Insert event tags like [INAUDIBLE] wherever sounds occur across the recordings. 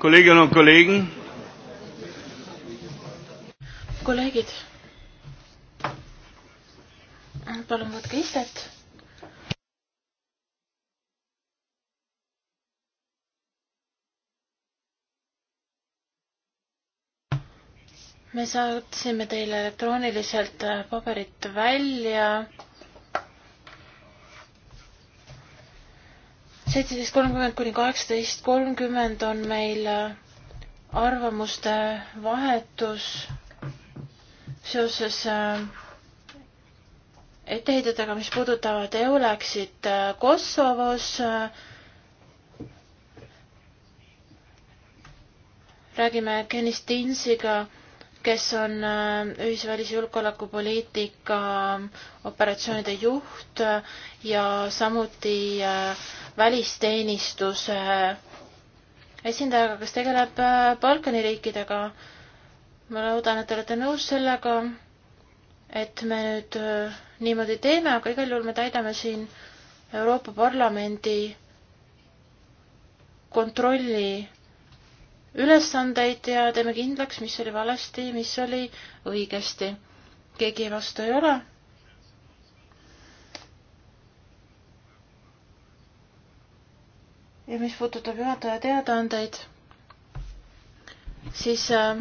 Kolleginnen und Kollegen. kolleegid, palun võtke istet. me saatsime teile elektrooniliselt paberit välja seitseteist kolmkümmend kuni kaheksateist kolmkümmend on meil äh, arvamuste vahetus seoses äh, etteheidetega, mis puudutavad EULEX-it äh, Kosovos. räägime Kenny Stinsiga kes on äh, ühisvälis- julgeolekupoliitika operatsioonide juht ja samuti äh, välisteenistuse esindajaga, kes tegeleb äh, Balkani riikidega. ma loodan, et te olete nõus sellega, et me nüüd niimoodi teeme, aga igal juhul me täidame siin Euroopa Parlamendi kontrolli ülesandeid ja teeme kindlaks, mis oli valesti, mis oli õigesti. keegi vastu ei ole. ja mis puudutab juhataja teadaandeid, siis äh,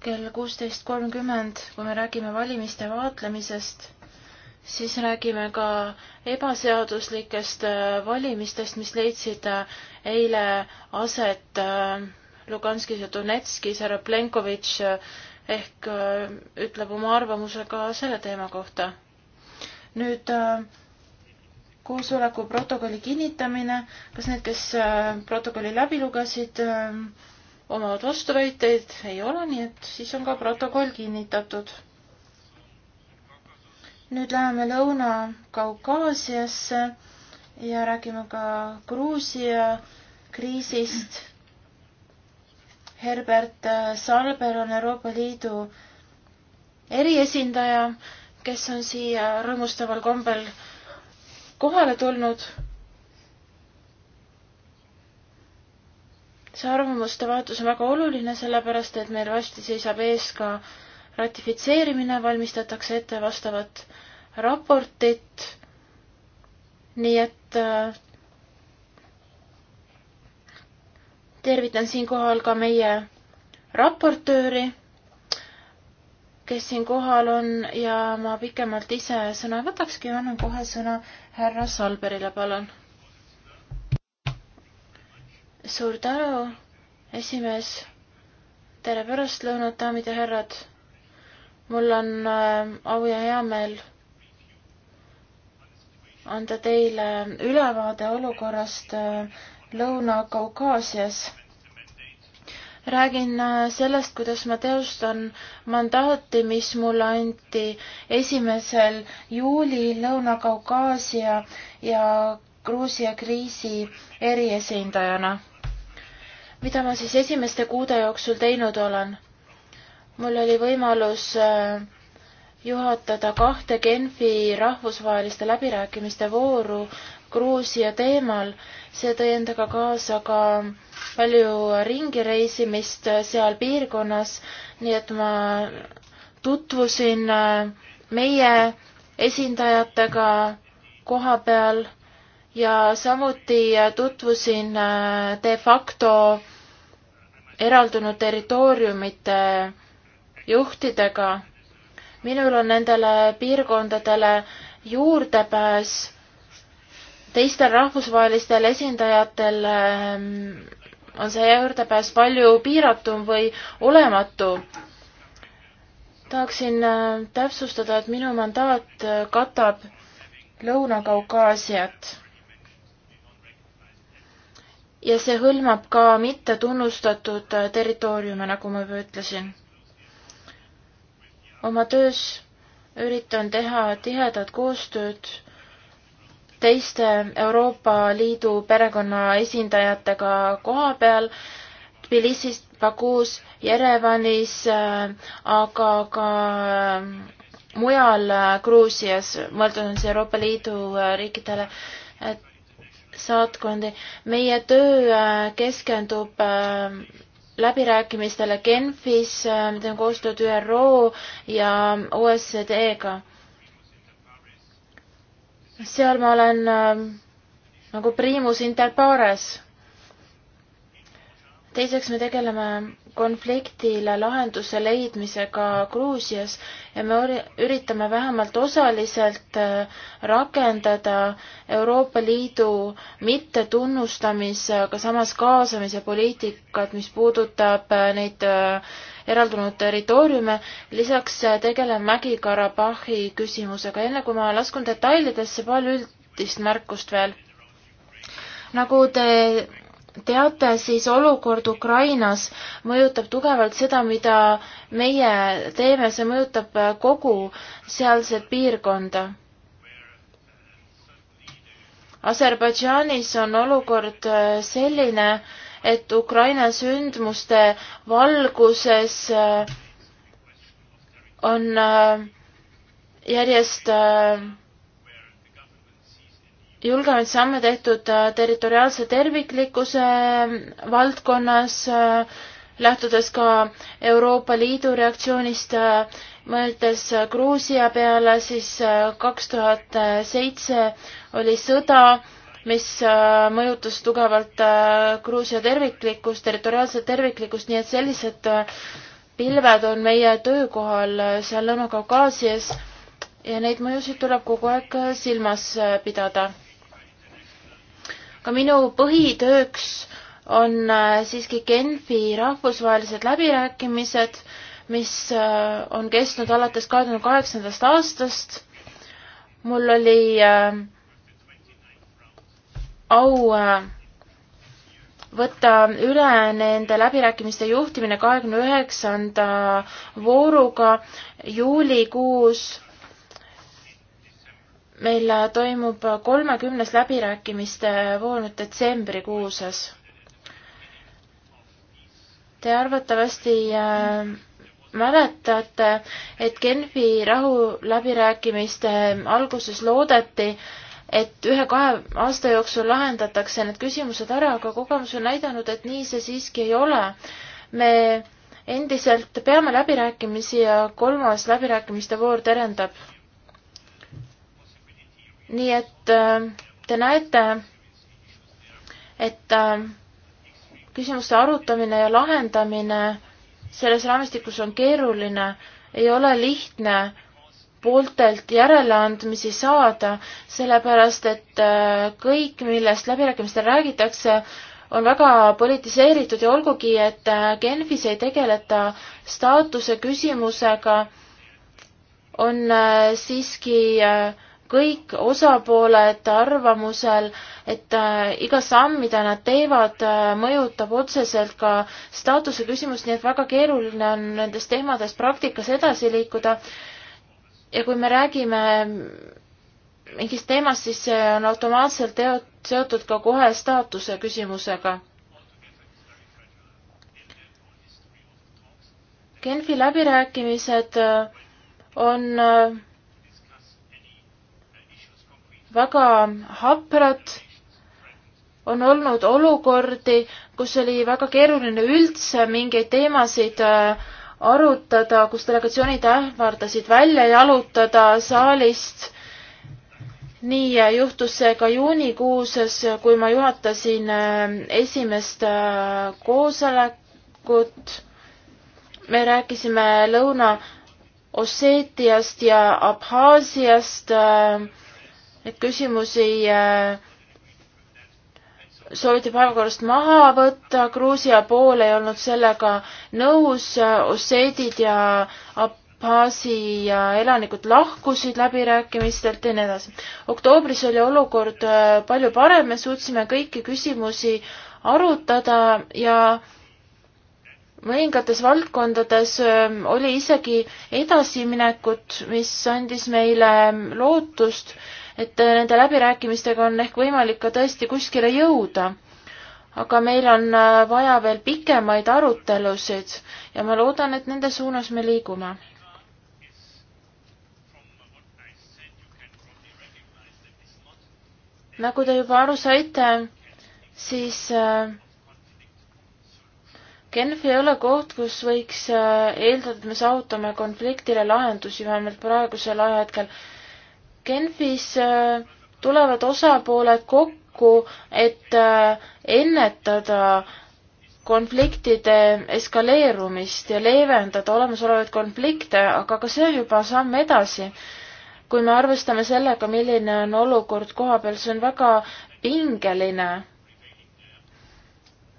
kell kuusteist kolmkümmend, kui me räägime valimiste vaatlemisest siis räägime ka ebaseaduslikest äh, valimistest, mis leidsid äh, eile aset äh, Luganskis ja Donetskis, härra Plenkovitš ehk ütleb oma arvamuse ka selle teema kohta. nüüd koosoleku protokolli kinnitamine, kas need, kes protokolli läbi lugesid, omavad vastuväiteid, ei ole, nii et siis on ka protokoll kinnitatud nüüd läheme Lõuna-Kaukaasiasse ja räägime ka Gruusia kriisist. Herbert Salber on Euroopa Liidu eriesindaja, kes on siia rõõmustaval kombel kohale tulnud. see arvamuste vahetus on väga oluline, sellepärast et meil varsti seisab ees ka ratifitseerimine, valmistatakse ette vastavat raportit, nii et äh, tervitan siinkohal ka meie raportööri, kes siin kohal on ja ma pikemalt ise sõna ei võtakski, annan kohe sõna härra Salberile, palun. suur tänu, esimees. tere pärastlõunat, daamid ja härrad mul on äh, au ja hea meel anda teile ülevaade olukorrast äh, Lõuna-Kaukaasias. räägin äh, sellest, kuidas ma teostan mandaati, mis mulle anti esimesel juulil Lõuna-Kaukaasia ja Gruusia kriisi eriesindajana. mida ma siis esimeste kuude jooksul teinud olen? mul oli võimalus äh, juhatada kahte Genfi rahvusvaheliste läbirääkimiste vooru Gruusia teemal. see tõi endaga kaasa ka palju ringireisimist äh, seal piirkonnas, nii et ma tutvusin äh, meie esindajatega koha peal ja samuti tutvusin de facto eraldunud territooriumite äh, juhtidega. minul on nendele piirkondadele juurdepääs, teistel rahvusvahelistel esindajatel ähm, on see juurdepääs palju piiratum või olematu. tahaksin äh, täpsustada, et minu mandaat äh, katab Lõuna-Kaukaasiat. ja see hõlmab ka mittetunnustatud äh, territooriume, nagu ma juba ütlesin oma töös üritan teha tihedat koostööd teiste Euroopa Liidu perekonna esindajatega koha peal Tbilisis, Bakuus, Jerevanis, äh, aga ka äh, mujal äh, Gruusias, mõeldud on see Euroopa Liidu riikidele, et saatkondi. meie töö keskendub läbirääkimistele Genfis, teeme äh, koostööd ÜRO ja OSCD-ga. seal ma olen äh, nagu priimus inter pares. teiseks me tegeleme konfliktile lahenduse leidmisega Gruusias ja me üritame vähemalt osaliselt äh, rakendada Euroopa Liidu mittetunnustamise, aga samas kaasamise poliitikat, mis puudutab äh, neid äh, eraldunud territooriume. lisaks tegeleb Mägi-Karabahhi küsimusega. enne kui ma laskun detailidesse, paar üldist märkust veel. nagu te teate, siis olukord Ukrainas mõjutab tugevalt seda, mida meie teeme, see mõjutab kogu sealset piirkonda. Aserbaidžaanis on olukord selline, et Ukraina sündmuste valguses on järjest julgemaid samme tehtud äh, territoriaalse terviklikkuse äh, valdkonnas, äh, lähtudes ka Euroopa Liidu reaktsioonist, mõeldes Gruusia peale, siis kaks tuhat seitse oli sõda, mis mõjutas tugevalt Gruusia terviklikkust, territoriaalset terviklikkust, nii et sellised pilved on meie töökohal seal Lõuna-Kaukaasias ja neid mõjusid tuleb kogu aeg silmas pidada ka minu põhitööks on äh, siiski Genfi rahvusvahelised läbirääkimised, mis äh, on kestnud alates kahe tuhande kaheksandast aastast. mul oli äh, au võtta üle nende läbirääkimiste juhtimine kahekümne üheksanda vooruga juulikuus meil toimub kolmekümnes läbirääkimiste voor nüüd detsembrikuuses. Te arvatavasti äh, mäletate, et Genfi rahuläbirääkimiste alguses loodeti, et ühe-kahe aasta jooksul lahendatakse need küsimused ära, aga kogemus on näidanud, et nii see siiski ei ole. me endiselt peame läbirääkimisi ja kolmas läbirääkimiste voor terendab nii et äh, te näete, et äh, küsimuste arutamine ja lahendamine selles raamistikus on keeruline, ei ole lihtne pooltelt järeleandmisi saada, sellepärast et äh, kõik, millest läbirääkimistel räägitakse, on väga politiseeritud ja olgugi, et Genfis ei tegeleta staatuse küsimusega, on siiski äh, kõik osapooled arvamusel, et äh, iga samm, mida nad teevad, äh, mõjutab otseselt ka staatuse küsimust, nii et väga keeruline on nendes teemades praktikas edasi liikuda. ja kui me räägime mingist teemast, siis see on automaatselt seotud ka kohe staatuse küsimusega. Genfi läbirääkimised äh, on väga haprad, on olnud olukordi, kus oli väga keeruline üldse mingeid teemasid äh, arutada, kus delegatsioonid ähvardasid välja jalutada saalist. nii äh, juhtus see ka juunikuuses, kui ma juhatasin äh, esimest koosolekut. me rääkisime Lõuna-Osseetiast ja Abhaasiast äh, Neid küsimusi äh, sooviti päevakorrast maha võtta, Gruusia pool ei olnud sellega nõus, osseedid ja Abhaasia elanikud lahkusid läbirääkimistelt ja nii edasi. oktoobris oli olukord äh, palju parem, me suutsime kõiki küsimusi arutada ja mõningates valdkondades äh, oli isegi edasiminekut, mis andis meile lootust et äh, nende läbirääkimistega on ehk võimalik ka tõesti kuskile jõuda. aga meil on äh, vaja veel pikemaid arutelusid ja ma loodan, et nende suunas me liigume. nagu te juba aru saite, siis äh, Genf ei ole koht, kus võiks eeldada, et me saavutame konfliktile lahendusi, vähemalt praegusel ajahetkel Genfis äh, tulevad osapooled kokku, et äh, ennetada konfliktide eskaleerumist ja leevendada olemasolevaid konflikte, aga ka see on juba samm edasi. kui me arvestame sellega, milline on olukord koha peal, see on väga pingeline.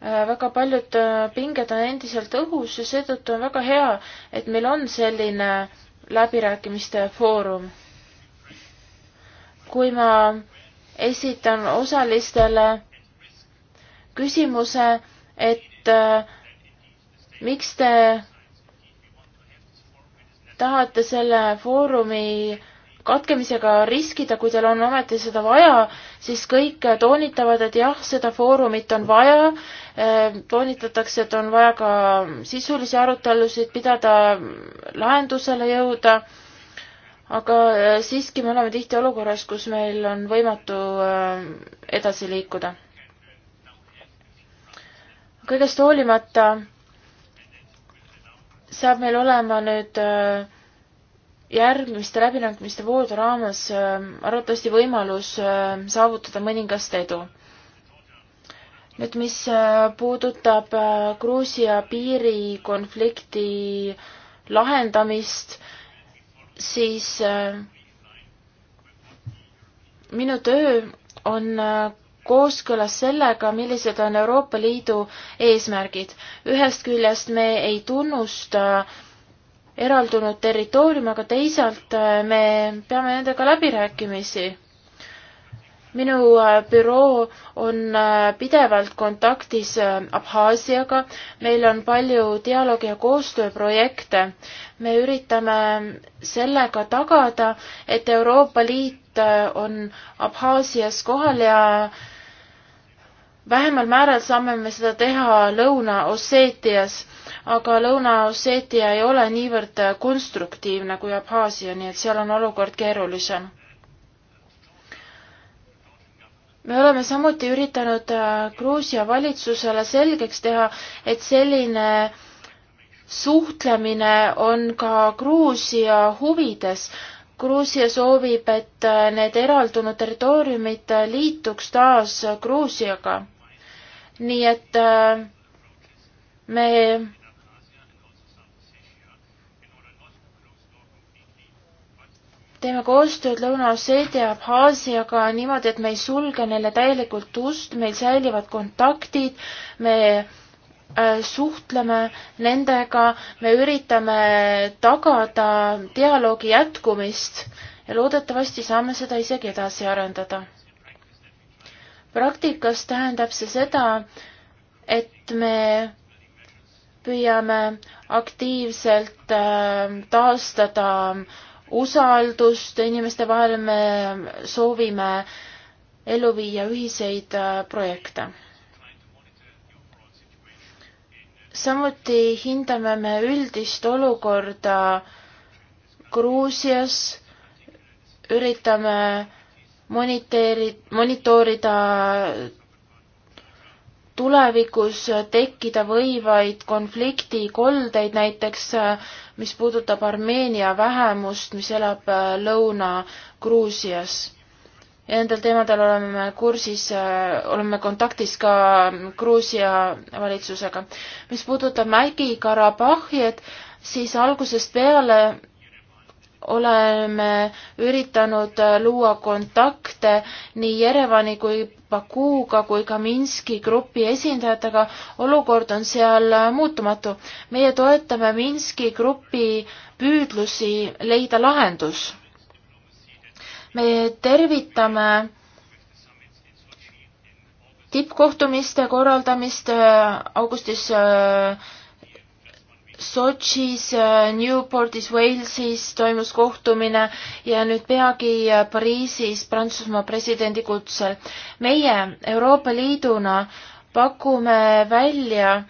Äh, väga paljud pinged on endiselt õhus ja seetõttu on väga hea, et meil on selline läbirääkimiste foorum kui ma esitan osalistele küsimuse, et äh, miks te tahate selle foorumi katkemisega riskida, kui teil on ometi seda vaja, siis kõik toonitavad, et jah, seda foorumit on vaja. Äh, toonitatakse, et on vaja ka sisulisi arutelusid pidada, lahendusele jõuda aga äh, siiski me oleme tihti olukorras, kus meil on võimatu äh, edasi liikuda. kõigest hoolimata saab meil olema nüüd äh, järgmiste läbirääkimiste voorude raames arvatavasti võimalus saavutada mõningast edu. nüüd, mis puudutab Gruusia piirikonflikti lahendamist, siis äh, minu töö on äh, kooskõlas sellega, millised on Euroopa Liidu eesmärgid. ühest küljest me ei tunnusta äh, eraldunud territooriumi, aga teisalt me peame nendega läbirääkimisi minu äh, büroo on äh, pidevalt kontaktis äh, Abhaasiaga, meil on palju dialoogi- ja koostööprojekte. me üritame sellega tagada, et Euroopa Liit on Abhaasias kohal ja vähemal määral saame me seda teha Lõuna-Osseetias, aga Lõuna-Osseetia ei ole niivõrd konstruktiivne kui Abhaasia, nii et seal on olukord keerulisem me oleme samuti üritanud äh, Gruusia valitsusele selgeks teha, et selline suhtlemine on ka Gruusia huvides. Gruusia soovib, et äh, need eraldunud territooriumid äh, liituks taas Gruusiaga. nii et me teeme koostööd Lõuna-Osseetia ja Abhaasiaga niimoodi, et me ei sulge neile täielikult ust, meil säilivad kontaktid, me äh, suhtleme nendega, me üritame tagada dialoogi jätkumist ja loodetavasti saame seda isegi edasi arendada. praktikas tähendab see seda, et me püüame aktiivselt äh, taastada äh, usaldust inimeste vahel, me soovime ellu viia ühiseid äh, projekte. samuti hindame me üldist olukorda Gruusias, üritame moniteeri-, monitoorida tulevikus tekkida võivaid konfliktikoldeid, näiteks äh, mis puudutab Armeenia vähemust, mis elab äh, Lõuna-Gruusias. ja nendel teemadel oleme kursis, äh, oleme kontaktis ka äh, Gruusia valitsusega. mis puudutab Mägi-Karabahhi, et siis algusest peale oleme üritanud luua kontakte nii Jerevani kui Bakuuga kui ka Minski grupi esindajatega. olukord on seal muutumatu. meie toetame Minski grupi püüdlusi leida lahendus. me tervitame tippkohtumiste korraldamist äh, augustis äh, Sotšis, äh, Newportis, Walesis toimus kohtumine ja nüüd peagi äh, Pariisis Prantsusmaa presidendi kutsel. meie Euroopa Liiduna pakume välja,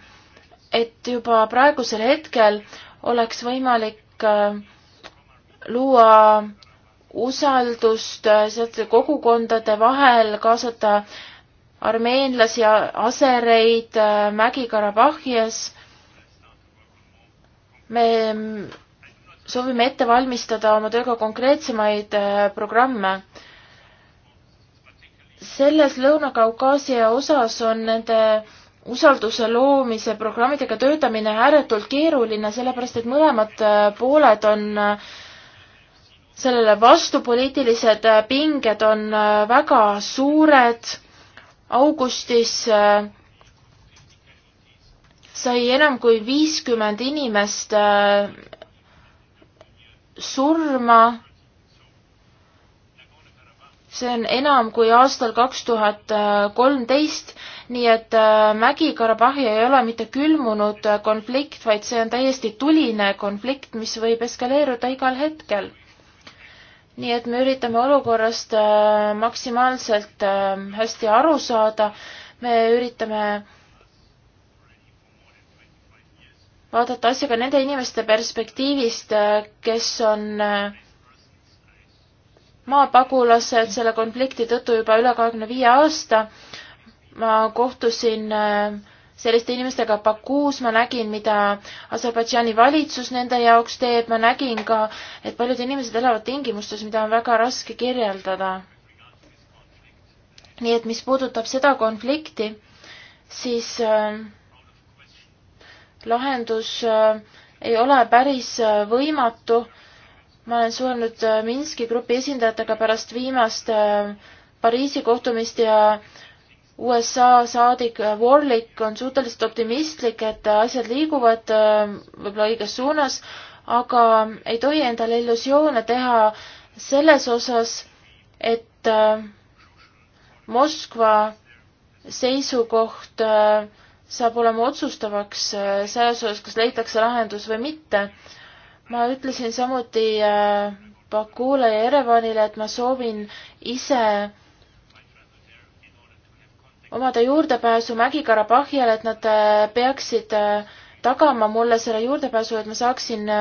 et juba praegusel hetkel oleks võimalik äh, luua usaldust sealt kogukondade vahel, kaasata armeenlasi, asereid Mägi-Karabahhias me soovime ette valmistada oma tööga konkreetsemaid äh, programme. selles Lõuna-Kaukaasia osas on nende usalduse loomise programmidega töötamine ääretult keeruline, sellepärast et mõlemad äh, pooled on äh, sellele vastu, poliitilised pinged on väga suured. augustis sai enam kui viiskümmend inimest äh, surma. see on enam kui aastal kaks tuhat kolmteist, nii et äh, Mägi-Karabahhi ei ole mitte külmunud äh, konflikt, vaid see on täiesti tuline konflikt, mis võib eskaleeruda igal hetkel nii et me üritame olukorrast maksimaalselt hästi aru saada, me üritame vaadata asja ka nende inimeste perspektiivist, äh, kes on äh, maapagulased selle konflikti tõttu juba üle kahekümne viie aasta. ma kohtusin äh, selliste inimestega Bakuus, ma nägin, mida Aserbaidžaani valitsus nende jaoks teeb, ma nägin ka, et paljud inimesed elavad tingimustes, mida on väga raske kirjeldada. nii et mis puudutab seda konflikti, siis äh, lahendus äh, ei ole päris äh, võimatu. ma olen suhelnud äh, Minski grupi esindajatega pärast viimast Pariisi kohtumist ja USA saadik Warlick on suhteliselt optimistlik, et asjad liiguvad võib-olla õiges suunas, aga ei tohi endale illusioone teha selles osas, et Moskva seisukoht äh, saab olema otsustavaks äh, selles osas, kas leitakse lahendus või mitte. ma ütlesin samuti äh, Bakule ja Erevanile, et ma soovin ise omada juurdepääsu Mägi-Karabahhiale, et nad äh, peaksid tagama mulle selle juurdepääsu, et ma saaksin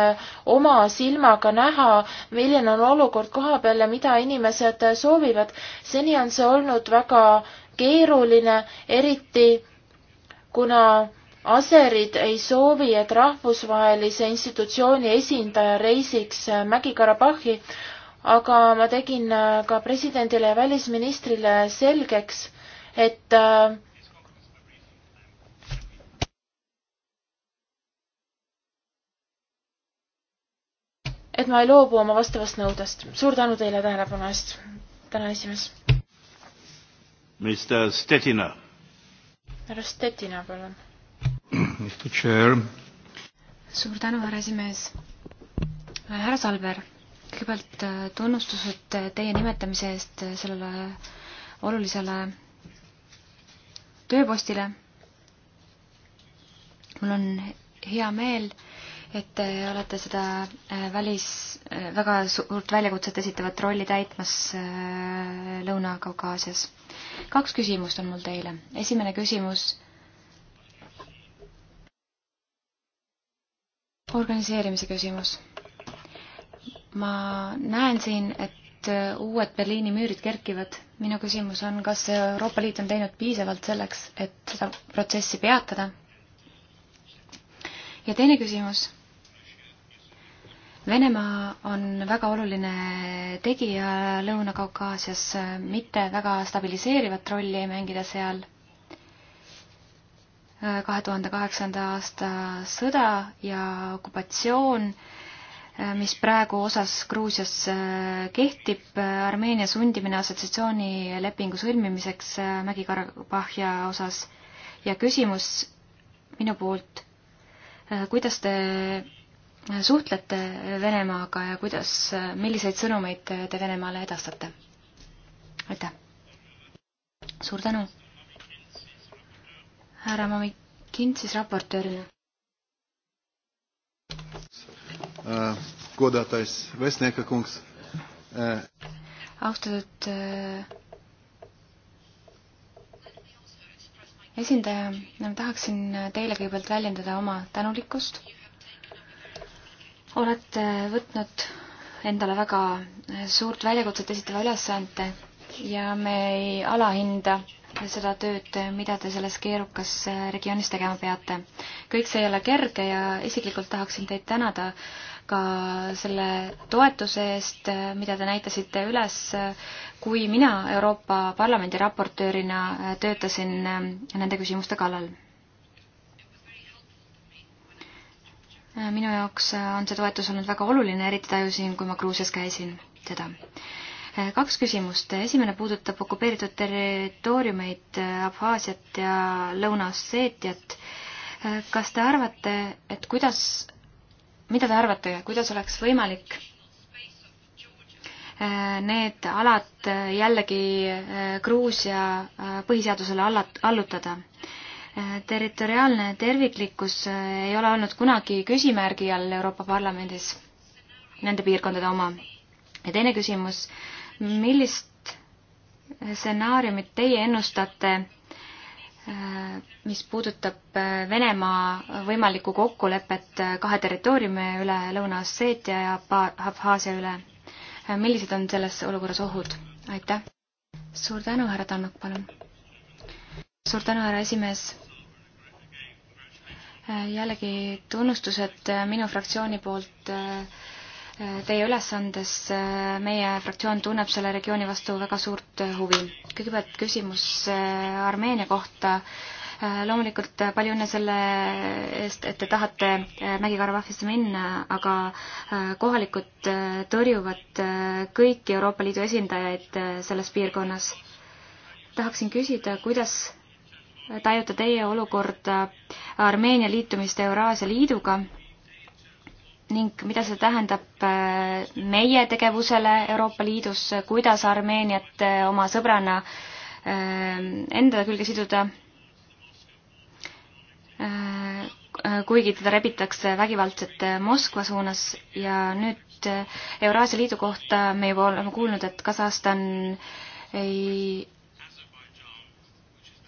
oma silmaga näha, milline on olukord kohapeal ja mida inimesed soovivad. seni on see olnud väga keeruline, eriti kuna aserid ei soovi, et rahvusvahelise institutsiooni esindaja reisiks Mägi-Karabahhi, aga ma tegin ka presidendile ja välisministrile selgeks, et et ma ei loobu oma vastavast nõudest. suur tänu teile tähelepanu eest, täna esimees. Mr Stettina härra Stettina, palun. suur tänu, härra esimees. härra Salver, kõigepealt äh, tunnustused äh, teie nimetamise eest äh, sellele olulisele tööpostile. mul on hea meel, et te olete seda välis, väga suurt väljakutset esitavat rolli täitmas Lõuna-Kaukaasias kaks küsimust on mul teile. esimene küsimus. organiseerimise küsimus. ma näen siin, et uued Berliini müürid kerkivad. minu küsimus on, kas Euroopa Liit on teinud piisavalt selleks, et seda protsessi peatada? ja teine küsimus Venemaa on väga oluline tegija Lõuna-Kaukaasias, mitte väga stabiliseerivat rolli ei mängida seal. kahe tuhande kaheksanda aasta sõda ja okupatsioon, mis praegu osas Gruusias äh, kehtib, Armeenia sundimine assotsiatsioonilepingu sõlmimiseks äh, Mägi-Karabahhia osas ja küsimus minu poolt, äh, kuidas te suhtlete Venemaaga ja kuidas, milliseid sõnumeid te Venemaale edastate? aitäh! suur tänu! härra Mamikin siis raportöörina. Äh, Godātais Vesnieka kungs. Äh, austatud äh, esindaja, tahaksin teile kõigepealt väljendada oma tänulikkust olete võtnud endale väga suurt väljakutset esitava ülesande ja me ei alahinda seda tööd, mida te selles keerukas regioonis tegema peate. kõik see ei ole kerge ja isiklikult tahaksin teid tänada ka selle toetuse eest, mida te näitasite üles, kui mina Euroopa Parlamendi raportöörina töötasin nende küsimuste kallal Äh, minu jaoks äh, on see toetus olnud väga oluline, eriti tajusin, kui ma Gruusias käisin teda. Äh, kaks küsimust, esimene puudutab okupeeritud territooriumeid Abhaasiat ja Lõuna-Osseetiat. kas te arvate, et kuidas, mida te arvate, kuidas oleks võimalik need alad jällegi Gruusia põhiseadusele allat-, allutada? Äh, territoriaalne terviklikkus äh, ei ole olnud kunagi küsimärgi all Euroopa Parlamendis, nende piirkondade oma. ja teine küsimus, millist stsenaariumit teie ennustate, äh, mis puudutab Venemaa võimalikku kokkulepet kahe territooriumi üle, Lõuna-Osseetia ja Abhaasia üle? millised on selles olukorras ohud? aitäh! suur tänu, härra Tannuk, palun! suur tänu, härra esimees. Äh, jällegi tunnustused äh, minu fraktsiooni poolt äh, teie ülesandes. meie fraktsioon tunneb selle regiooni vastu väga suurt huvi. kõigepealt küsimus Armeenia kohta loomulikult palju õnne selle eest, et te tahate Mägi-Karabahhisse minna, aga kohalikud tõrjuvad kõiki Euroopa Liidu esindajaid selles piirkonnas. tahaksin küsida, kuidas tajute teie olukorda äh, Armeenia liitumist Euraasia Liiduga ning mida see tähendab äh, meie tegevusele Euroopa Liidus, kuidas Armeeniat äh, oma sõbrana enda külge siduda, kuigi teda rebitakse vägivaldselt Moskva suunas ja nüüd Euraasia Liidu kohta me juba oleme kuulnud, et Kasahstan ei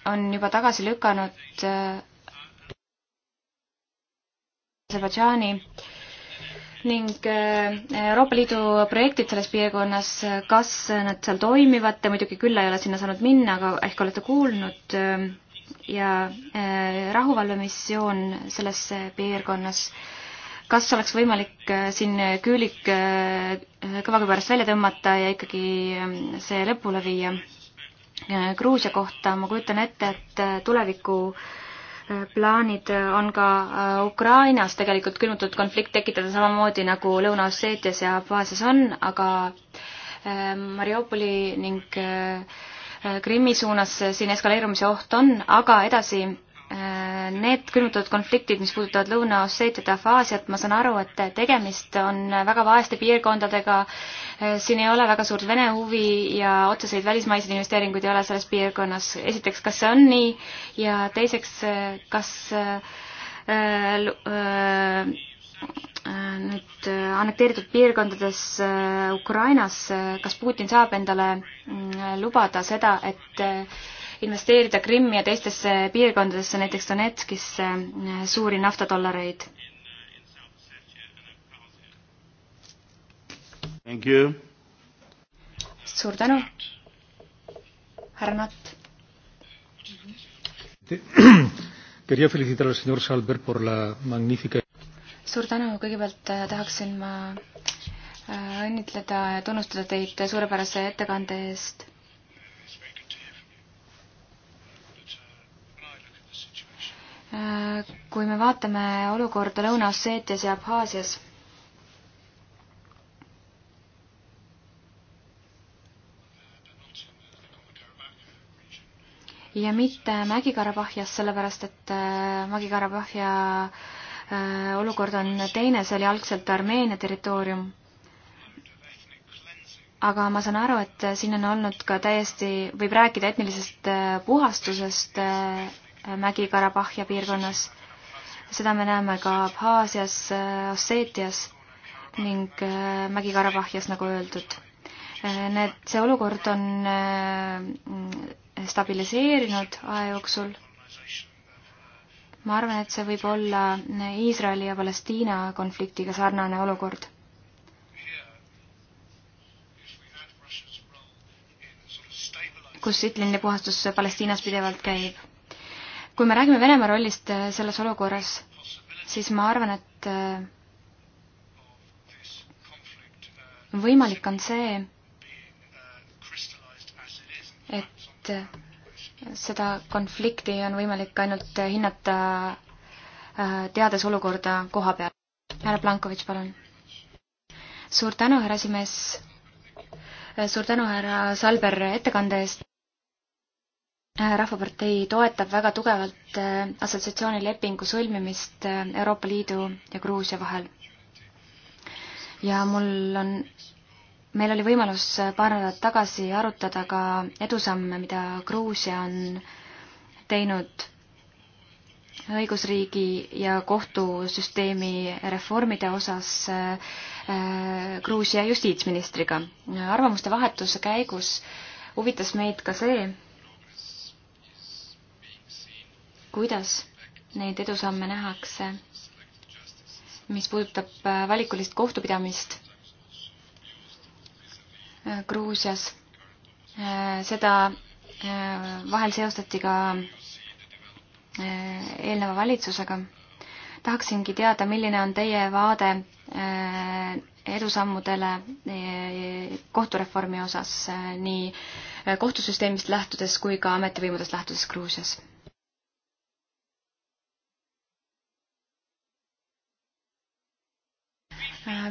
on juba tagasi lükanud äh, Aserbaidžaani ning äh, Euroopa Liidu projektid selles piirkonnas, kas nad seal toimivad, te muidugi külla ei ole sinna saanud minna, aga ehk olete kuulnud, äh, ja rahuvalvemissioon selles piirkonnas, kas oleks võimalik siin küülik kõvakõverast välja tõmmata ja ikkagi see lõpule viia? Äh, Gruusia kohta ma kujutan ette, et äh, tuleviku äh, plaanid on ka Ukrainas tegelikult külmutatud konflikt tekitada samamoodi nagu Lõuna-Osseetias ja Abhaasias on, aga Mariupoli ning Krimmi suunas siin eskaleerumise oht on, aga edasi Äh, need külmutatud konfliktid, mis puudutavad Lõuna-Osseetiat ja Abhaasiat, ma saan aru, et tegemist on väga vaeste piirkondadega, äh, siin ei ole väga suurt Vene huvi ja otseseid välismaiseid investeeringuid ei ole selles piirkonnas. esiteks, kas see on nii ja teiseks, äh, kas nüüd annekteeritud piirkondades Ukrainas, kas Putin saab endale mm, lubada seda, et investeerida Krimmi ja teistesse piirkondadesse, näiteks Donetskisse, äh, suuri naftadollareid. suur tänu, härra Natt. Quería felicitar al señor Salver por la magnífica suur tänu, kõigepealt äh, tahaksin ma äh, õnnitleda ja tunnustada teid suurepärase ettekande eest Äh, kui me vaatame olukorda Lõuna-Osseetias ja Abhaasias, ja mitte Mägi-Karabahhias, sellepärast et äh, Mägi-Karabahhia äh, olukord on teine, see oli algselt Armeenia territoorium. aga ma saan aru, et siin on olnud ka täiesti, võib rääkida etnilisest puhastusest Äh, Mägi-Karabahhia piirkonnas. seda me näeme ka Abhaasias, äh, Osseetias ning äh, Mägi-Karabahhias, nagu öeldud. Need, see olukord on stabiliseerinud aja jooksul. ma arvan, et see võib olla Iisraeli ja Palestiina konfliktiga sarnane olukord. kus Itlini puhastus Palestiinas pidevalt käib kui me räägime Venemaa rollist äh, selles olukorras, siis ma arvan, et äh, võimalik on see, et äh, seda konflikti on võimalik ainult hinnata teades olukorda koha peal. härra Plankovitš, palun. suur tänu, härra esimees. suur tänu, härra Salber, ettekande eest. Äh, rahvapartei toetab väga tugevalt äh, assotsiatsioonilepingu sõlmimist äh, Euroopa Liidu ja Gruusia vahel. ja mul on, meil oli võimalus paar nädalat tagasi arutada ka edusamme, mida Gruusia on teinud õigusriigi ja kohtusüsteemi reformide osas Gruusia justiitsministriga. arvamuste vahetuse käigus huvitas meid ka see, kuidas neid edusamme nähakse, mis puudutab äh, valikulist kohtupidamist äh, Gruusias. Äh, seda vahel seostati ka eelneva valitsusega. tahaksingi teada, milline on teie vaade edusammudele kohtureformi osas nii kohtusüsteemist lähtudes kui ka ametivõimudest lähtudes Gruusias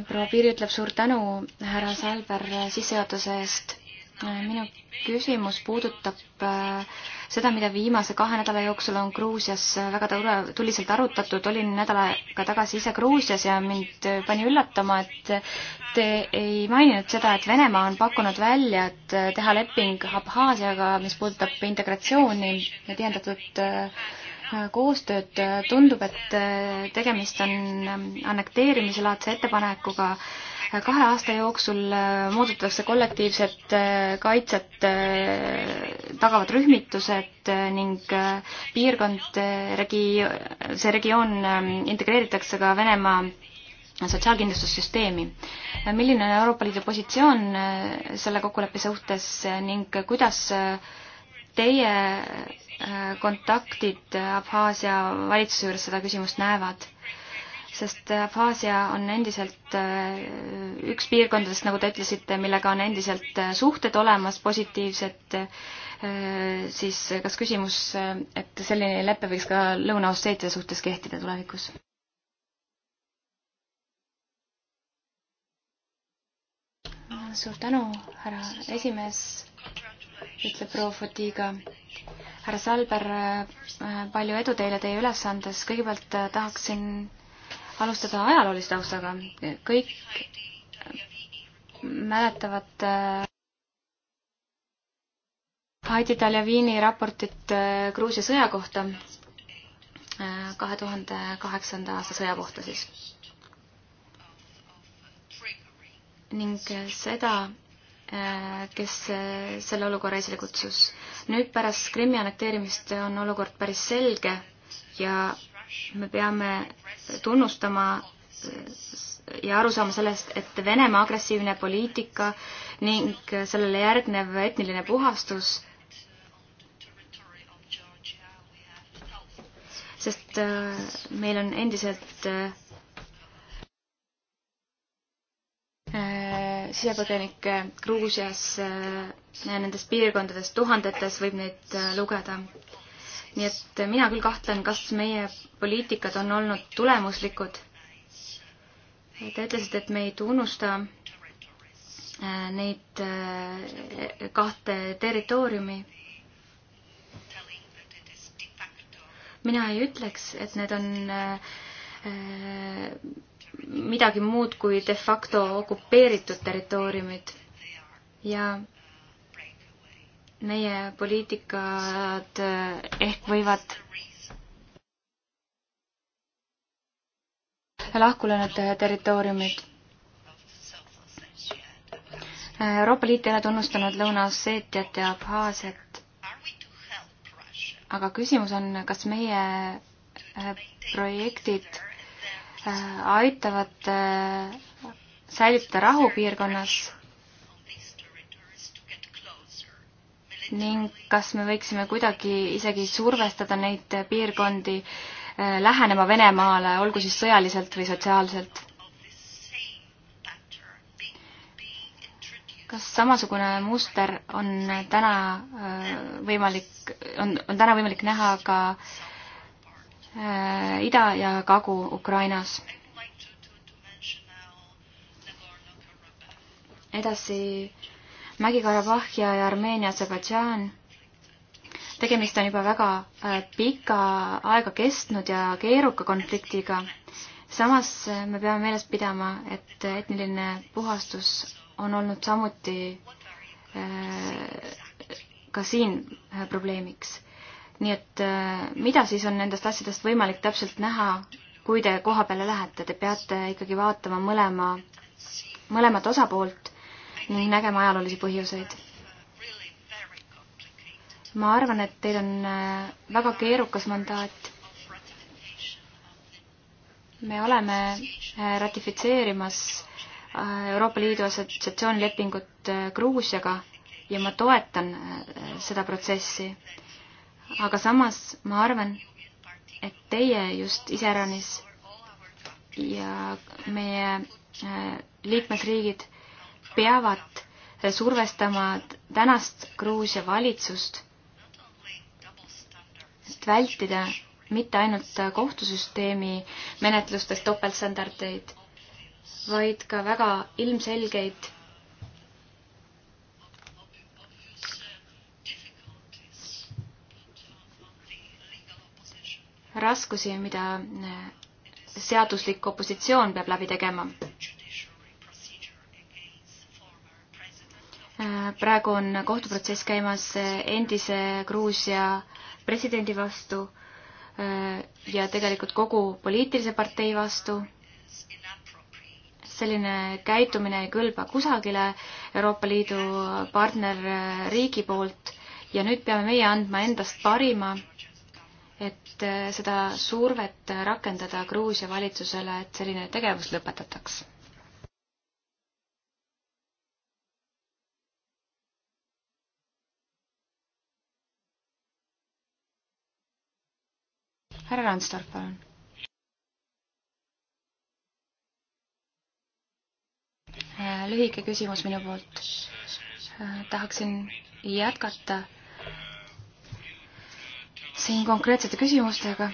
proua Piiri ütleb suur tänu, härra Salver, sissejuhatuse eest. minu küsimus puudutab äh, seda, mida viimase kahe nädala jooksul on Gruusias väga tuliselt arutatud. olin nädal aega tagasi ise Gruusias ja mind pani üllatama, et te ei maininud seda, et Venemaa on pakkunud välja, et teha leping Abhaasiaga, mis puudutab integratsiooni ja tihendatud äh, koostööd, tundub, et tegemist on annekteerimislaadse ettepanekuga. kahe aasta jooksul moodustatakse kollektiivset kaitset tagavad rühmitused ning piirkond, regi-, see regioon integreeritakse ka Venemaa sotsiaalkindlustussüsteemi. milline on Euroopa Liidu positsioon selle kokkuleppe suhtes ning kuidas teie äh, kontaktid äh, Abhaasia valitsuse juures seda küsimust näevad? sest äh, Abhaasia on endiselt üks piirkondadest, nagu te ütlesite, millega on endiselt suhted olemas, positiivsed, siis kas küsimus, et selline lepe võiks ka Lõuna-Osseetia suhtes kehtida tulevikus? suur tänu, härra esimees ütleb proua Fotiga. härra Salber, äh, palju edu teile teie ülesandes. kõigepealt äh, tahaksin alustada ajaloolise taustaga. kõik äh, mäletavad Heidi Taljaviini raportit Gruusia sõja kohta, kahe tuhande kaheksanda aasta sõja kohta siis. ning seda, Äh, kes äh, selle olukorra esile kutsus. nüüd pärast Krimmi annekteerimist on olukord päris selge ja me peame tunnustama äh, ja aru saama sellest, et Venemaa agressiivne poliitika ning sellele järgnev etniline puhastus, sest meil on endiselt sisepõgenikke Gruusias ja äh, nendes piirkondades tuhandetes võib neid äh, lugeda. nii et mina küll kahtlen, kas meie poliitikad on olnud tulemuslikud. Te ütlesite, et me ei tunnusta äh, neid kahte territooriumi. mina ei ütleks, et need on midagi muud kui de facto okupeeritud territooriumid ja meie poliitikad eh, ehk võivad lahku löönud territooriumid. Eh, Euroopa Liit ei ole tunnustanud Lõuna-Osseetiat ja Abhaasiat. aga küsimus on, kas meie eh, projektid Äh, aitavad äh, säilitada rahu piirkonnas ning kas me võiksime kuidagi isegi survestada neid piirkondi äh, lähenema Venemaale, olgu siis sõjaliselt või sotsiaalselt? kas samasugune muster on täna võimalik, on, on täna võimalik näha ka äh, Äh, ida- ja Kagu-Ukrainas. edasi Mägi-Karabahh ja Armeenia-Aserbaidžaan. tegemist on juba väga äh, pika aega kestnud ja keeruka konfliktiga. samas äh, me peame meeles pidama, et etniline puhastus on olnud samuti ka siin probleemiks nii et äh, mida siis on nendest asjadest võimalik täpselt näha, kui te koha peale lähete, te peate ikkagi vaatama mõlema, mõlemat osapoolt ning nägema ajaloolisi põhjuseid. ma arvan, et teil on äh, väga keerukas mandaat. me oleme äh, ratifitseerimas Euroopa Liidu assotsiatsioonilepingut Gruusiaga ja ma toetan seda protsessi aga samas ma arvan, et teie just iseäranis ja meie äh, liikmesriigid peavad survestama tänast Gruusia valitsust, et vältida mitte ainult kohtusüsteemi menetlustes topeltstandardeid, vaid ka väga ilmselgeid raskusi, mida eh, seaduslik opositsioon peab läbi tegema. Eh, praegu on kohtuprotsess käimas eh, endise Gruusia presidendi vastu ja tegelikult kogu poliitilise partei vastu. selline käitumine ei kõlba kusagile Euroopa Liidu partnerriigi poolt ja nüüd peame meie andma endast parima et äh, seda survet rakendada Gruusia valitsusele, et selline tegevus lõpetataks. härra Randstorp, palun. Äh, lühike küsimus minu poolt. Äh, tahaksin jätkata äh, siin konkreetsete küsimustega.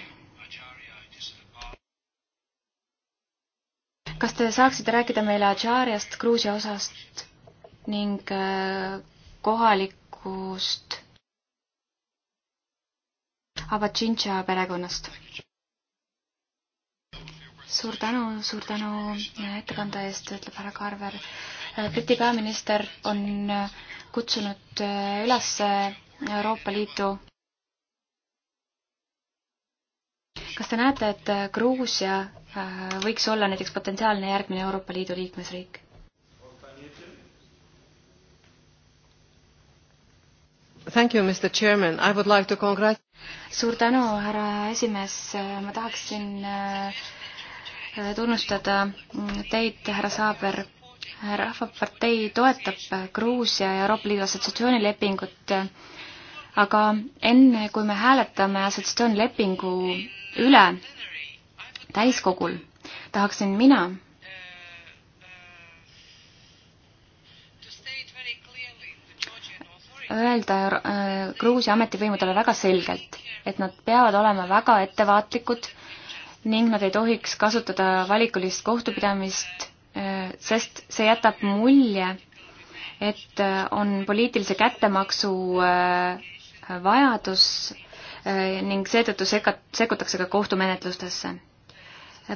kas te saaksite rääkida meile Adžaariast, Gruusia osast ning äh, kohalikust Abatšintša perekonnast? suur tänu, suur tänu äh, ettekande eest, ütleb härra Carver. Äh, Briti peaminister on kutsunud üles Euroopa Liitu kas te näete, et äh, Gruusia äh, võiks olla näiteks potentsiaalne järgmine Euroopa Liidu liikmesriik? Thank you, Mr Chairman, I would like to congrat-. suur tänu, härra esimees, äh, ma tahaksin tunnustada mm, teid, härra Saaber. rahvapartei toetab Gruusia ja Euroopa Liidu assotsiatsioonilepingut, aga enne, kui me hääletame assotsiatsioonilepingu üle täiskogul tahaksin mina öelda äh, Gruusia ametivõimudele väga selgelt, et nad peavad olema väga ettevaatlikud ning nad ei tohiks kasutada valikulist kohtupidamist, äh, sest see jätab mulje, et äh, on poliitilise kättemaksu vajadus Äh, ning seetõttu seka-, sekkutakse ka kohtumenetlustesse.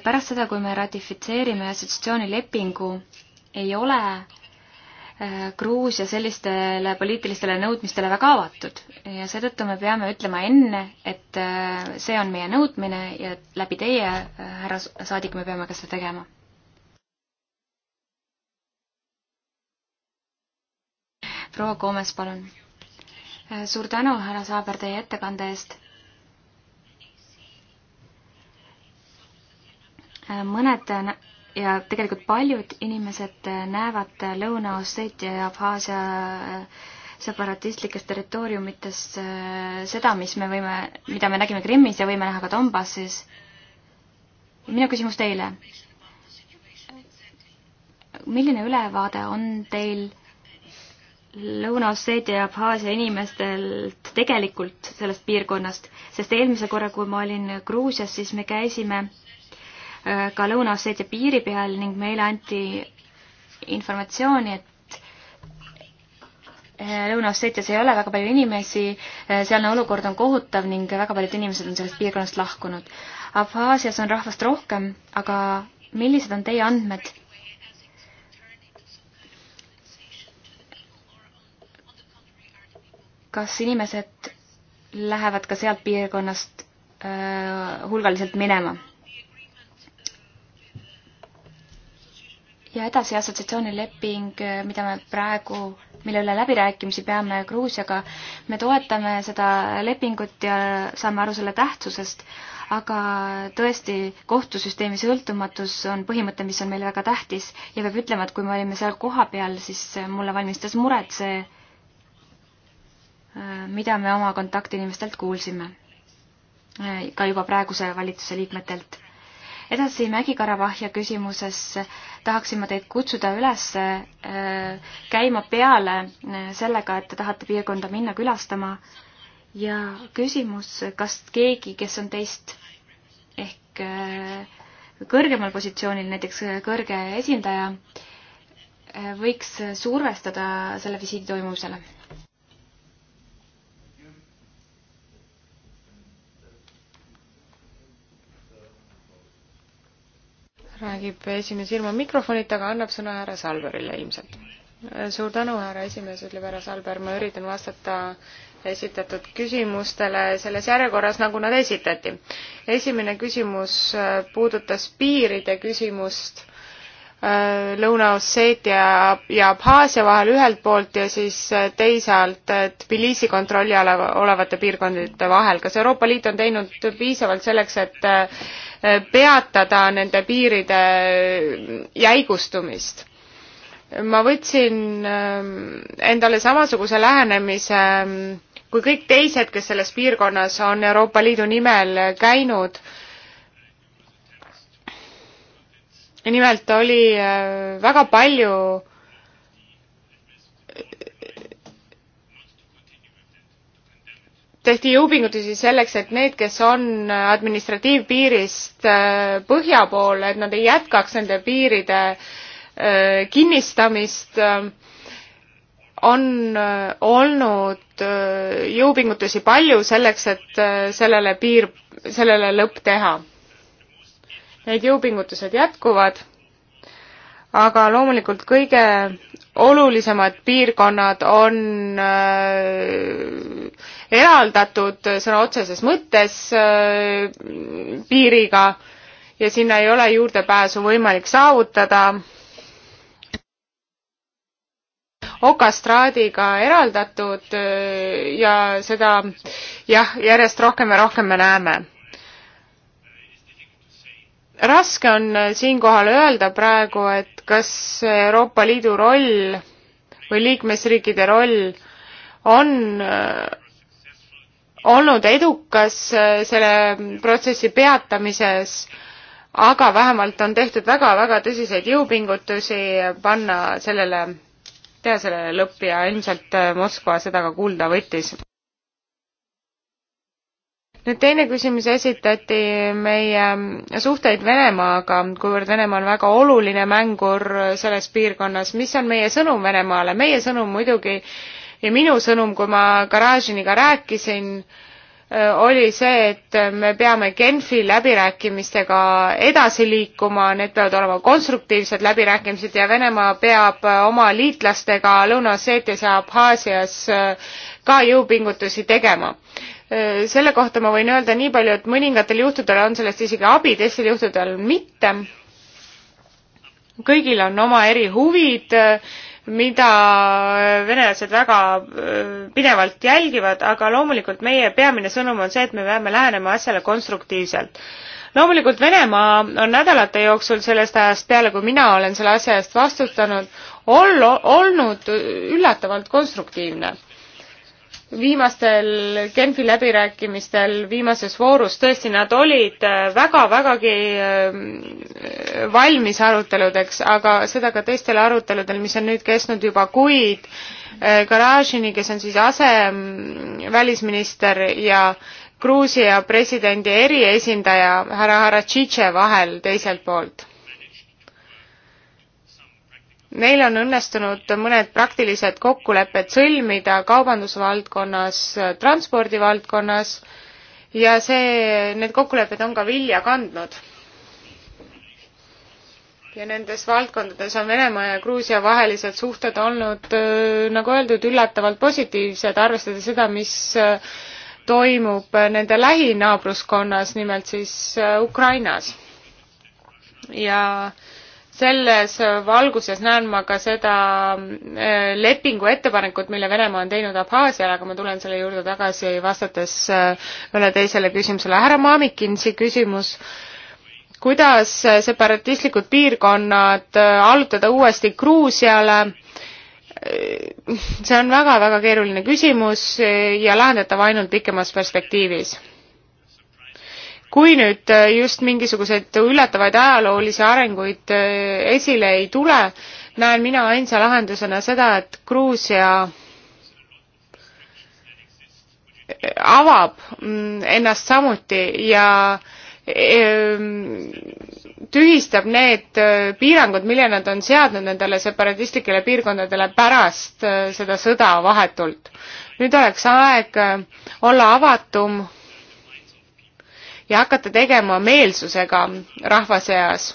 pärast seda, kui me ratifitseerime assotsiatsioonilepingu, ei ole äh, Gruusia sellistele poliitilistele nõudmistele väga avatud ja seetõttu me peame ütlema enne, et äh, see on meie nõudmine ja läbi teie, härra saadik, me peame ka seda tegema. proua Koomes, palun Äh, suur tänu, härra Saaber, teie ettekande eest. Äh, mõned äh, ja tegelikult paljud inimesed näevad Lõuna-Osseetia ja Abhaasia separatistlikes territooriumites seda, mis me võime, mida me nägime Krimmis ja võime näha ka Donbassis. minu küsimus teile. milline ülevaade on teil Lõuna-Osseetia ja Abhaasia inimestelt tegelikult sellest piirkonnast, sest eelmise korra, kui ma olin Gruusias, siis me käisime äh, ka Lõuna-Osseetia piiri peal ning meile anti informatsiooni, et äh, Lõuna-Osseetias ei ole väga palju inimesi, äh, sealne olukord on kohutav ning väga paljud inimesed on sellest piirkonnast lahkunud. Abhaasias on rahvast rohkem, aga millised on teie andmed kas inimesed lähevad ka sealt piirkonnast äh, hulgaliselt minema? ja edasi assotsiatsioonileping, äh, mida me praegu, mille üle läbirääkimisi peame Gruusiaga, me toetame seda lepingut ja saame aru selle tähtsusest, aga tõesti, kohtusüsteemi sõltumatus on põhimõte, mis on meile väga tähtis ja peab ütlema, et kui me olime seal kohapeal, siis äh, mulle valmistas muret see Äh, mida me oma kontaktinimestelt kuulsime, äh, ka juba praeguse valitsuse liikmetelt. edasi Mägi-Karabahhia küsimuses tahaksin ma teid kutsuda üles äh, käima peale sellega, et te tahate piirkonda minna külastama ja küsimus, kas keegi, kes on teist ehk kõrgemal positsioonil, näiteks kõrge esindaja, võiks survestada selle visiidi toimumisele? räägib esimees ilma mikrofonita, aga annab sõna härra Salverile ilmselt. suur tänu, härra esimees, ütleb härra Salver, ma üritan vastata esitatud küsimustele selles järjekorras, nagu nad esitati. esimene küsimus puudutas piiride küsimust äh, Lõuna-Osseetia ja Abhaasia vahel ühelt poolt ja siis äh, teisalt äh, Tbilisi kontrolli all olevate piirkondade vahel. kas Euroopa Liit on teinud piisavalt selleks, et peatada nende piiride jäigustumist. ma võtsin ähm, endale samasuguse lähenemise ähm, kui kõik teised, kes selles piirkonnas on Euroopa Liidu nimel käinud nimelt oli äh, väga palju tehti jõupingutusi selleks, et need, kes on administratiivpiirist äh, põhja pool, et nad ei jätkaks nende piiride äh, kinnistamist, äh, on olnud jõupingutusi palju selleks, et sellele piir, sellele lõpp teha. Need jõupingutused jätkuvad, aga loomulikult kõige olulisemad piirkonnad on äh, eraldatud sõna otseses mõttes äh, piiriga ja sinna ei ole juurdepääsu võimalik saavutada. okastraadiga eraldatud äh, ja seda jah, järjest rohkem ja rohkem me näeme raske on siinkohal öelda praegu, et kas Euroopa Liidu roll või liikmesriikide roll on äh, olnud edukas äh, selle protsessi peatamises, aga vähemalt on tehtud väga-väga tõsiseid jõupingutusi panna sellele, teha sellele lõpp ja ilmselt äh, Moskva seda ka kuulda võttis. nüüd teine küsimus esitati meie äh, suhteid Venemaaga, kuivõrd Venemaa on väga oluline mängur selles piirkonnas, mis on meie sõnum Venemaale? meie sõnum muidugi äh, ja minu sõnum, kui ma garaažiniga rääkisin, oli see, et me peame Genfi läbirääkimistega edasi liikuma, need peavad olema konstruktiivsed läbirääkimised ja Venemaa peab oma liitlastega Lõuna-Osseetias ja Abhaasias ka jõupingutusi tegema. selle kohta ma võin öelda nii palju, et mõningatel juhtudel on sellest isegi abi, teistel juhtudel mitte. kõigil on oma erihuvid mida äh, venelased väga äh, pidevalt jälgivad, aga loomulikult meie peamine sõnum on see, et me peame lähenema asjale konstruktiivselt. loomulikult Venemaa on nädalate jooksul sellest ajast peale, kui mina olen selle asja eest vastutanud, ol-, olnud üllatavalt konstruktiivne viimastel Genfi läbirääkimistel viimases voorus tõesti nad olid äh, väga-vägagi äh, valmis aruteludeks, aga seda ka teistel aruteludel, mis on nüüd kestnud juba kuid. Äh, Garažini, kes on siis asevälisminister ja Gruusia presidendi eriesindaja härra Haratšitše vahel teiselt poolt Neil on õnnestunud mõned praktilised kokkulepped sõlmida kaubandusvaldkonnas, transpordivaldkonnas ja see, need kokkulepped on ka vilja kandnud. ja nendes valdkondades on Venemaa ja Gruusia vahelised suhted olnud, äh, nagu öeldud, üllatavalt positiivsed, arvestades seda, mis äh, toimub nende lähinaabruskonnas, nimelt siis äh, Ukrainas. ja äh, selles valguses näen ma ka seda äh, lepingu ettepanekut, mille Venemaa on teinud Abhaasiale, aga ma tulen selle juurde tagasi, vastates äh, ühele teisele küsimusele. härra Maamikinsi küsimus, kuidas äh, separatistlikud piirkonnad allutada uuesti Gruusiale? see on väga-väga keeruline küsimus ja lahendatav ainult pikemas perspektiivis kui nüüd äh, just mingisuguseid üllatavaid ajaloolisi arenguid äh, esile ei tule, näen mina ainsa lahendusena seda, et Gruusia äh, avab mm, ennast samuti ja ähm, tühistab need piirangud, mille nad on seadnud nendele separatistlikele piirkondadele pärast seda sõda vahetult. nüüd oleks aeg olla avatum ja hakata tegema meelsusega rahva seas.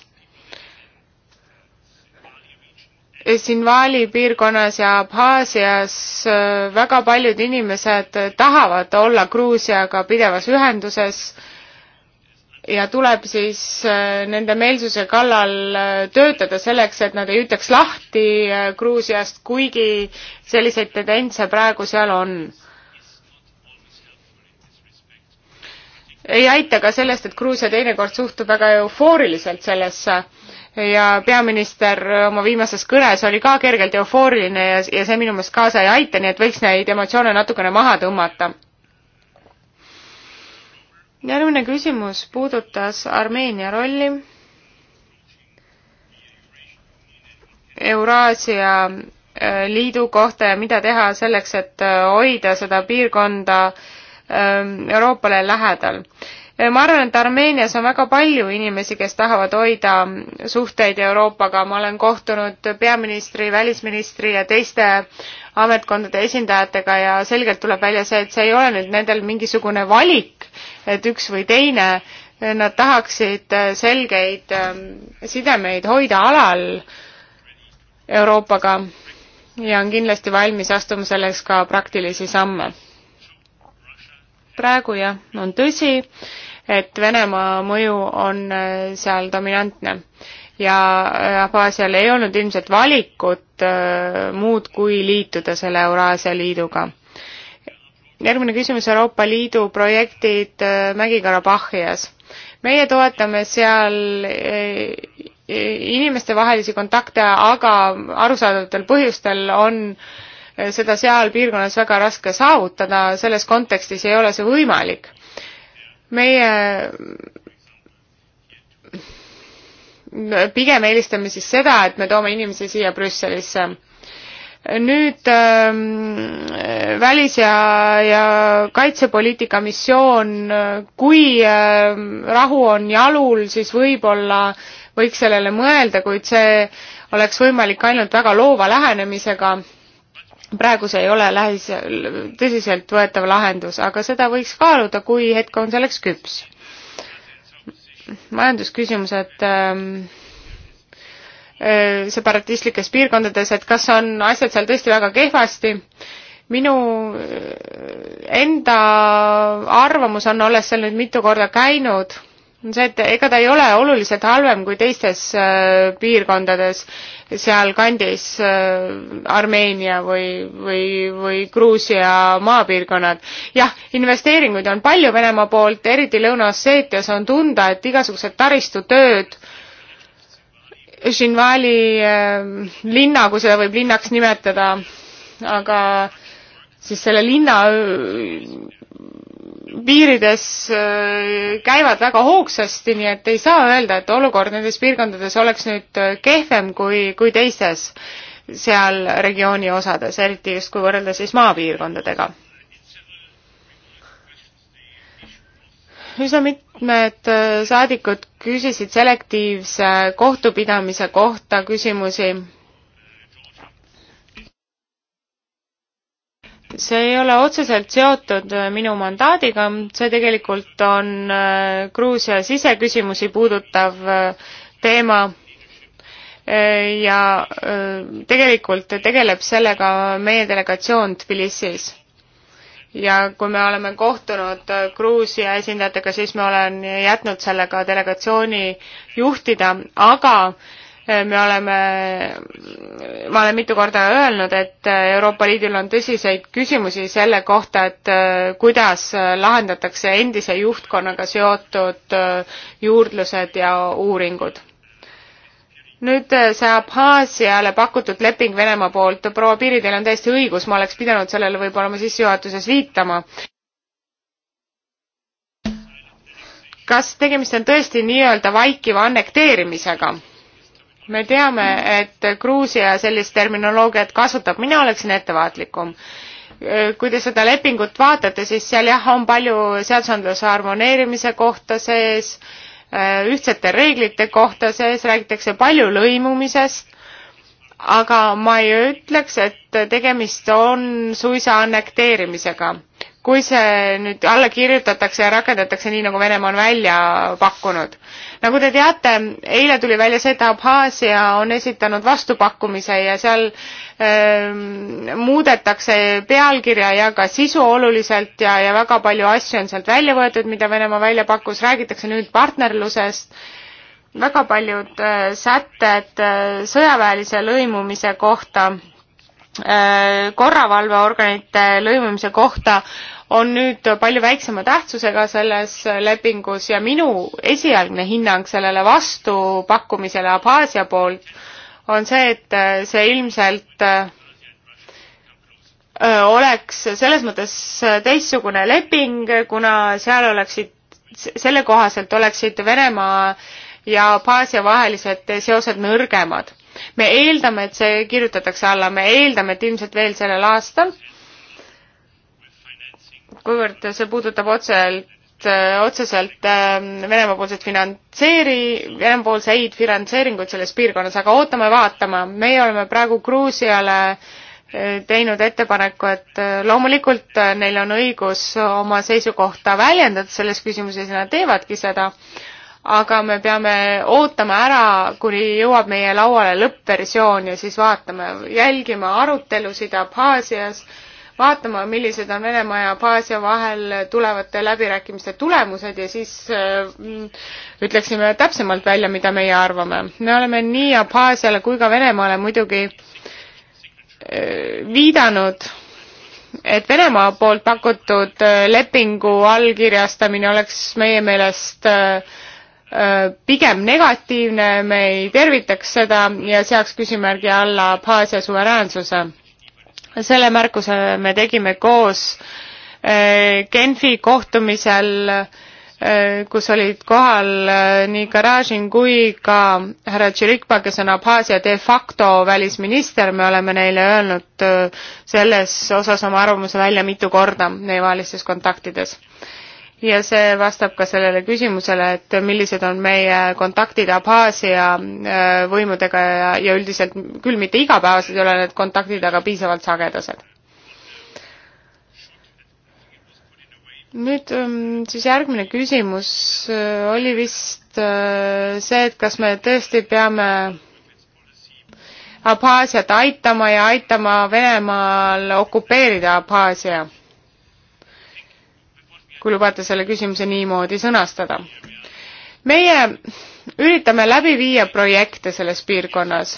Sinvali piirkonnas ja Abhaasias äh, väga paljud inimesed tahavad olla Gruusiaga pidevas ühenduses ja tuleb siis äh, nende meelsuse kallal äh, töötada selleks, et nad ei ütleks lahti Gruusiast, kuigi selliseid tendentse praegu seal on. ei aita ka sellest, et Gruusia teinekord suhtub väga eufooriliselt sellesse ja peaminister oma viimases kõnes oli ka kergelt eufooriline ja, ja see minu meelest kaasa ei aita, nii et võiks neid emotsioone natukene maha tõmmata. järgmine küsimus puudutas Armeenia rolli Euraasia äh, liidu kohta ja mida teha selleks, et äh, hoida seda piirkonda äh, Ähm, Euroopale lähedal. ma arvan, et Armeenias on väga palju inimesi, kes tahavad hoida suhteid Euroopaga, ma olen kohtunud peaministri, välisministri ja teiste ametkondade esindajatega ja selgelt tuleb välja see, et see ei ole nüüd nendel mingisugune valik, et üks või teine, nad tahaksid äh, selgeid ähm, sidemeid hoida alal Euroopaga ja on kindlasti valmis astuma selleks ka praktilisi samme praegu jah, on tõsi, et Venemaa mõju on äh, seal dominantne ja äh, Abhaasial ei olnud ilmselt valikut äh, muud, kui liituda selle Euraasia Liiduga. järgmine küsimus, Euroopa Liidu projektid Mägi-Karabahhias. meie toetame seal inimestevahelisi kontakte, aga arusaadavatel põhjustel on äh, Eh, seda seal piirkonnas väga raske saavutada, selles kontekstis ei ole see võimalik. meie mm, pigem eelistame siis seda, et me toome inimesi siia Brüsselisse. nüüd äh, välis- ja, ja kaitsepoliitika missioon, kui äh, rahu on jalul, siis võib-olla võiks sellele mõelda, kuid see oleks võimalik ainult väga loova lähenemisega praegu see ei ole lähis, tõsiseltvõetav lahendus, aga seda võiks kaaluda, kui hetk on selleks küps. majandusküsimused ähm, äh, separatistlikes piirkondades, et kas on asjad seal tõesti väga kehvasti. minu äh, enda arvamus on, olles seal nüüd mitu korda käinud, see, et ega ta ei ole oluliselt halvem kui teistes äh, piirkondades sealkandis äh,, Armeenia või, või, või Gruusia maapiirkonnad. jah, investeeringuid on palju Venemaa poolt, eriti Lõuna-Osseetias on tunda, et igasugused taristutööd Žinvali äh, linna, kui seda võib linnaks nimetada, aga siis selle linna piirides äh, käivad väga hoogsasti, nii et ei saa öelda, et olukord nendes piirkondades oleks nüüd äh, kehvem kui, kui teistes seal regiooni osades, eriti just kui võrrelda siis maapiirkondadega. üsna mitmed äh, saadikud küsisid selektiivse kohtupidamise kohta küsimusi see ei ole otseselt seotud äh, minu mandaadiga, see tegelikult on äh, Gruusia siseküsimusi puudutav äh, teema ja tegelikult tegeleb sellega meie delegatsioon Tbilisis. ja kui me oleme kohtunud Gruusia esindajatega, siis ma olen jätnud selle ka delegatsiooni juhtida, aga me oleme, ma olen mitu korda öelnud, et Euroopa Liidul on tõsiseid küsimusi selle kohta, et äh, kuidas lahendatakse endise juhtkonnaga seotud äh, juurdlused ja uuringud nüüd äh, see Abhaasiale pakutud leping Venemaa poolt, proua Piiri, teil on täiesti õigus, ma oleks pidanud sellele võib-olla oma sissejuhatuses viitama. kas tegemist on tõesti nii-öelda vaikiva annekteerimisega? me teame, et Gruusia sellist terminoloogiat kasutab, mina oleksin ettevaatlikum. kui te seda lepingut vaatate, siis seal jah, on palju seadusandluse harmoneerimise kohta sees, äh, ühtsete reeglite kohta sees, räägitakse palju lõimumisest, aga ma ei ütleks, et tegemist on suisa annekteerimisega kui see nüüd alla kirjutatakse ja rakendatakse nii, nagu Venemaa on välja pakkunud. nagu te teate, eile tuli välja see, et Abhaasia on esitanud vastupakkumise ja seal ähm, muudetakse pealkirja ja ka sisu oluliselt ja, ja väga palju asju on sealt välja võetud, mida Venemaa välja pakkus, räägitakse nüüd partnerlusest väga paljud äh, sätted äh, sõjaväelise lõimumise kohta äh,, korravalveorganite lõimumise kohta on nüüd palju väiksema tähtsusega selles lepingus ja minu esialgne hinnang sellele vastupakkumisele Abhaasia poolt on see, et see ilmselt oleks selles mõttes teistsugune leping, kuna seal oleksid, selle kohaselt oleksid Venemaa ja Abhaasia vahelised seosed nõrgemad. me eeldame, et see kirjutatakse alla, me eeldame, et ilmselt veel sellel aastal kuivõrd see puudutab otselt otseselt ähm, Venemaa-poolset finantseeri, Venemaa-poolseid finantseeringuid selles piirkonnas, aga ootame-vaatame. meie oleme praegu Gruusiale äh, teinud ettepaneku, et äh, loomulikult äh, neil on õigus oma seisukohta väljendada selles küsimuses ja nad teevadki seda, aga me peame ootama ära, kuni jõuab meie lauale lõppversioon ja siis vaatame, jälgime arutelusid Abhaasias vaatama, millised on Venemaa ja Abhaasia vahel tulevate läbirääkimiste tulemused ja siis äh, ütleksime täpsemalt välja, mida meie arvame. me oleme nii Abhaasiale kui ka Venemaale muidugi äh, viidanud, et Venemaa poolt pakutud äh, lepingu allkirjastamine oleks meie meelest pigem negatiivne, me ei tervitaks seda ja seaks küsimärgi alla Abhaasia suveräänsuse selle märkuse me tegime koos äh, Genfi kohtumisel, äh, kus olid kohal äh, nii Garagin kui ka härra Tširikpa, kes on Abhaasia de facto välisminister, me oleme neile öelnud selles osas oma arvamuse välja mitu korda neievahelistes kontaktides ja see vastab ka sellele küsimusele, et millised on meie kontaktid Abhaasia äh, võimudega ja, ja üldiselt küll mitte igapäevased ei ole need kontaktid, aga piisavalt sagedased. nüüd ähm, siis järgmine küsimus äh, oli vist äh, see, et kas me tõesti peame Abhaasiat aitama ja aitama Venemaal okupeerida Abhaasia kui lubate selle küsimuse niimoodi sõnastada. meie üritame läbi viia projekte selles piirkonnas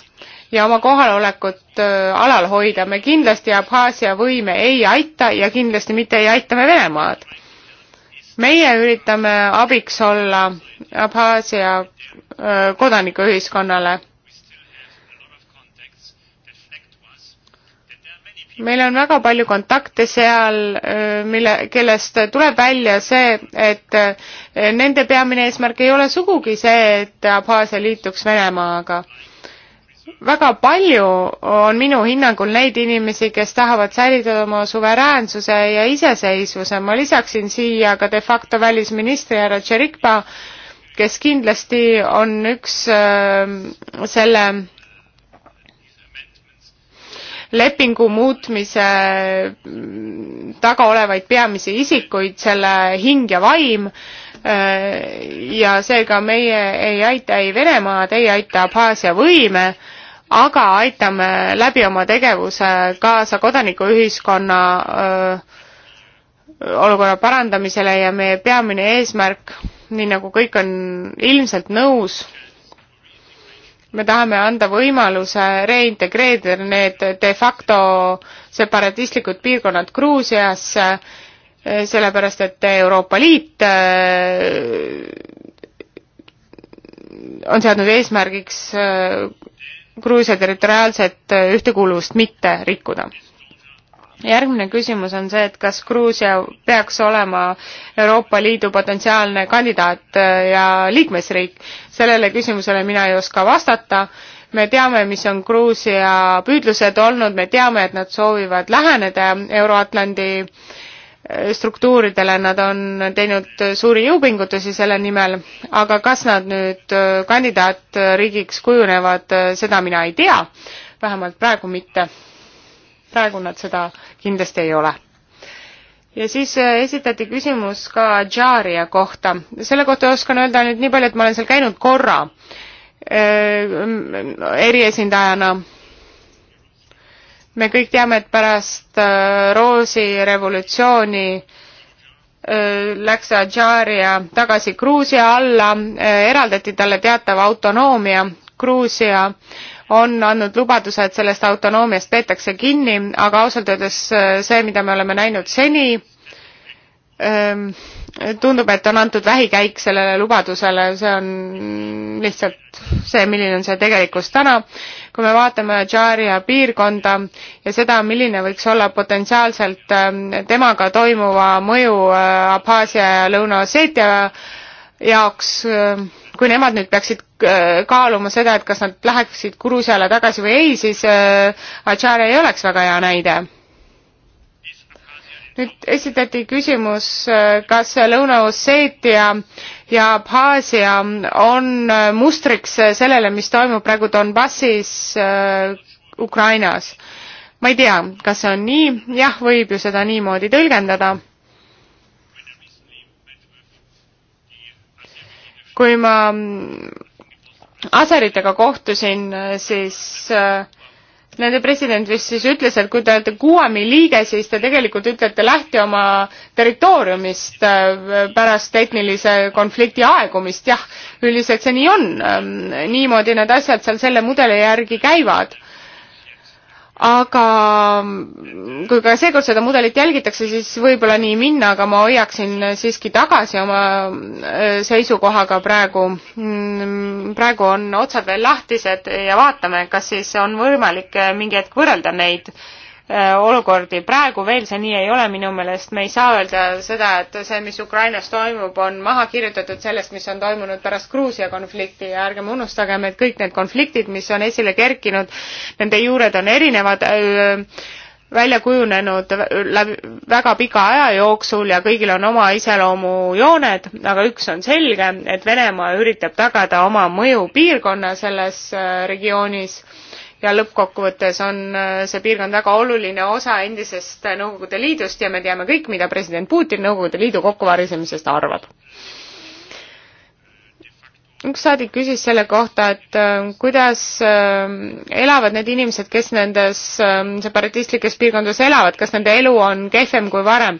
ja oma kohalolekut äh, alal hoida. me kindlasti Abhaasia võime ei aita ja kindlasti mitte ei aita me Venemaad. meie üritame abiks olla Abhaasia äh, kodanikuühiskonnale meil on väga palju kontakte seal, mille, kellest tuleb välja see, et nende peamine eesmärk ei ole sugugi see, et Abhaasia liituks Venemaaga. väga palju on minu hinnangul neid inimesi, kes tahavad säilitada oma suveräänsuse ja iseseisvuse. ma lisaksin siia ka de facto välisministri härra Tšerikpa, kes kindlasti on üks selle lepingu muutmise taga olevaid peamisi isikuid, selle hing ja vaim äh, ja seega meie ei aita ei Venemaad, ei aita Abhaasia võime, aga aitame läbi oma tegevuse kaasa kodanikuühiskonna äh, olukorra parandamisele ja meie peamine eesmärk, nii nagu kõik on ilmselt nõus, me tahame anda võimaluse reintegreerida need de facto separatistlikud piirkonnad Gruusiasse, eh, sellepärast et Euroopa Liit eh, on seadnud eesmärgiks eh, Gruusia territoriaalset ühtekuuluvust mitte rikkuda järgmine küsimus on see, et kas Gruusia peaks olema Euroopa Liidu potentsiaalne kandidaat äh, ja liikmesriik. sellele küsimusele mina ei oska vastata. me teame, mis on Gruusia püüdlused olnud, me teame, et nad soovivad läheneda Euro-Atlandi äh, struktuuridele, nad on teinud suuri jõupingutusi selle nimel, aga kas nad nüüd äh, kandidaatriigiks kujunevad, seda mina ei tea, vähemalt praegu mitte praegu nad seda kindlasti ei ole ja siis äh, esitati küsimus ka Džaaria kohta. selle kohta oskan öelda nüüd nii palju, et ma olen seal käinud korra äh, eriesindajana. me kõik teame, et pärast äh, Roosi revolutsiooni läks Džaaria tagasi Gruusia alla, eraldati talle teatav autonoomia. Gruusia on andnud lubaduse, et sellest autonoomiast peetakse kinni, aga ausalt öeldes äh, see, mida me oleme näinud seni, ähm, tundub, et on antud vähikäik sellele lubadusele, see on lihtsalt see, milline on see tegelikkus täna. kui me vaatame Jaria piirkonda ja seda, milline võiks olla potentsiaalselt ähm, temaga toimuva mõju äh, Abhaasia ja Lõuna-Osseetia jaoks, ähm, kui nemad nüüd peaksid äh, kaaluma seda, et kas nad läheksid Gruusiale tagasi või ei, siis äh, Adžaar ei oleks väga hea näide. nüüd esitati küsimus, äh, kas Lõuna-Osseetia ja Abhaasia on mustriks sellele, mis toimub praegu Donbassis Ukrainas. ma ei tea, kas see on nii, jah, võib ju seda niimoodi tõlgendada kui ma aseritega kohtusin, siis äh, nende president vist siis ütles, et kui te olete QM-i liige, siis te tegelikult ütlete lähti oma territooriumist äh, pärast etnilise konflikti aegumist, jah, üldiselt see nii on. Ähm, niimoodi need asjad seal selle mudeli järgi käivad aga kui ka seekord seda mudelit jälgitakse, siis võib-olla nii minna, aga ma hoiaksin siiski tagasi oma äh, seisukohaga praegu. Mm, praegu on otsad veel lahtised ja vaatame, kas siis on võimalik äh, mingi hetk võrrelda neid Äh, olukordi. praegu veel see nii ei ole minu meelest, me ei saa öelda seda, et see, mis Ukrainas toimub, on maha kirjutatud sellest, mis on toimunud pärast Gruusia konflikti ja ärgem unustagem, et kõik need konfliktid, mis on esile kerkinud, nende juured on erinevad äh, välja kujunenud läbi väga pika aja jooksul ja kõigil on oma iseloomujooned, aga üks on selge, et Venemaa üritab tagada oma mõju piirkonna selles äh, regioonis äh, ja lõppkokkuvõttes on äh, see piirkond väga oluline osa endisest Nõukogude Liidust ja me teame kõik, mida president Putin Nõukogude Liidu kokkuvarisemisest arvab üks saadik küsis selle kohta, et ähm, kuidas ähm, elavad need inimesed, kes nendes ähm, separatistlikes piirkondades elavad, kas nende elu on kehvem kui varem.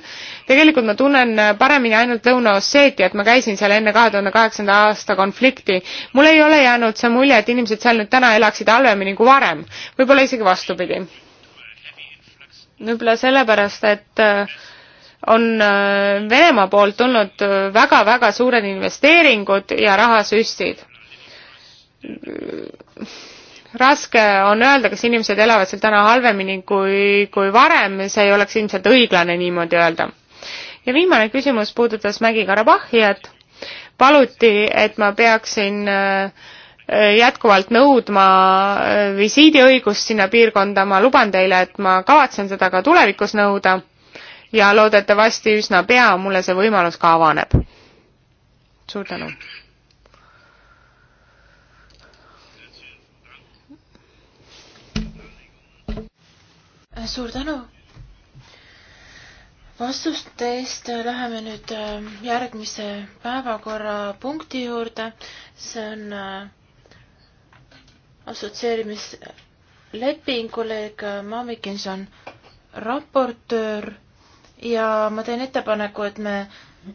tegelikult ma tunnen äh, paremini ainult Lõuna-Osseetiat, ma käisin seal enne kahe tuhande kaheksanda aasta konflikti. mul ei ole jäänud see mulje, et inimesed seal nüüd täna elaksid halvemini kui varem, võib-olla isegi vastupidi. võib-olla sellepärast, et äh, on äh, Venemaa poolt tulnud väga-väga äh, suured investeeringud ja rahasüstid. raske on öelda, kas inimesed elavad seal täna halvemini kui, kui varem, see ei oleks ilmselt õiglane niimoodi öelda. ja viimane küsimus puudutas Mägi-Karabahhiat. paluti, et ma peaksin äh, jätkuvalt nõudma visiidiõigust sinna piirkonda, ma luban teile, et ma kavatsen seda ka tulevikus nõuda ja loodetavasti üsna pea mulle see võimalus ka avaneb. suur tänu. suur tänu vastuste eest läheme nüüd ähm, järgmise päevakorrapunkti juurde. see on äh, assotsieerimisleping, kolleeg Mamikinson, raportöör ja ma teen ettepaneku, et me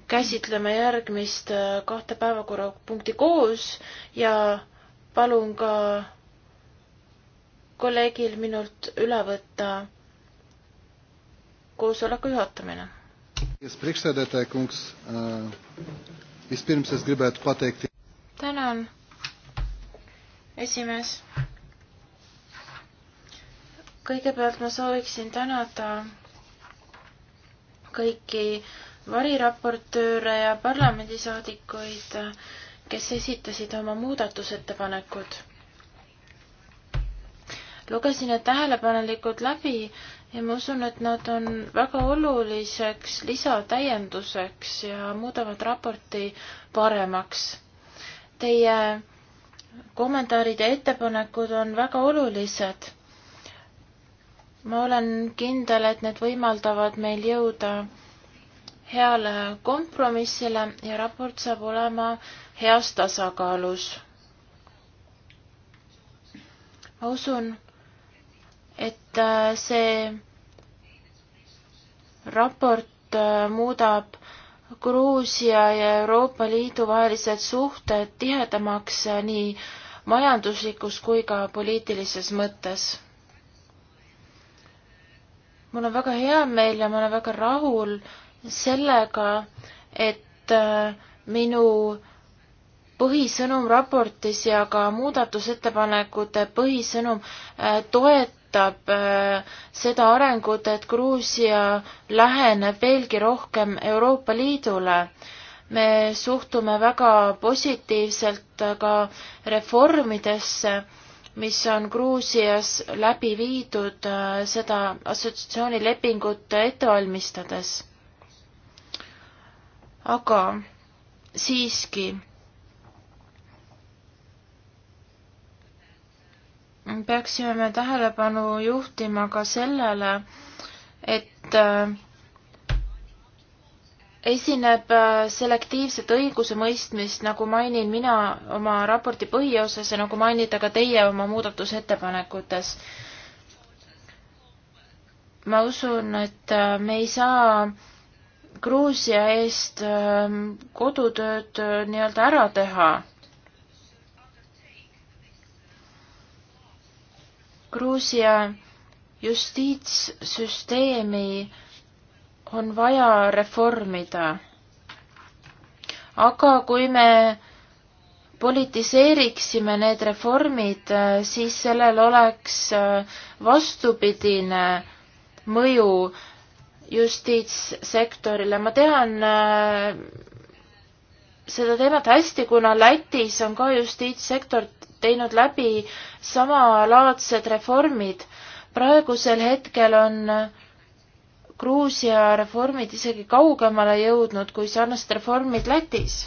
käsitleme järgmist äh, kahte päevakorrapunkti koos ja palun ka kolleegil minult üle võtta koosoleku juhatamine. Äh, tänan, esimees. kõigepealt ma sooviksin tänada kõiki variraportööre ja parlamendisaadikuid, kes esitasid oma muudatusettepanekud. lugesin need tähelepanelikult läbi ja ma usun, et nad on väga oluliseks lisatäienduseks ja muudavad raporti paremaks. Teie kommentaarid ja ettepanekud on väga olulised ma olen kindel, et need võimaldavad meil jõuda heale kompromissile ja raport saab olema heas tasakaalus. ma usun, et äh, see raport äh, muudab Gruusia ja Euroopa Liidu vahelised suhted tihedamaks äh, nii majanduslikus kui ka poliitilises mõttes mul on väga hea meel ja ma olen väga rahul sellega, et äh, minu põhisõnum raportis ja ka muudatusettepanekute põhisõnum äh, toetab äh, seda arengut, et Gruusia läheneb veelgi rohkem Euroopa Liidule. me suhtume väga positiivselt ka reformidesse mis on Gruusias läbi viidud äh, seda assotsiatsioonilepingut ette valmistades. aga siiski peaksime me tähelepanu juhtima ka sellele, et äh, esineb äh, selektiivset õigusemõistmist, nagu mainin mina oma raporti põhiosas ja nagu mainite ka teie oma muudatusettepanekutes. ma usun, et äh, me ei saa Gruusia eest ähm, kodutööd äh, nii-öelda ära teha. Gruusia justiitssüsteemi on vaja reformida. aga kui me politiseeriksime need reformid, äh, siis sellel oleks äh, vastupidine mõju justiitssektorile. ma tean äh, seda teemat hästi, kuna Lätis on ka justiitssektor teinud läbi samalaadsed reformid. praegusel hetkel on äh, Gruusia reformid isegi kaugemale jõudnud kui sarnased reformid Lätis.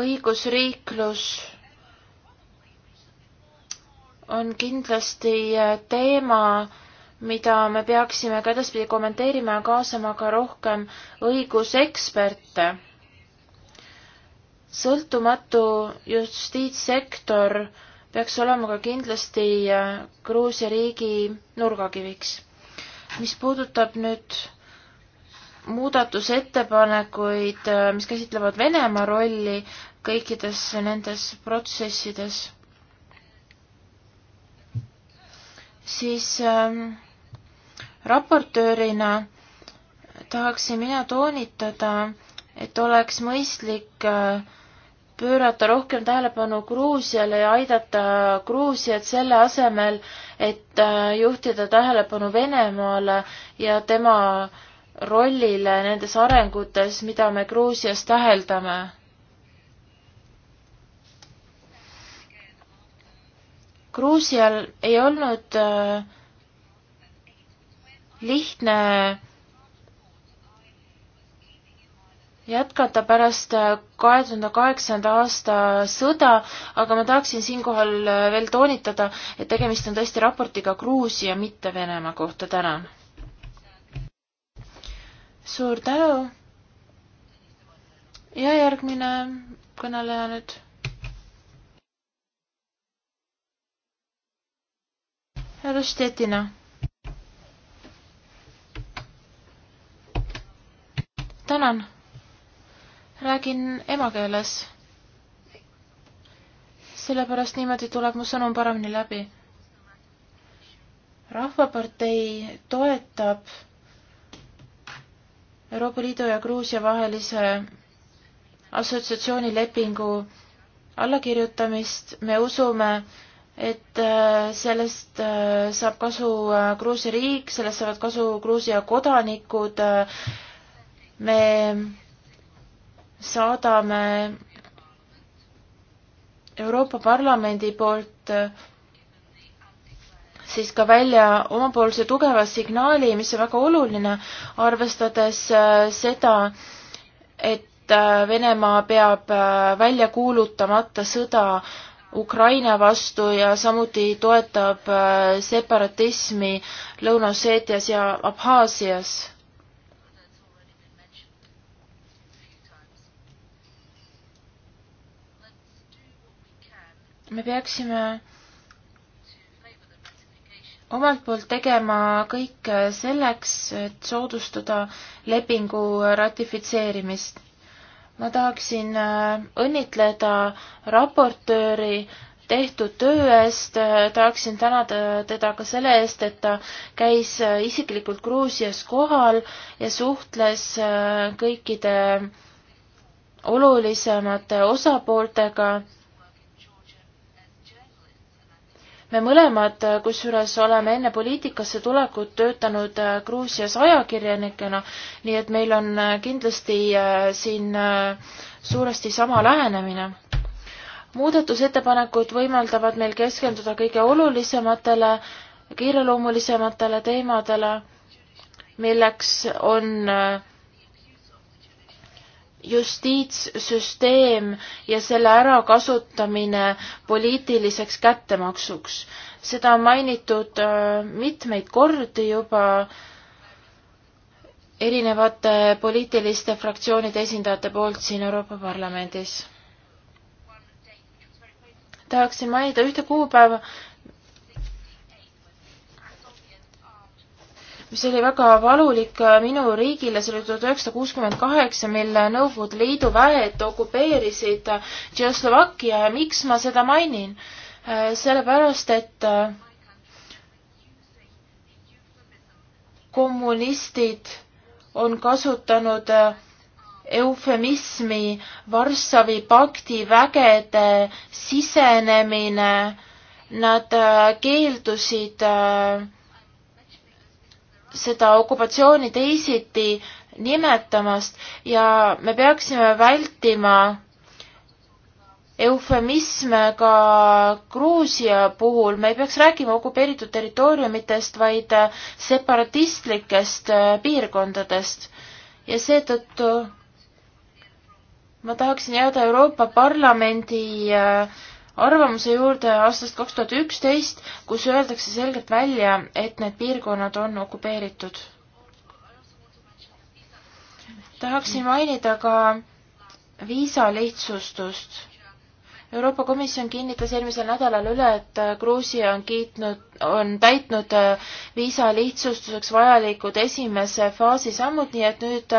õigusriiklus on kindlasti teema, mida me peaksime ka edaspidi kommenteerima ja kaasama ka rohkem õiguseksperte sõltumatu justiitssektor peaks olema ka kindlasti äh, Gruusia riigi nurgakiviks. mis puudutab nüüd muudatusettepanekuid, äh, mis käsitlevad Venemaa rolli kõikides nendes protsessides, siis äh, raportöörina tahaksin mina toonitada, et oleks mõistlik äh, pöörata rohkem tähelepanu Gruusiale ja aidata Gruusiat selle asemel, et äh, juhtida tähelepanu Venemaale ja tema rollile nendes arengutes, mida me Gruusias täheldame. Gruusial ei olnud äh, lihtne jätkata pärast äh, kahe tuhande kaheksanda aasta sõda, aga ma tahaksin siinkohal äh, veel toonitada, et tegemist on tõesti raportiga Gruusia, mitte Venemaa kohta, tänan. suur tänu. ja järgmine kõneleja nüüd. härra Štetina tänan räägin emakeeles. sellepärast niimoodi tuleb mu sõnum paremini läbi. rahvapartei toetab Euroopa Liidu ja Gruusia vahelise assotsiatsioonilepingu allakirjutamist, me usume, et äh, sellest äh, saab kasu äh, Gruusia riik, sellest saavad kasu Gruusia kodanikud, me saadame Euroopa Parlamendi poolt äh, siis ka välja omapoolse tugeva signaali, mis on väga oluline, arvestades äh, seda, et äh, Venemaa peab välja kuulutamata sõda Ukraina vastu ja samuti toetab separatismi Lõuna-Osseetias ja Abhaasias me peaksime omalt poolt tegema kõik selleks, et soodustada lepingu ratifitseerimist. ma tahaksin äh, õnnitleda raportööri tehtud töö eest, tahaksin tänada teda ka selle eest, et ta käis äh, isiklikult Gruusias kohal ja suhtles äh, kõikide olulisemate osapooltega me mõlemad äh, kusjuures oleme enne poliitikasse tulekut töötanud äh, Gruusias ajakirjanikena, nii et meil on äh, kindlasti siin suuresti sama lähenemine. muudatusettepanekud võimaldavad meil keskenduda kõige olulisematele, kiireloomulisematele teemadele, milleks on justiitssüsteem ja selle ärakasutamine poliitiliseks kättemaksuks. seda on mainitud äh, mitmeid kordi juba erinevate poliitiliste fraktsioonide esindajate poolt siin Euroopa Parlamendis. tahaksin mainida ühte kuupäeva, mis oli väga valulik äh, minu riigile, see oli tuhat üheksasada kuuskümmend kaheksa, mil äh, Nõukogude Liidu väed okupeerisid äh, Tšehhoslovakkia ja miks ma seda mainin? sellepärast, et kommunistid on kasutanud eufemismi Varssavi pakti vägede sisenemine, nad keeldusid äh, seda okupatsiooni teisiti nimetamast ja me peaksime vältima eufemisme ka Gruusia puhul, me ei peaks rääkima okupeeritud territooriumitest, vaid separatistlikest äh, piirkondadest. ja seetõttu ma tahaksin jääda Euroopa Parlamendi äh, arvamuse juurde aastast kaks tuhat üksteist, kus öeldakse selgelt välja, et need piirkonnad on okupeeritud. tahaksin mainida ka viisa lihtsustust. Euroopa Komisjon kinnitas eelmisel nädalal üle, et Gruusia on kiitnud, on täitnud viisa lihtsustuseks vajalikud esimese faasi sammud, nii et nüüd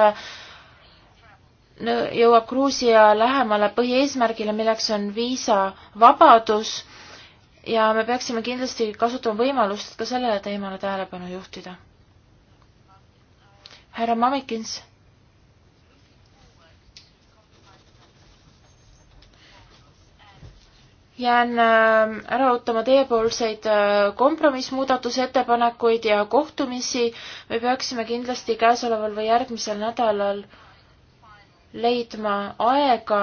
jõuab Gruusia lähemale põhieesmärgile, milleks on viisavabadus ja me peaksime kindlasti kasutama võimalust ka sellele teemale tähelepanu juhtida. härra Mamikins. jään ähm, ära ootama teiepoolseid äh, kompromissmuudatuse ettepanekuid ja kohtumisi. me peaksime kindlasti käesoleval või järgmisel nädalal äh, leidma aega,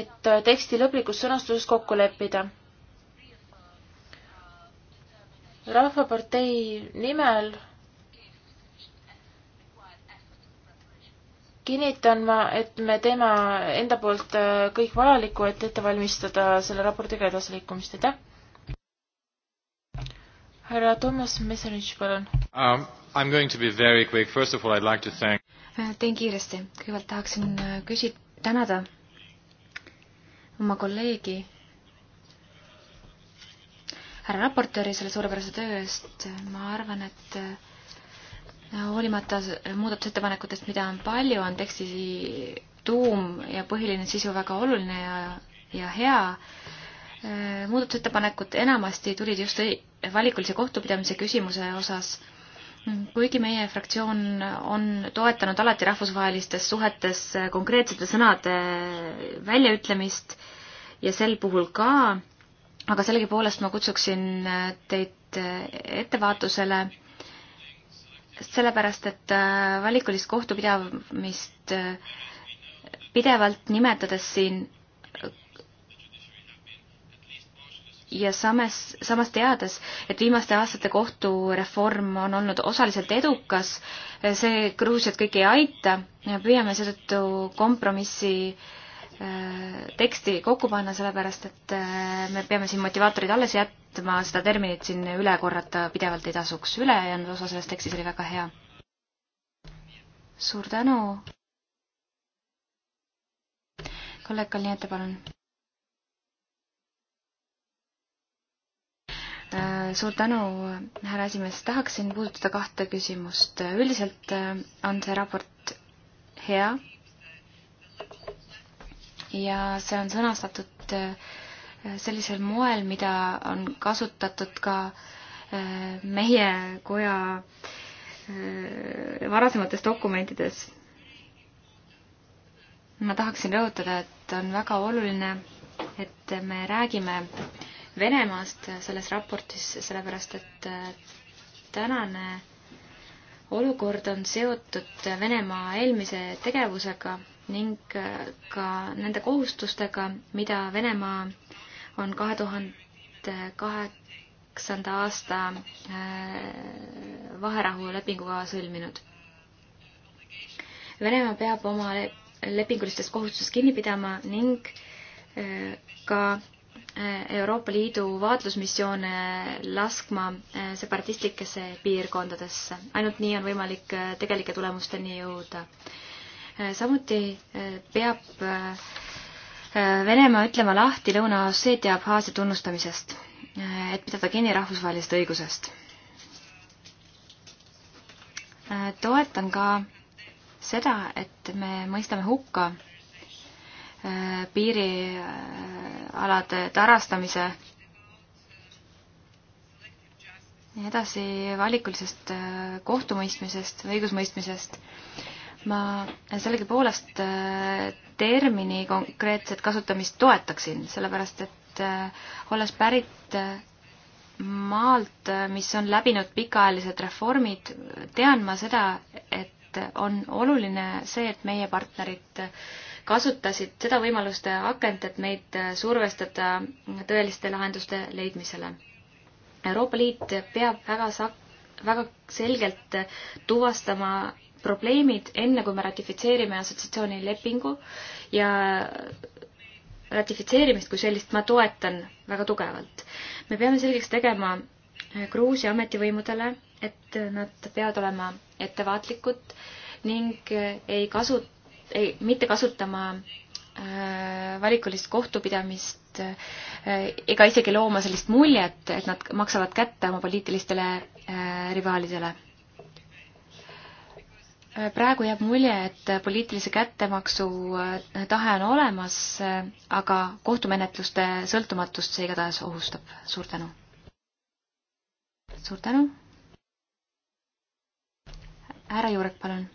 et teksti lõplikus sõnastuses kokku leppida. rahvapartei nimel kinnitan ma, et me teeme enda poolt kõik vajalikku, et ette valmistada selle raportiga edasiliikumist, aitäh! härra Toomas Messerich, palun um,. I am going to be very quick, first of all I would like to thank Äh, teen kiiresti. kõigepealt tahaksin äh, küsi-, tänada oma kolleegi, härra raportööri selle suurepärase töö eest. ma arvan, et äh, hoolimata muudatusettepanekutest, mida on palju, on teksti tuum ja põhiline sisu väga oluline ja, ja hea. muudatusettepanekud enamasti tulid just valikulise kohtupidamise küsimuse osas kuigi meie fraktsioon on toetanud alati rahvusvahelistes suhetes konkreetsete sõnade väljaütlemist ja sel puhul ka, aga sellegipoolest ma kutsuksin teid ettevaatusele, sellepärast et äh, valikulist kohtupidamist äh, pidevalt nimetades siin ja samas, samas teades, et viimaste aastate kohtureform on olnud osaliselt edukas, see Gruusiat kõik ei aita, püüame seetõttu kompromissi äh, teksti kokku panna, sellepärast et äh, me peame siin motivaatorid alles jätma, seda terminit siin üle korrata pidevalt ei tasuks, ülejäänud osa selles tekstis oli väga hea. suur tänu. kolleeg Kalniete, palun Äh, suur tänu, härra esimees, tahaksin puudutada kahte küsimust. üldiselt äh, on see raport hea ja see on sõnastatud äh, sellisel moel, mida on kasutatud ka meie koja varasemates dokumentides. ma tahaksin rõhutada, et on väga oluline, et me räägime Venemaast selles raportis, sellepärast et äh, tänane olukord on seotud Venemaa eelmise tegevusega ning äh, ka nende kohustustega, mida Venemaa on kahe tuhande kaheksanda aasta äh, vaherahulepinguga sõlminud. Venemaa peab oma lepingulistest kohustustest kinni pidama ning ka Eh, Euroopa Liidu vaatlusmissioone laskma eh, separatistlikesse piirkondadesse. ainult nii on võimalik eh, tegelike tulemusteni jõuda. samuti peab Venemaa ütlema lahti Lõuna-Osseetia Abhaasia tunnustamisest, et pidada kinni rahvusvahelisest õigusest. toetan ka seda, et me mõistame hukka Äh, piirialade tarastamise ja edasi valikulisest äh, kohtumõistmisest või õigusmõistmisest. ma sellegipoolest äh, termini konkreetset kasutamist toetaksin, sellepärast et olles pärit maalt, mis on läbinud pikaajalised reformid, tean ma seda, et on oluline see, et meie partnerid äh, kasutasid seda võimaluste akent, et meid äh, survestada äh, tõeliste lahenduste leidmisele. Euroopa Liit peab väga sa-, väga selgelt äh, tuvastama probleemid, enne kui me ratifitseerime assotsiatsiooni lepingu ja ratifitseerimist kui sellist ma toetan väga tugevalt. me peame selgeks tegema Gruusia ametivõimudele, et nad peavad olema ettevaatlikud ning ei kasu-, ei, mitte kasutama äh, valikulist kohtupidamist äh, ega isegi looma sellist muljet, et nad maksavad kätte oma poliitilistele äh, rivaalidele. praegu jääb mulje, et poliitilise kättemaksu tahe on olemas, aga kohtumenetluste sõltumatust see igatahes ohustab. suur tänu. suur tänu. härra Juurek, palun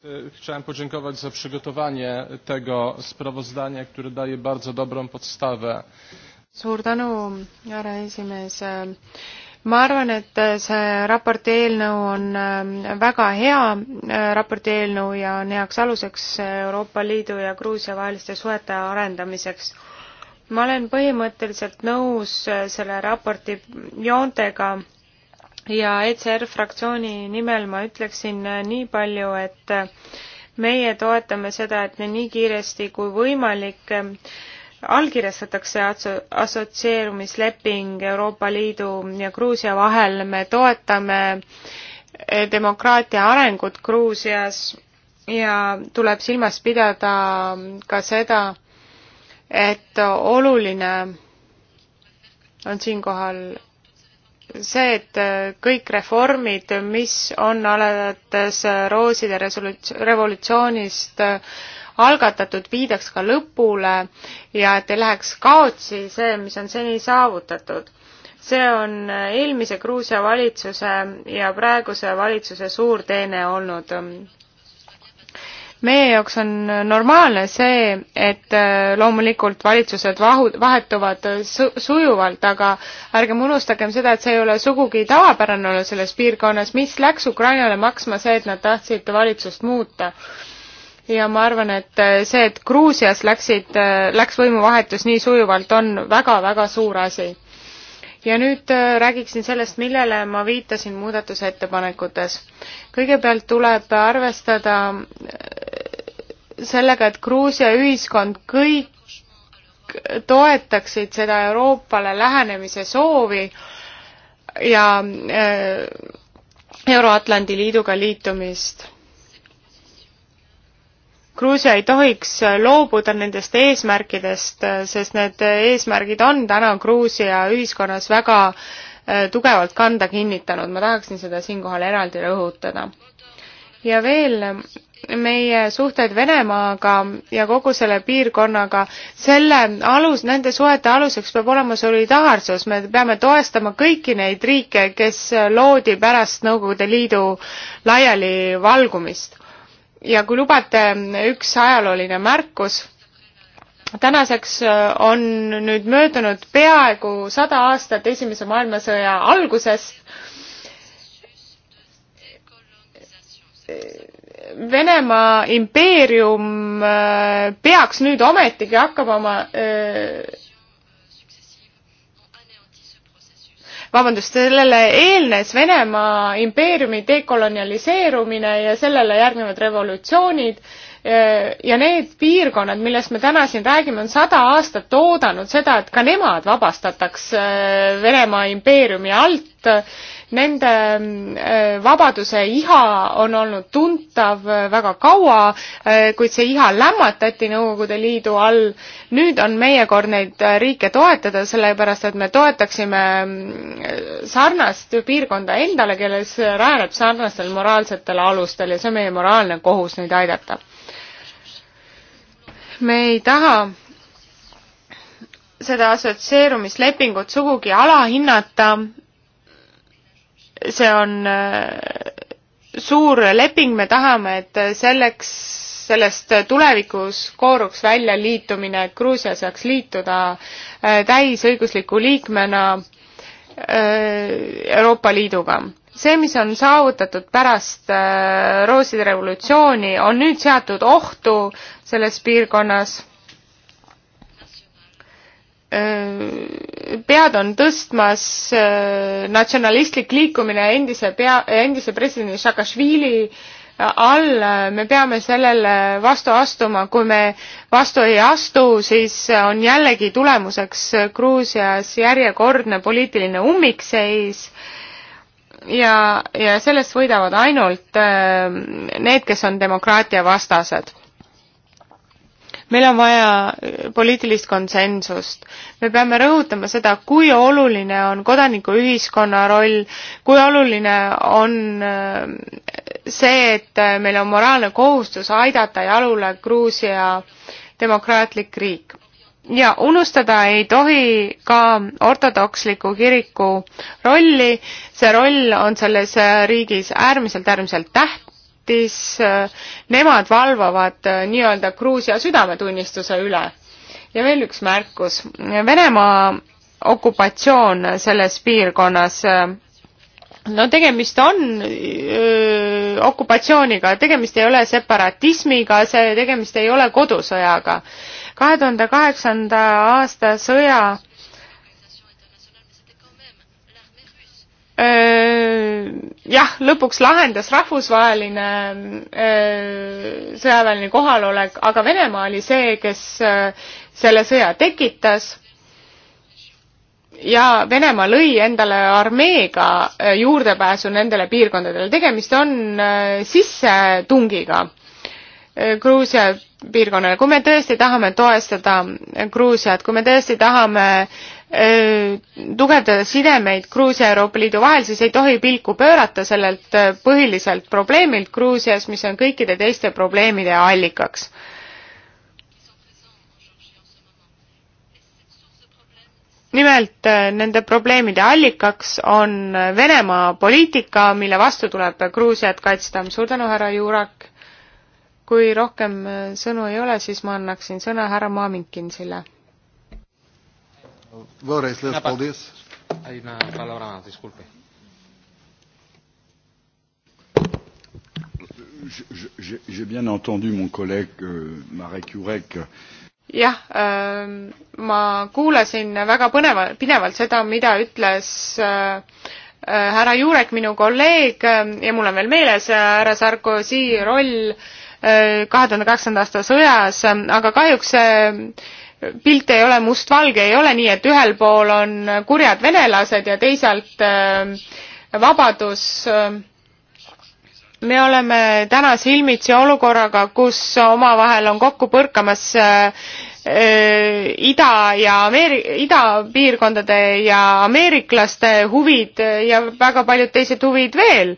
E, chciałem podziękować za przygotowanie tego sprawozdania, które daje bardzo dobrą podstawę. Suur tänu, härra esimees. E, ma arvan, et see raporti eelnõu on e, väga hea raporti eelnõu ja on heaks aluseks Euroopa Liidu ja Gruusia vaheliste suhete arendamiseks. ma olen põhimõtteliselt nõus selle raporti joontega ja ECR fraktsiooni nimel ma ütleksin äh, nii palju, et äh, meie toetame seda, et nii kiiresti kui võimalik äh, allkirjastatakse assotsieerumisleping Euroopa Liidu ja Gruusia vahel, me toetame demokraatia arengut Gruusias ja tuleb silmas pidada ka seda, et oluline on siinkohal see, et äh, kõik reformid, mis on alates äh, rooside revolutsioonist äh, algatatud, viidaks ka lõpule ja et ei läheks kaotsi see, mis on seni saavutatud. see on eelmise Gruusia valitsuse ja praeguse valitsuse suur teene olnud meie jaoks on normaalne see, et äh, loomulikult valitsused vahu-, vahetuvad äh, su-, sujuvalt, aga ärgem unustagem seda, et see ei ole sugugi tavapärane olla selles piirkonnas, mis läks Ukrainale maksma see, et nad tahtsid valitsust muuta. ja ma arvan, et äh, see, et Gruusias läksid, läks võimuvahetus nii sujuvalt, on väga-väga suur asi ja nüüd räägiksin sellest, millele ma viitasin muudatusettepanekutes. kõigepealt tuleb arvestada sellega, et Gruusia ühiskond kõik toetaksid seda Euroopale lähenemise soovi ja äh, Euro-Atlandi Liiduga liitumist. Gruusia ei tohiks loobuda nendest eesmärkidest, äh, sest need eesmärgid on täna Gruusia ühiskonnas väga äh, tugevalt kanda kinnitanud, ma tahaksin seda siinkohal eraldi rõhutada. ja veel meie suhted Venemaaga ja kogu selle piirkonnaga, selle alus, nende suhete aluseks peab olema solidaarsus, me peame toestama kõiki neid riike, kes loodi pärast Nõukogude Liidu laialivalgumist. ja kui lubate, üks ajalooline märkus, tänaseks äh, on nüüd möödunud peaaegu sada aastat Esimese maailmasõja algusest, Venemaa impeerium äh, peaks nüüd ometigi hakkama oma äh, vabandust, sellele eelnes Venemaa impeeriumi dekolonialiseerumine ja sellele järgnevad revolutsioonid äh, ja need piirkonnad, millest me täna siin räägime, on sada aastat oodanud seda, et ka nemad vabastataks Venemaa impeeriumi alt Nende äh, vabaduse iha on olnud tuntav äh, väga kaua, äh, kuid see iha lämmatati Nõukogude Liidu all. nüüd on meie kord neid riike toetada, sellepärast et me toetaksime sarnast piirkonda endale, kelles rajaneb sarnastel moraalsetel alustel ja see on meie moraalne kohus neid aidata me ei taha seda assotsieerumislepingut sugugi alahinnata, see on äh, suur leping, me tahame, et selleks, sellest tulevikus kooruks välja liitumine, et Gruusia saaks liituda äh, täisõigusliku liikmena äh, Euroopa Liiduga. see, mis on saavutatud pärast rooside revolutsiooni, on nüüd seatud ohtu selles piirkonnas pead on tõstmas natsionalistlik liikumine endise pea, endise presidendi Saakašvili äh, all, me peame sellele vastu astuma, kui me vastu ei astu, siis on jällegi tulemuseks Gruusias järjekordne poliitiline ummikseis ja, ja sellest võidavad ainult need, kes on demokraatia vastased meil on vaja äh, poliitilist konsensust. me peame rõhutama seda, kui oluline on kodanikuühiskonna roll, kui oluline on äh, see, et äh, meil on moraalne kohustus aidata jalule Gruusia demokraatlik riik. ja unustada ei tohi ka ortodoksliku kiriku rolli, see roll on selles riigis äärmiselt, äärmiselt tähtis tähtis, äh, nemad valvavad äh, nii-öelda Gruusia südametunnistuse üle. ja veel üks märkus, Venemaa okupatsioon selles piirkonnas äh, no tegemist on öö, okupatsiooniga, tegemist ei ole separatismiga, see, tegemist ei ole kodusõjaga. kahe tuhande kaheksanda aasta sõja jah, lõpuks lahendas rahvusvaheline sõjaväeline kohalolek, aga Venemaa oli see, kes selle sõja tekitas ja Venemaa lõi endale armeega juurdepääsu nendele piirkondadele. tegemist on sissetungiga Gruusia piirkonnale. kui me tõesti tahame toestada Gruusiat, kui me tõesti tahame äh, Äh, tugevdada sidemeid Gruusia ja Euroopa Liidu vahel, siis ei tohi pilku pöörata sellelt äh, põhiliselt probleemilt Gruusias, mis on kõikide teiste probleemide allikaks. nimelt äh, nende probleemide allikaks on Venemaa poliitika, mille vastu tuleb Gruusiat kaitsta. suur tänu, härra Juurak. kui rohkem sõnu ei ole, siis ma annaksin sõna härra Maaminkinsile Vēlreiz liels paldies. Aina Palaurāna, disculpe. J'ai bien entendu mon collègue euh, Marek Jurek. jah äh,, ma kuulasin väga põneva, pinevalt seda, mida ütles äh, äh härra Jurek, minu kolleeg ähm, ja mul on veel meeles äh, härra Sarkozy roll äh, kahe tuhande kaheksanda aasta sõjas, ähm, aga kahjuks see äh, pilt ei ole mustvalge, ei ole nii, et ühel pool on kurjad venelased ja teisalt äh, vabadus. me oleme täna silmitsi olukorraga, kus omavahel on kokku põrkamas äh, ida ja Ameeri-, idapiirkondade ja ameeriklaste huvid ja väga paljud teised huvid veel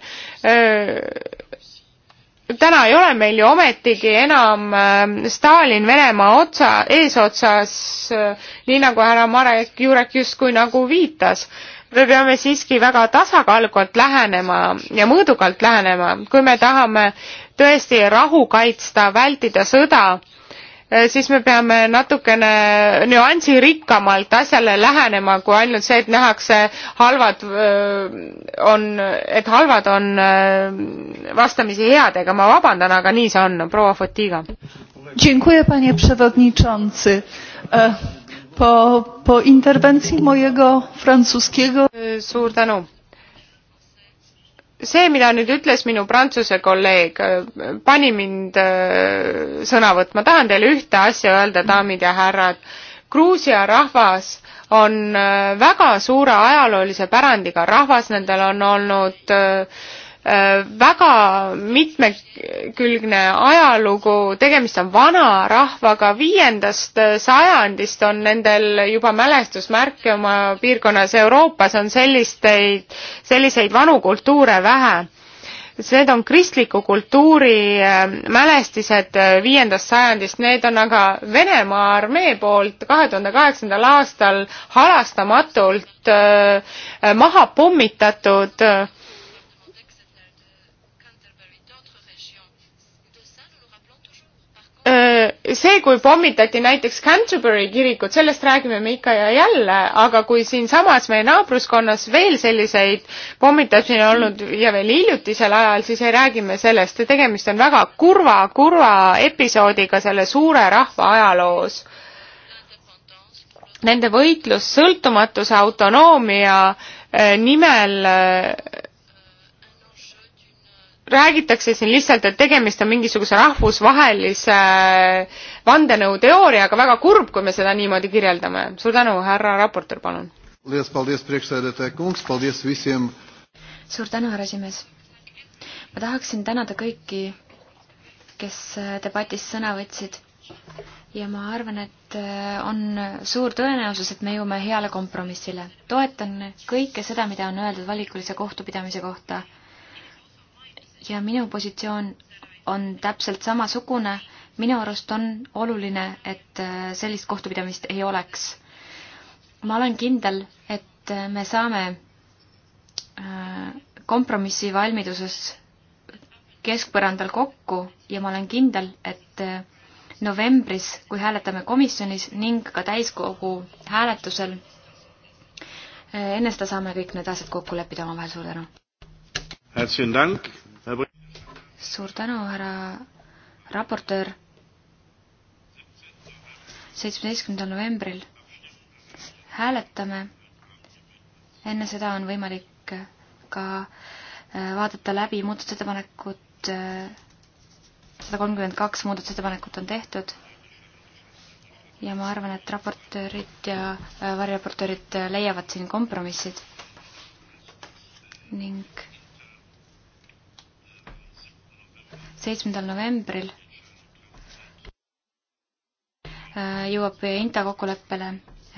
äh, täna ei ole meil ju ometigi enam äh, Stalin Venemaa otsa, eesotsas, äh, nii nagu härra Marek Jurek justkui nagu viitas. me peame siiski väga tasakaalukalt lähenema ja mõõdukalt lähenema, kui me tahame tõesti rahu kaitsta, vältida sõda Eh, siis me peame natukene nüansirikkamalt asjale lähenema, kui ainult see, et nähakse halvad eh, on, et halvad on eh, vastamisi head, ega ma vabandan, aga nii see on, proua Fotiga. Dziękuję panie przewodniczący. E, po, po interwencji mojego francuskiego. Suur tänu see, mida nüüd ütles minu prantsuse kolleeg, pani mind äh, sõna võtma. tahan teile ühte asja öelda, daamid ja härrad. Gruusia rahvas on äh, väga suure ajaloolise pärandiga rahvas, nendel on olnud äh, Äh, väga mitmekülgne ajalugu, tegemist on vanarahvaga, viiendast äh, sajandist on nendel juba mälestusmärke oma piirkonnas, Euroopas on sellisteid, selliseid vanu kultuure vähe. Need on kristliku kultuuri äh, mälestised viiendast sajandist, need on aga Venemaa armee poolt kahe tuhande kaheksandal aastal halastamatult maha pommitatud Äh, see, kui pommitati näiteks Canterbury kirikut, sellest räägime me ikka ja jälle, aga kui siinsamas meie naabruskonnas veel selliseid pommitusi on olnud ja veel hiljutisel ajal, siis ei räägi me sellest ja tegemist on väga kurva, kurva episoodiga selle suure rahva ajaloos. Nende võitlus sõltumatuse, autonoomia äh, nimel äh, räägitakse siin lihtsalt, et tegemist on mingisuguse rahvusvahelise äh, vandenõuteooriaga, väga kurb, kui me seda niimoodi kirjeldame. suur tänu, härra raportöör, palun. suur tänu, härra esimees. ma tahaksin tänada kõiki, kes äh, debatis sõna võtsid ja ma arvan, et äh, on suur tõenäosus, et me jõuame heale kompromissile. toetan kõike seda, mida on öeldud valikulise kohtupidamise kohta ja minu positsioon on täpselt samasugune. minu arust on oluline, et äh, sellist kohtupidamist ei oleks. ma olen kindel, et äh, me saame äh, kompromissi valmiduses keskpõrandal kokku ja ma olen kindel, et novembris, kui hääletame komisjonis ning ka täiskogu hääletusel, enne seda saame kõik need asjad kokku leppida omavahel. suur tänu! suur tänu, härra raportöör. seitsmeteistkümnendal novembril hääletame. enne seda on võimalik ka äh, vaadata läbi muudatusettepanekud. Äh, sada kolmkümmend kaks muudatusettepanekut on tehtud ja ma arvan, et raportöörid ja äh, variraportöörid leiavad siin kompromissid ning seitsmendal novembril äh, jõuab Inta kokkuleppele,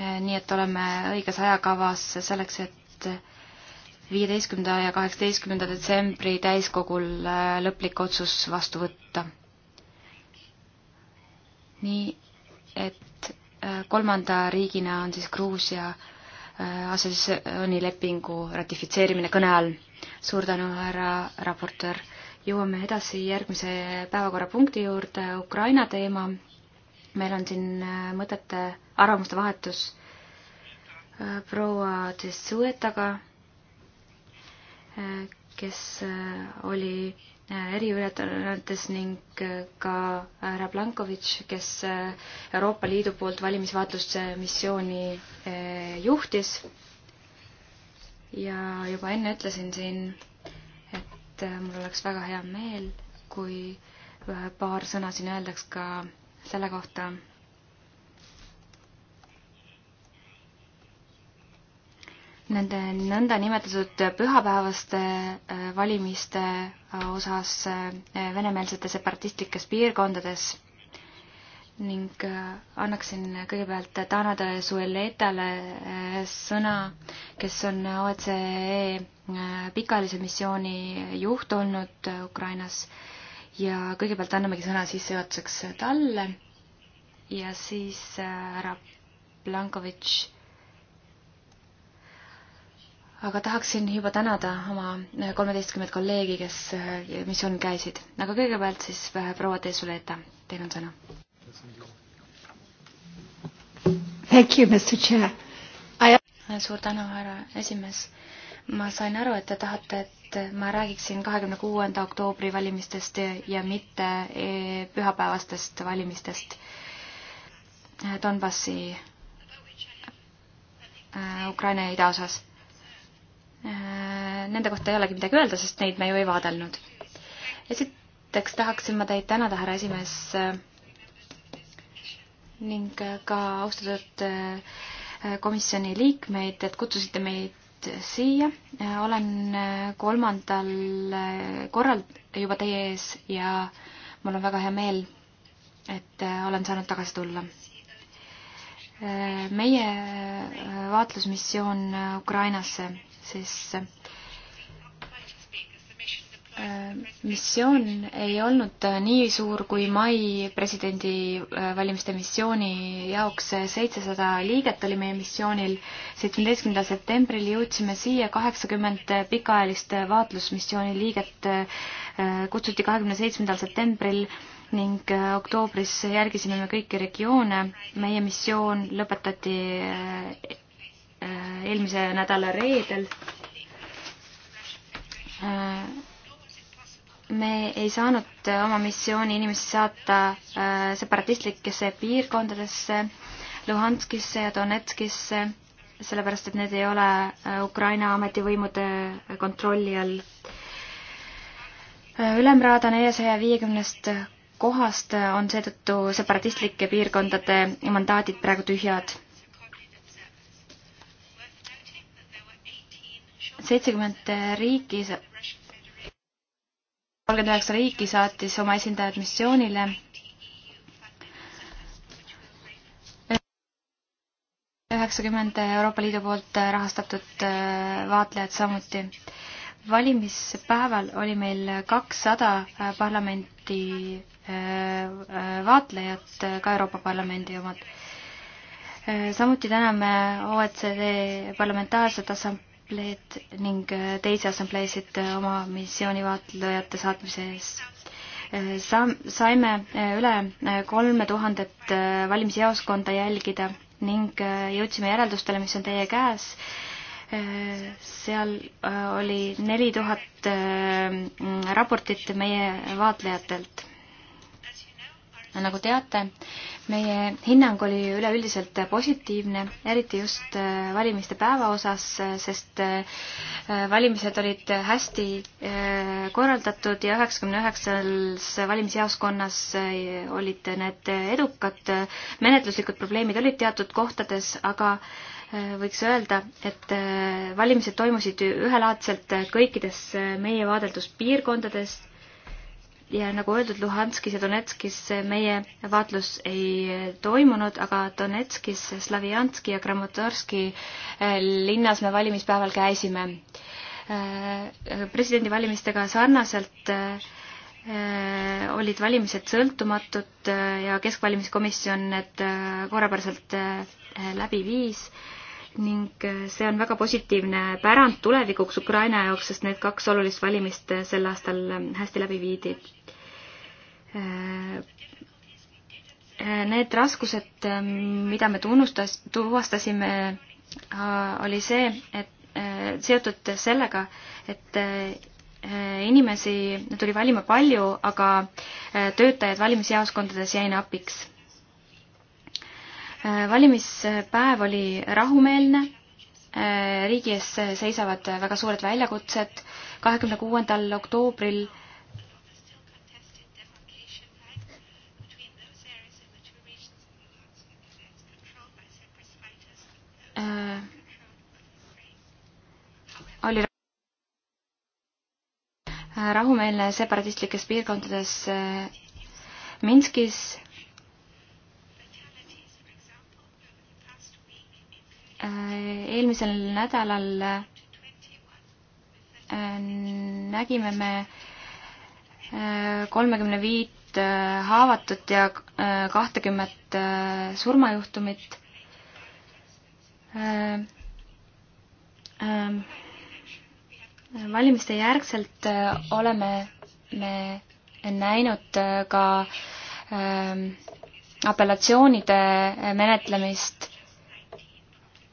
äh, nii et oleme õiges ajakavas selleks, et viieteistkümnenda ja kaheksateistkümnenda detsembri täiskogul äh, lõplik otsus vastu võtta. nii et kolmanda riigina on siis Gruusia assotsiatsioonilepingu ratifitseerimine kõne all. suur tänu, härra raportöör jõuame edasi järgmise päevakorrapunkti juurde, Ukraina teema. meil on siin äh, mõtete, arvamuste vahetus äh, proua Tsuetaga, äh, kes oli eriületannetes ning ka härra Plankovitš, kes Euroopa Liidu poolt valimisvaatluste missiooni juhtis. ja juba enne ütlesin siin et äh, mul oleks väga hea meel, kui äh, paar sõna siin öeldaks ka selle kohta, nende nõndanimetatud pühapäevaste äh, valimiste osas venemeelsetes separatistlikes piirkondades ning äh, annaksin kõigepealt Tanade Sueletale äh, sõna, kes on OCE e, äh, pikaajalise missiooni juht olnud Ukrainas ja kõigepealt annamegi sõna sissejuhatuseks talle ja siis härra Plankovitš. aga tahaksin juba tänada oma kolmeteistkümmet kolleegi, kes missioonil käisid, aga kõigepealt siis proua Teesuleta, teil on sõna Thank you, Mr Chair I.... suur tänu, härra esimees. ma sain aru, et te tahate, et ma räägiksin kahekümne kuuenda oktoobri valimistest ja mitte e, pühapäevastest valimistest Donbassi e, Ukraina ja idaosas. E, nende kohta ei olegi midagi öelda, sest neid me ju ei vaadelnud. esiteks tahaksin ma teid tänada, härra esimees ning äh, ka austatud äh, komisjoni liikmeid, et kutsusite meid siia. Äh, olen kolmandal korral juba teie ees ja mul on väga hea meel, et olen saanud tagasi tulla. meie vaatlusmissioon Ukrainasse siis Äh, missioon ei olnud nii suur kui mai presidendivalimiste äh, missiooni jaoks. seitsesada liiget oli meie missioonil. seitsmeteistkümnendal septembril jõudsime siia, kaheksakümmend pikaajalist vaatlusmissiooni liiget äh, kutsuti kahekümne seitsmendal septembril ning oktoobris järgisime me kõiki regioone. meie missioon lõpetati eelmise nädala reedel me ei saanud oma missiooni inimesi saata äh, separatistlikesse piirkondadesse, Luhanskisse ja Donetskisse, sellepärast et need ei ole äh, Ukraina ametivõimude kontrolli all. Äh, ülemraada neljasaja viiekümnest kohast on seetõttu separatistlike piirkondade mandaadid praegu tühjad. seitsekümmend riiki kolmkümmend üheksa riiki saatis oma esindajad missioonile. üheksakümmend Euroopa Liidu poolt rahastatud äh, vaatlejad samuti. valimispäeval oli meil kakssada äh, parlamenti äh, vaatlejat, ka Euroopa Parlamendi omad samuti täname OECD Parlamentaarset Assambleed assambleed ning äh, teisi assambleesid äh, oma missioonivaatlejate saatmise eest. Äh, Sa-, saime üle kolme tuhandet valimisjaoskonda jälgida ning jõudsime järeldustele, mis on teie käes. seal oli neli tuhat raportit meie vaatlejatelt. nagu teate, meie hinnang oli üleüldiselt positiivne, eriti just äh, valimiste päeva osas, äh, sest äh, valimised olid hästi korraldatud ja üheksakümne üheksas valimisjaoskonnas olid need edukad. menetluslikud probleemid olid teatud kohtades, aga võiks öelda, et valimised toimusid ühelaadselt kõikides meie vaadelduspiirkondades ja nagu öeldud, Luhanskis ja Donetskis meie vaatlus ei toimunud, aga Donetskis, Slavjanski ja Kramatorski äh, linnas me valimispäeval käisime. Äh, presidendivalimistega sarnaselt äh, olid valimised sõltumatud ja Keskvalimiskomisjon need korrapäraselt läbi viis ning see on väga positiivne pärand tulevikuks Ukraina jaoks, sest need kaks olulist valimist sel aastal hästi läbi viidi Äh, need raskused, äh, mida me tunnustas, tuvastasime, äh, oli see, et seotud sellega, et inimesi tuli valima palju, aga töötajad valimisjaoskondades jäi napiks. valimispäev oli rahumeelne, riigi ees seisavad väga suured väljakutsed, kahekümne kuuendal oktoobril rahumeelne separatistlikes piirkondades äh, Minskis äh, eelmisel nädalal äh, nägime me kolmekümne viit haavatut ja kahtekümmet surmajuhtumit ähm, valimiste järgselt äh, oleme me näinud äh, ka ähm, apellatsioonide äh, menetlemist.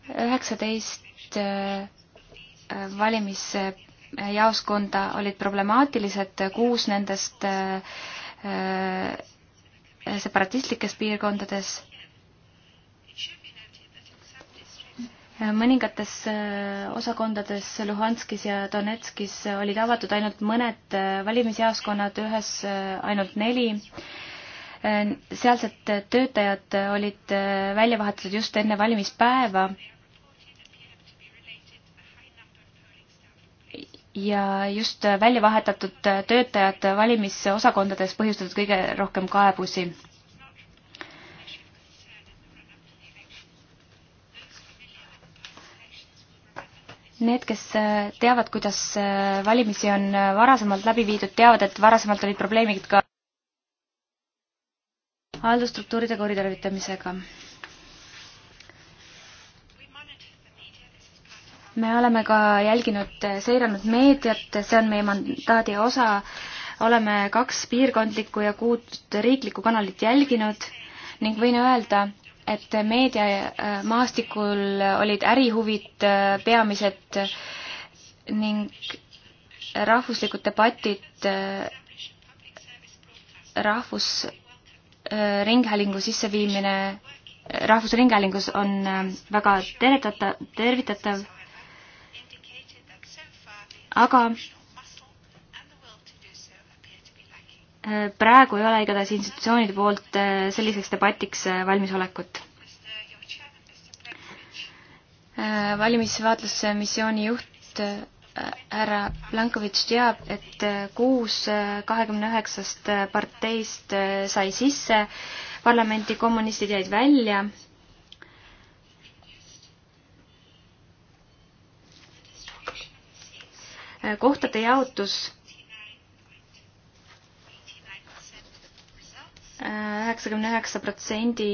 üheksateist valimisjaoskonda olid problemaatilised, kuus nendest separatistlikes piirkondades mõningates äh, osakondades Luhanskis ja Donetskis olid avatud ainult mõned äh, valimisjaoskonnad, ühes äh, ainult neli. sealsed töötajad olid välja vahetatud just enne valimispäeva. ja just välja vahetatud töötajad valimisosakondades põhjustasid kõige rohkem kaebusi Need, kes äh, teavad, kuidas äh, valimisi on äh, varasemalt läbi viidud, teavad, et varasemalt olid probleemid ka haldusstruktuuride kuritarvitamisega. me oleme ka jälginud, seiranud meediat, see on meie mandaadi osa, oleme kaks piirkondlikku ja kuut riiklikku kanalit jälginud ning võin öelda, et meediamaastikul äh, olid ärihuvid äh, peamised ning rahvuslikud debatid äh, rahvusringhäälingu sisseviimine rahvusringhäälingus on väga tervitatav, aga praegu ei ole igatahes institutsioonide poolt äh, selliseks debatiks äh, valmisolekut. Äh, valimisvaatlusmissiooni juht härra Plankovitš teab, et kuus kahekümne üheksast parteist sai sisse parlamenti, kommunistid jäid välja kohtade jaotus üheksakümne üheksa protsendi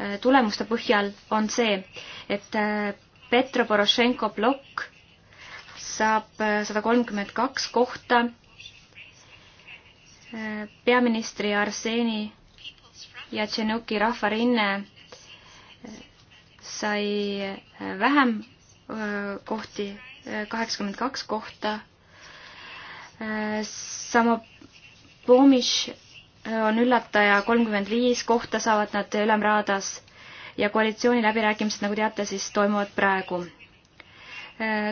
äh, tulemuste põhjal on see, et äh, Petro Porošenko plokk saab äh, sada kolmkümmend kaks kohta, peaministri Arseni ja Tšenuki rahvarinne sai vähem kohti, kaheksakümmend kaks kohta, sama Pomish on üllataja kolmkümmend viis, kohta saavad nad Ülemraadas ja koalitsiooni läbirääkimised, nagu teate, siis toimuvad praegu.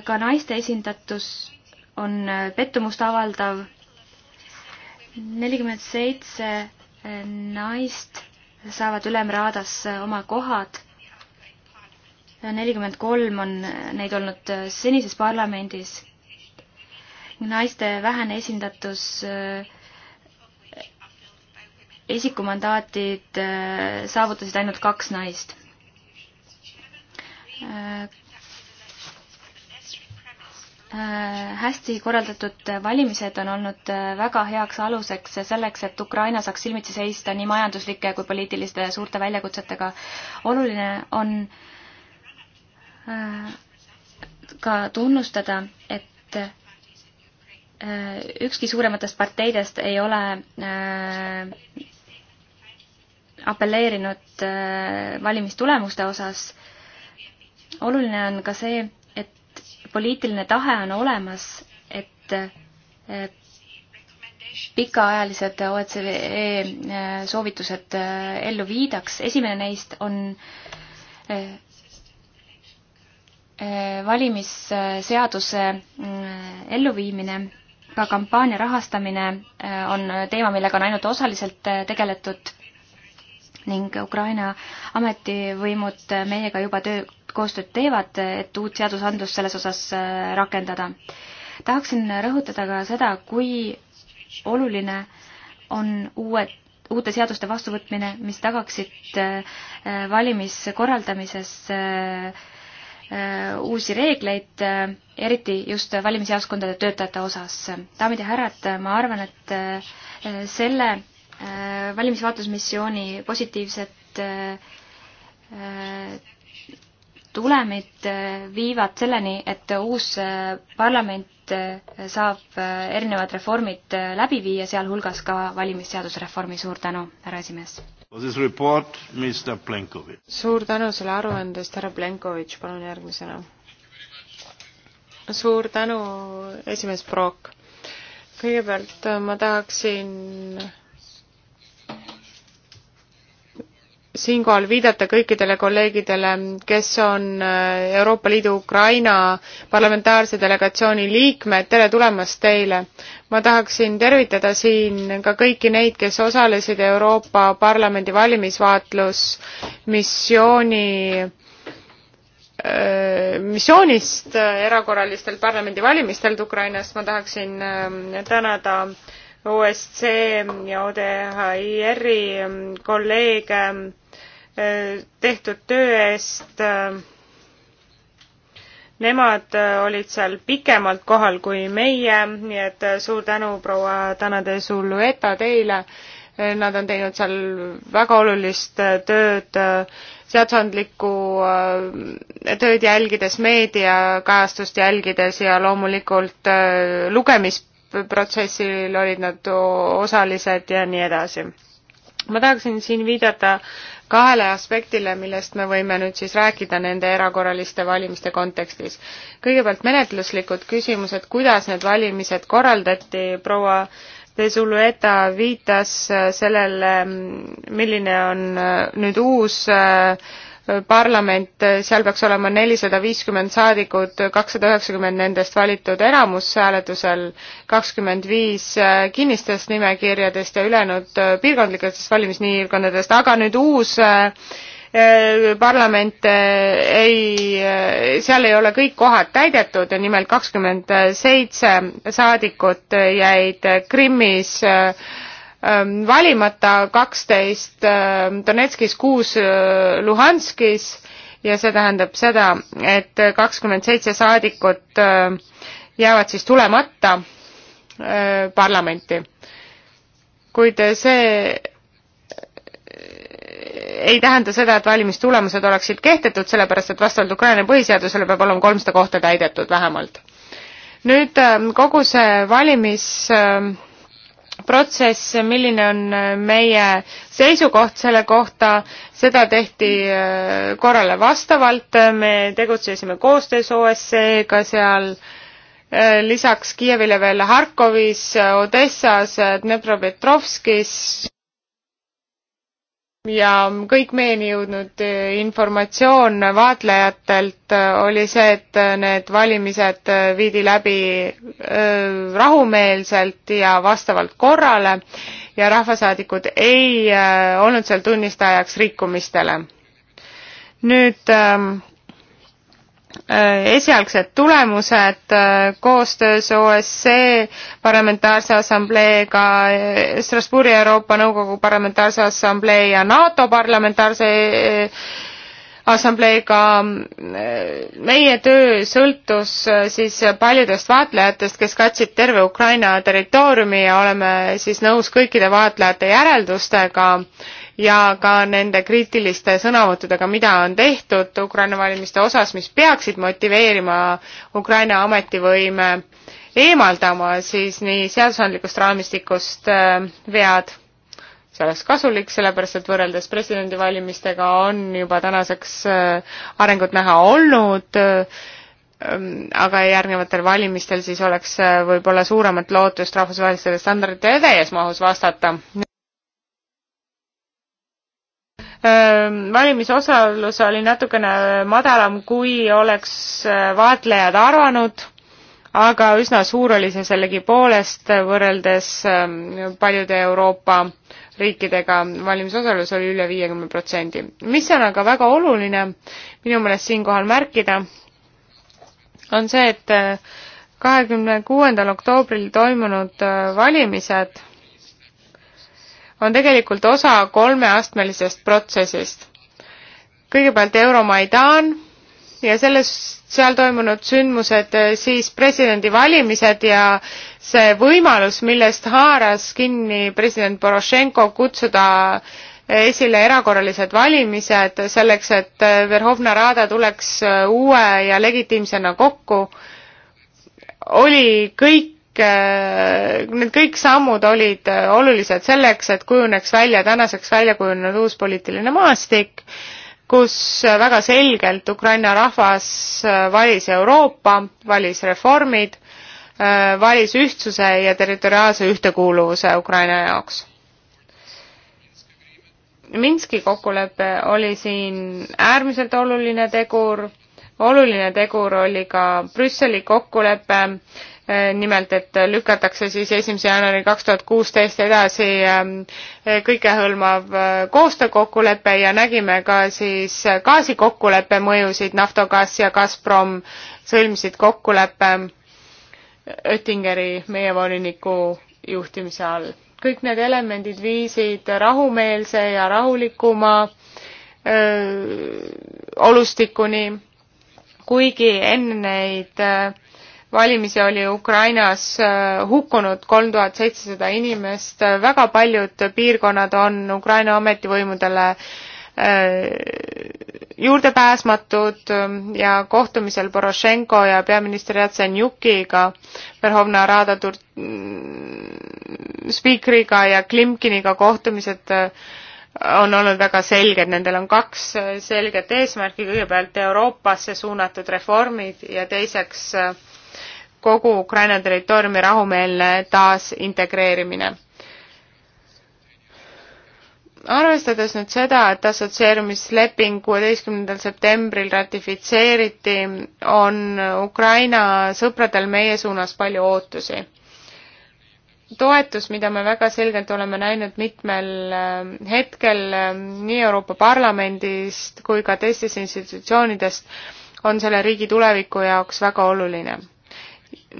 ka naiste esindatus on pettumust avaldav. nelikümmend seitse naist saavad Ülemraadas oma kohad. nelikümmend kolm on neid olnud senises parlamendis. naiste vähene esindatus äh, isikumandaatid äh, saavutasid ainult kaks naist. Äh, äh, hästi korraldatud valimised on olnud väga heaks aluseks selleks, et Ukraina saaks silmitsi seista nii majanduslike kui poliitiliste suurte väljakutsetega. oluline on ka tunnustada, et Äh, ükski suurematest parteidest ei ole äh, apelleerinud äh, valimistulemuste osas. oluline on ka see, et poliitiline tahe on olemas, et pikaajalised OECD e, soovitused ellu viidaks. esimene neist on valimisseaduse elluviimine ka kampaania rahastamine äh, on teema, millega on ainult osaliselt äh, tegeletud ning Ukraina ametivõimud äh, meiega juba töö, koostööd teevad, et uut seadusandlust selles osas rakendada. tahaksin rõhutada ka seda, kui oluline on uued uute seaduste vastuvõtmine, mis tagaksid valimiskorraldamises äh, Äh, uusi reegleid, äh, eriti just valimisjaoskondade töötajate osas. daamid ja härrad, ma arvan, et äh, selle valimisvaatlusmissiooni positiivsed tulemid viivad selleni, et uus parlament saab erinevad reformid läbi viia, sealhulgas ka valimisseadusreformi. suur tänu, härra esimees! Report, suur tänu selle aruande eest, härra Plenkovitš, palun järgmisena. suur tänu, esimees Prook. kõigepealt ma tahaksin siinkohal viidata kõikidele kolleegidele, kes on äh, Euroopa Liidu Ukraina parlamentaarse delegatsiooni liikmed, tere tulemast teile! ma tahaksin tervitada siin ka kõiki neid, kes osalesid Euroopa Parlamendi valimisvaatlusmissiooni äh, missioonist äh, erakorralistel parlamendivalimistelt Ukrainast, ma tahaksin tänada OSCE ja ODHIR-i ähm, kolleege ähm, tehtud töö eest. Nemad olid seal pikemalt kohal kui meie, nii et suur tänu, proua Tanade Zulueta teile. Nad on teinud seal väga olulist tööd, seadusandlikku äh, tööd jälgides, meediakajastust jälgides ja loomulikult äh, lugemisprotsessil olid nad osalised ja nii edasi. ma tahaksin siin viidata äh, kahele aspektile, millest me võime nüüd siis rääkida nende erakorraliste valimiste kontekstis. kõigepealt menetluslikud küsimused, kuidas need valimised korraldati, proua Desulueta viitas sellele, milline on nüüd uus äh, parlament, seal peaks olema nelisada viiskümmend saadikut, kakssada üheksakümmend nendest valitud enamushääletusel, kakskümmend viis kinnistest nimekirjadest ja ülejäänud piirkondlikest valimisniirkondadest, aga nüüd uus eh, parlament eh, ei, eh, seal ei ole kõik kohad täidetud ja nimelt kakskümmend seitse saadikut jäid Krimmis äh, Ähm, valimata, kaksteist ähm, Donetskis, kuus äh, Luhanskis ja see tähendab seda, et kakskümmend seitse saadikut ähm, jäävad siis tulemata äh, parlamenti. kuid see äh, ei tähenda seda, et valimistulemused oleksid kehtetud, sellepärast et vastavalt Ukraina põhiseadusele peab olema kolmsada kohta täidetud vähemalt. nüüd kogu see valimis äh, protsess, milline on äh, meie seisukoht selle kohta, seda tehti äh, korrale vastavalt, me tegutsesime koostöös OSCE-ga seal, äh, lisaks Kiievile veel Harkovis, Odessas, Dnepropetrovskis ja kõik meieni jõudnud eh, informatsioon vaatlejatelt eh, oli see, et eh, need valimised viidi läbi rahumeelselt ja vastavalt korrale ja rahvasaadikud ei olnud seal tunnistajaks rikkumistele. nüüd ehm, Äh, esialgsed tulemused äh, koostöös OSCE Parlamentaarse Assambleega, äh, Strasbourgi Euroopa Nõukogu Parlamentaarse Assamblee ja NATO Parlamentaarse Assambleega. meie töö sõltus siis paljudest vaatlejatest, kes katsid terve Ukraina territooriumi ja oleme siis nõus kõikide vaatlejate järeldustega äh, ja ka nende kriitiliste sõnavõttudega, mida on tehtud Ukraina valimiste osas, mis peaksid motiveerima Ukraina ametivõime eemaldama siis nii seadusandlikust raamistikust äh, vead, see oleks kasulik, sellepärast et võrreldes presidendivalimistega on juba tänaseks äh, arengut näha olnud, äh, ähm, aga järgnevatel valimistel siis oleks võib-olla suuremat lootust rahvusvahelistele standarditele täies mahus vastata valimisosalus oli natukene madalam, kui oleks vaatlejad arvanud, aga üsna suur oli see sellegipoolest võrreldes paljude Euroopa riikidega valimisosalus oli üle viiekümne protsendi. mis on aga väga oluline minu meelest siinkohal märkida, on see, et kahekümne kuuendal oktoobril toimunud valimised on tegelikult osa kolmeastmelisest protsessist. kõigepealt Euromaidan ja selles, seal toimunud sündmused, siis presidendivalimised ja see võimalus, millest haaras kinni president Porošenko kutsuda esile erakorralised valimised selleks, et Verhovna Rada tuleks uue ja legitiimsena kokku, oli kõik Äh, need kõik sammud olid äh, olulised selleks, et kujuneks välja tänaseks välja kujunenud uus poliitiline maastik, kus äh, väga selgelt Ukraina rahvas valis Euroopa, valis reformid, valis ühtsuse ja territoriaalse ühtekuuluvuse Ukraina jaoks. Minski kokkulepe oli siin äärmiselt oluline tegur, oluline tegur oli ka Brüsseli kokkulepe äh, Äh, nimelt, et lükatakse siis esimese jaanuari kaks tuhat kuusteist edasi ähm, äh, kõikehõlmav äh, koostöökokkulepe ja nägime ka siis gaasikokkuleppe mõjusid, Naftogas ja Gazprom sõlmisid kokkuleppe Oettingeri, meie voliniku juhtimise all. kõik need elemendid viisid rahumeelse ja rahulikuma öö, olustikuni, kuigi enne neid öö, valimisi oli Ukrainas äh, hukkunud kolm tuhat seitsesada inimest, väga paljud piirkonnad on Ukraina ametivõimudele äh, juurdepääsmatud ähm, ja kohtumisel Porošenko ja peaminister Jatsenjukiga, Verhovna Rada tur-, spiikriga ja Klimkiniga kohtumised äh, on olnud väga selged, nendel on kaks selget eesmärki, kõigepealt Euroopasse suunatud reformid ja teiseks äh, kogu Ukraina territooriumi rahumeelne taasintegreerimine. arvestades nüüd seda, et assotsieerumisleping kuueteistkümnendal septembril ratifitseeriti, on Ukraina sõpradel meie suunas palju ootusi toetus, mida me väga selgelt oleme näinud mitmel äh, hetkel äh, nii Euroopa Parlamendist kui ka teistest institutsioonidest, on selle riigi tuleviku jaoks väga oluline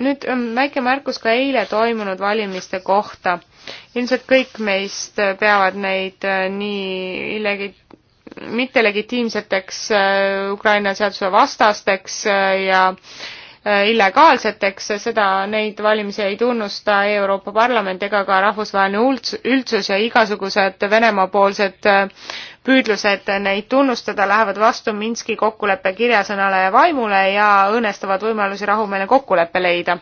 nüüd ähm, väike märkus ka eile toimunud valimiste kohta. ilmselt kõik meist äh, peavad neid äh, nii illegi-, mittelegitiimseteks äh, Ukraina seaduse vastasteks ja illegaalseteks, seda, neid valimisi ei tunnusta ei Euroopa Parlament ega ka rahvusvaheline üldsus ja igasugused Venemaa-poolsed püüdlused neid tunnustada lähevad vastu Minski kokkuleppe kirjasõnale ja vaimule ja õõnestavad võimalusi rahumeelne kokkulepe leida.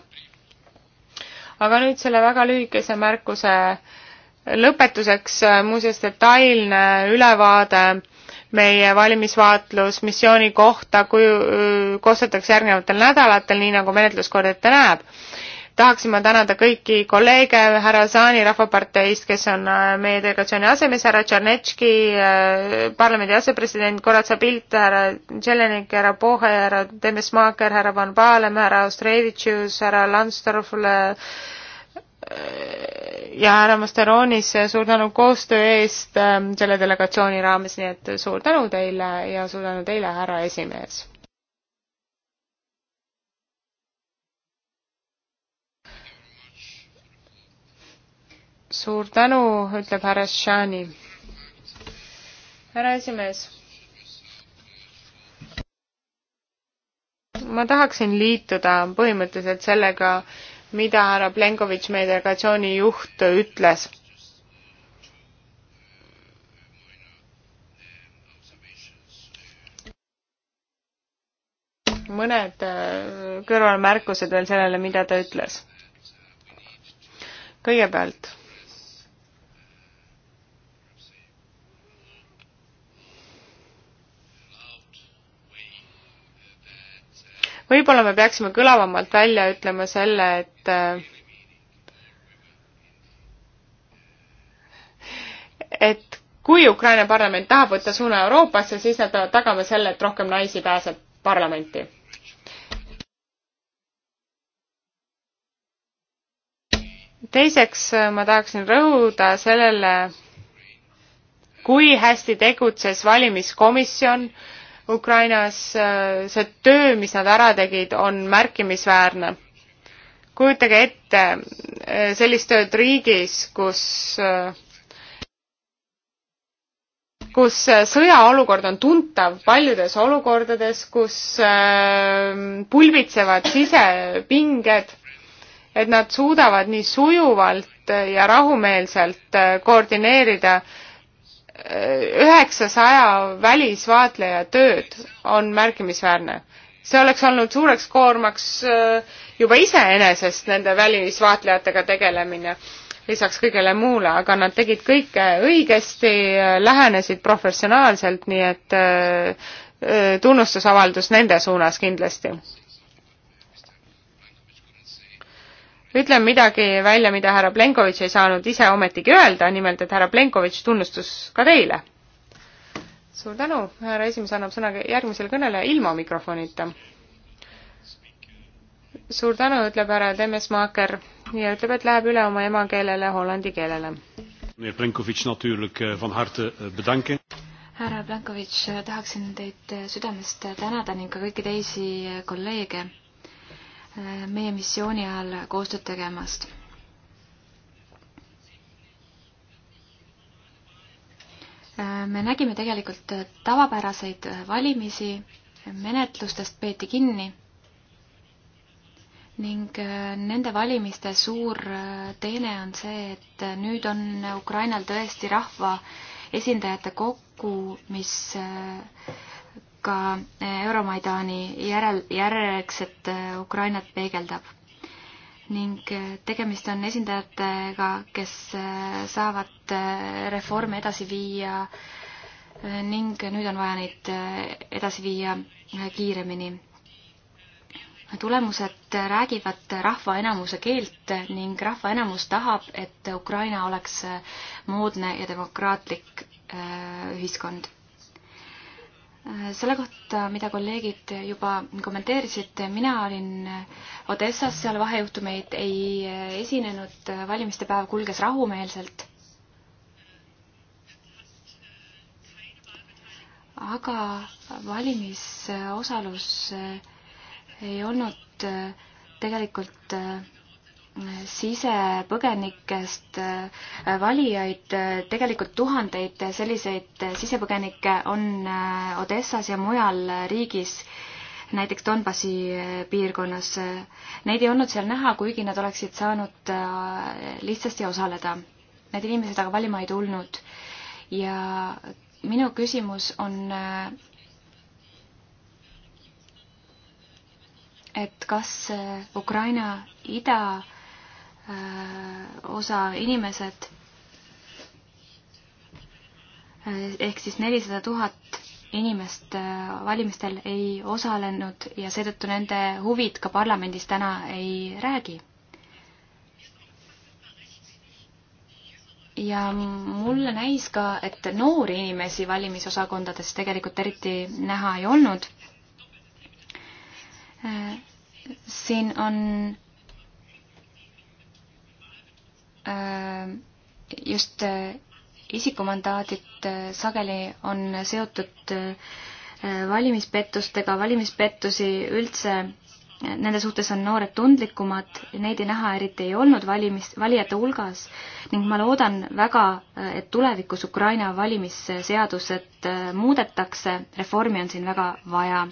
aga nüüd selle väga lühikese märkuse lõpetuseks äh, muuseas detailne ülevaade meie valimisvaatlus missiooni kohta kuju, koostatakse järgnevatel nädalatel, nii nagu menetlus kord ette näeb tahaksin ma tänada kõiki kolleege, härra Saani Rahvaparteist, kes on äh, meie delegatsiooni asemees, härra Tšernetški, äh, parlamendi asepresident, Koratsa Pilt, härra Tšelenik, härra Pohe, härra Demesmaaker, härra Van Paalem, härra Ostrevitšus, härra Landstorf, äh, ja härra Masteronis, suur tänu koostöö eest selle delegatsiooni raames, nii et suur tänu teile ja suur tänu teile, härra esimees suur tänu, ütleb härra Shani. härra esimees. ma tahaksin liituda põhimõtteliselt sellega, mida härra Plenkovitš, meie delegatsiooni juht, ütles mõned äh, kõrvalmärkused veel sellele, mida ta ütles. kõigepealt, võib-olla me peaksime kõlavamalt välja ütlema selle, et äh, et kui Ukraina parlament tahab võtta suuna Euroopasse, siis nad peavad tagama selle, et rohkem naisi pääseb parlamenti. teiseks äh, ma tahaksin rõhuda sellele, kui hästi tegutses valimiskomisjon äh, Ukrainas, äh, see töö, mis nad ära tegid, on märkimisväärne. kujutage ette äh, sellist tööd riigis, kus äh, kus sõjaolukord on tuntav paljudes olukordades, kus pulbitsevad sisepinged, et nad suudavad nii sujuvalt ja rahumeelselt koordineerida äh, üheksasaja välisvaatleja tööd on märkimisväärne. see oleks olnud suureks koormaks äh, juba iseenesest nende välisvaatlejatega tegelemine, lisaks kõigele muule, aga nad tegid kõike õigesti, lähenesid professionaalselt, nii et äh, äh, tunnustusavaldus nende suunas kindlasti ütlen midagi välja, mida härra Plenkovitš ei saanud ise ometigi öelda, nimelt et härra Plenkovitš tunnustus ka teile. suur tänu, härra esimees annab sõna järgmisele kõnele ilma mikrofonita. suur tänu, ütleb härra Temesmaaker ja ütleb, et läheb üle oma emakeelele, hollandi keelele. Meneer Plenkovitš, natuurlijk eh, van harte eh, bedanken härra Plankovitš, eh, tahaksin teid südamest tänada ning ka kõiki teisi kolleege Äh, meie missiooni ajal koostööd tegemast. Äh, me nägime tegelikult tavapäraseid valimisi, menetlustest peeti kinni ning äh, nende valimiste suur teene on see, et nüüd on Ukrainal tõesti rahva esindajate kokku, mis ka eh, Euromaidani järel, järjekset eh, Ukrainat peegeldab. ning eh, tegemist on esindajatega, kes saavad reforme edasi viia ning nüüd on vaja neid edasi viia kiiremini. tulemused räägivad rahva enamuse keelt ning rahva enamus tahab, et Ukraina oleks moodne ja demokraatlik ühiskond Äh, selle kohta, mida kolleegid juba kommenteerisid, mina olin Odessas, seal vahejuhtumeid ei äh, esinenud, valimiste päev kulges rahumeelselt. aga valimisosalus äh, ei olnud tegelikult sisepõgenikest äh, valijaid, äh, tegelikult tuhandeid selliseid sisepõgenikke on äh, Odessas ja mujal riigis, näiteks Donbassi piirkonnas. Neid ei olnud seal näha, kuigi nad oleksid saanud lihtsasti osaleda. Need inimesed aga valima ei tulnud. ja minu küsimus on et kas Ukraina ida Äh, osa inimesed äh, ehk siis nelisada tuhat inimest äh, valimistel ei osalenud ja seetõttu nende huvid ka parlamendis täna ei räägi. ja mulle näis ka, et noori inimesi valimisosakondades tegelikult eriti näha ei olnud. siin on Äh, just äh, isikumandaadid äh, sageli on seotud valimispettustega, valimispettusi üldse, nende suhtes on noored tundlikumad, neid ei näha eriti ei olnud valimis, valijate hulgas ning ma loodan väga, et tulevikus Ukraina valimisseadused muudetakse, reformi on siin väga vaja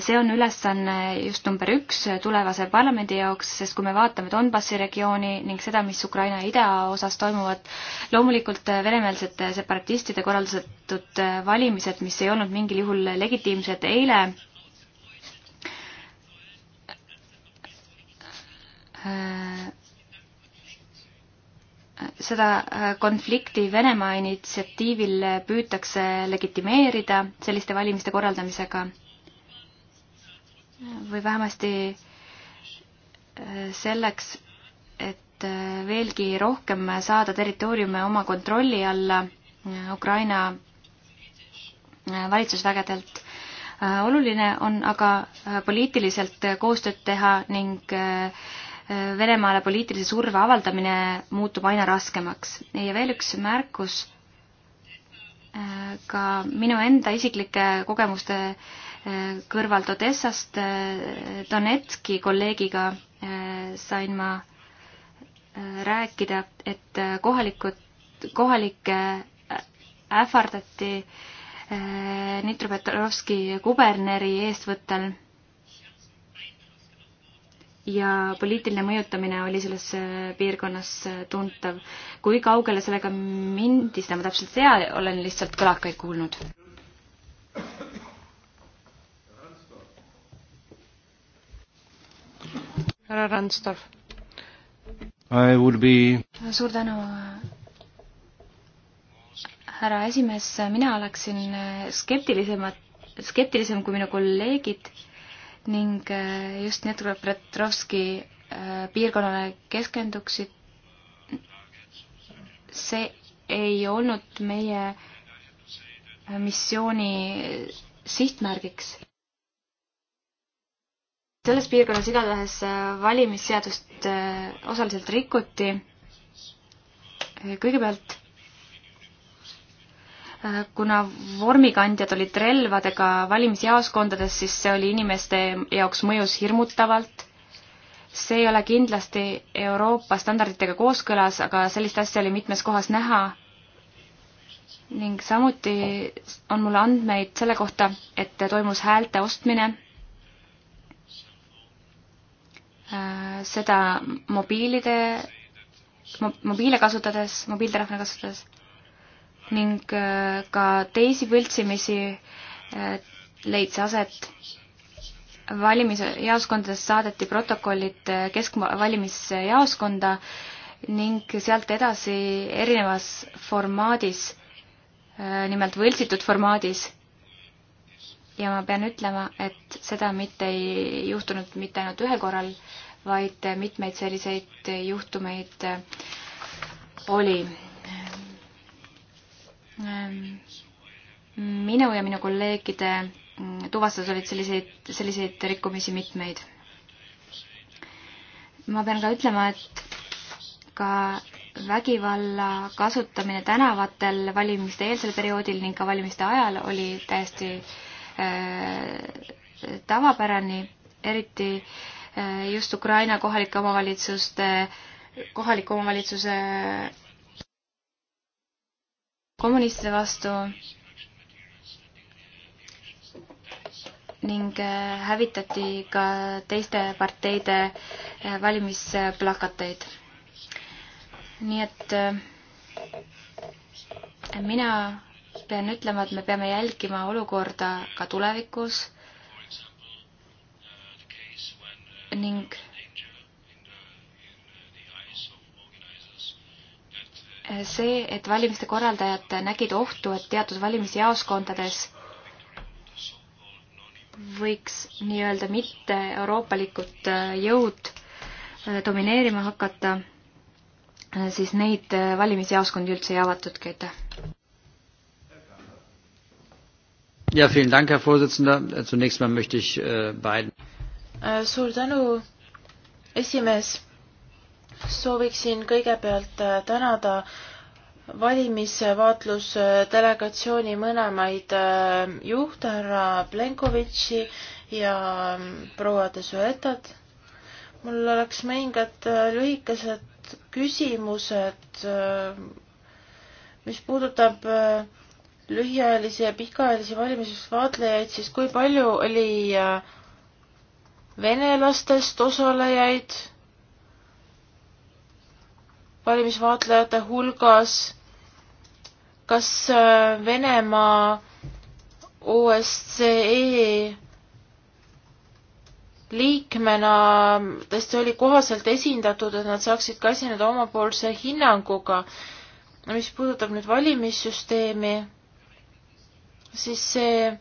see on ülesanne just number üks tulevase parlamendi jaoks, sest kui me vaatame Donbassi regiooni ning seda, mis Ukraina idaosas toimuvad, loomulikult venemeelsete separatistide korraldatud valimised, mis ei olnud mingil juhul legitiimsed eile, seda konflikti Venemaa initsiatiivil püütakse legitimeerida selliste valimiste korraldamisega või vähemasti äh, selleks, et äh, veelgi rohkem saada territooriume oma kontrolli alla äh, Ukraina valitsusvägedelt. oluline on aga poliitiliselt koostööd teha ning Venemaale poliitilise surve avaldamine muutub aina raskemaks. ja veel üks märkus ka minu enda isiklike kogemuste äh, kõrvalt Odessast äh, Donetski kolleegiga äh, sain ma äh, rääkida, et kohalikud, kohalikke ähvardati Dnipropetrovski kuberneri eestvõttel ja poliitiline mõjutamine oli selles piirkonnas tuntav. kui kaugele sellega mindi, seda ma täpselt ei tea, olen lihtsalt kõlakaid kuulnud. härra Randstorf. I would be suur tänu, härra esimees, mina oleksin skeptilisemad, skeptilisem kui minu kolleegid ning äh, just Netgorod Petrovski äh, piirkonnale keskenduksid. see ei olnud meie missiooni sihtmärgiks selles piirkonnas igatahes äh, valimisseadust äh, osaliselt rikuti. Äh, kõigepealt kuna vormikandjad olid relvadega valimisjaoskondades, siis see oli inimeste jaoks mõjus hirmutavalt. see ei ole kindlasti Euroopa standarditega kooskõlas, aga sellist asja oli mitmes kohas näha. ning samuti on mul andmeid selle kohta, et toimus häälte ostmine Äh, seda mobiilide, mobiile kasutades, mobiiltelefone kasutades ning äh, ka teisi võltsimisi äh, leidis aset. valimisjaoskondadest saadeti protokollid keskvalimisjaoskonda ning sealt edasi erinevas formaadis, nimelt võltsitud formaadis ja ma pean ütlema, et seda mitte ei juhtunud mitte ainult ühel korral, vaid mitmeid selliseid juhtumeid oli. minu ja minu kolleegide tuvastus olid selliseid, selliseid rikkumisi mitmeid. ma pean ka ütlema, et ka vägivalla kasutamine tänavatel valimiste eelsel perioodil ning ka valimiste ajal oli täiesti äh, tavapärane, eriti äh, Eh, just Ukraina kohalike omavalitsuste, kohaliku omavalitsuse kommunistide vastu ning eh, hävitati ka teiste parteide eh, valimisplakateid. nii et mina pean ütlema, et me peame jälgima olukorda ka tulevikus ning see, et valimiste korraldajad nägid ohtu, et teatud valimisjaoskondades võiks nii-öelda mitte euroopalikud äh, jõud äh, domineerima hakata, äh, siis neid valimisjaoskondi üldse ei avatudki, aitäh. Ja, vielen Dank, Herr Vorsitzender. Zunächst mal möchte ich äh, beiden. Äh, suur tänu, esimees. sooviksin kõigepealt äh, tänada valimisvaatlusdelegatsiooni mõlemaid äh, juhte, härra Plenkovitši ja ähm, proua de Suetat. mul oleks mõningad lühikesed küsimused, mis puudutab lühiajalisi ja pikaajalisi valimisvaatlejaid, siis kui palju oli venelastest osalejaid valimisvaatlejate hulgas. kas äh, Venemaa OSCE liikmena tõesti oli kohaselt esindatud, et nad saaksid ka esineda omapoolse hinnanguga. mis puudutab nüüd valimissüsteemi, siis see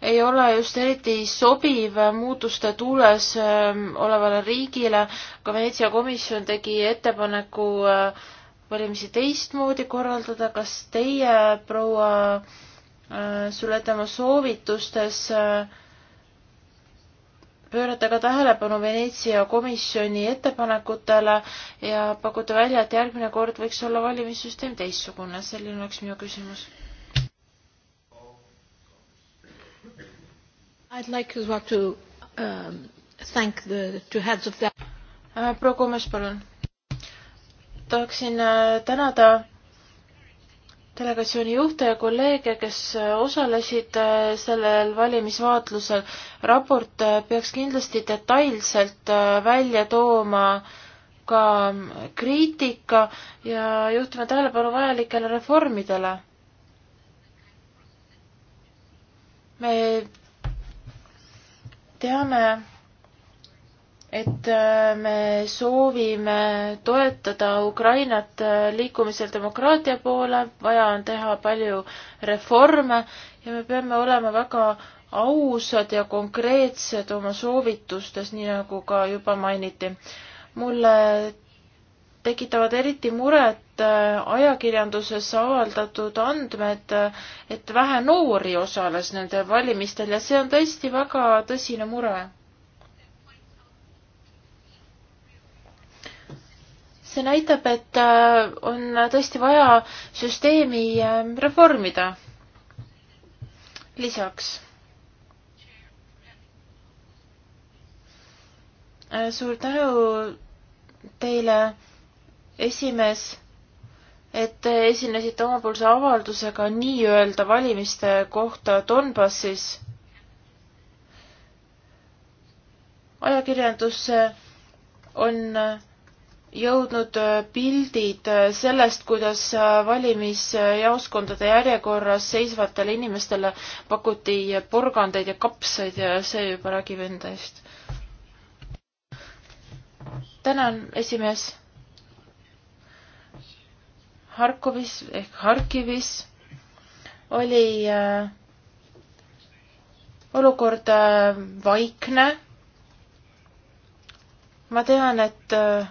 ei ole just eriti sobiv muutuste tuules ähm, olevale riigile, aga Veneetsia komisjon tegi ettepaneku äh, valimisi teistmoodi korraldada, kas teie, proua äh, Suleta, oma soovitustes äh, pöörate ka tähelepanu Veneetsia komisjoni ettepanekutele ja pakute välja, et järgmine kord võiks olla valimissüsteem teistsugune, selline oleks minu küsimus I'd like as well to um, thank the two heads of the äh, proua Komes, palun. tahaksin äh, tänada delegatsiooni juhte ja kolleege, kes äh, osalesid sellel valimisvaatlusel. raport peaks kindlasti detailselt välja tooma ka mm, kriitika ja juhtima tähelepanu vajalikele reformidele. me teame, et äh, me soovime toetada Ukrainat äh, liikumisel demokraatia poole, vaja on teha palju reforme ja me peame olema väga ausad ja konkreetsed oma soovitustes, nii nagu ka juba mainiti. mulle tekitavad eriti muret äh, ajakirjanduses avaldatud andmed, äh, et vähe noori osales nendel valimistel ja see on tõesti väga tõsine mure. see näitab, et äh, on tõesti vaja süsteemi reformida. lisaks. suur tänu teile esimees, et te esinesite omapoolse avaldusega nii-öelda valimiste kohta Donbassis. ajakirjandusse on jõudnud pildid sellest, kuidas valimisjaoskondade järjekorras seisvatele inimestele pakuti porgandeid ja kapsaid ja see juba räägib enda eest. tänan, esimees Harkovis ehk Harkivis oli äh, olukord äh, vaikne. ma tean, et äh,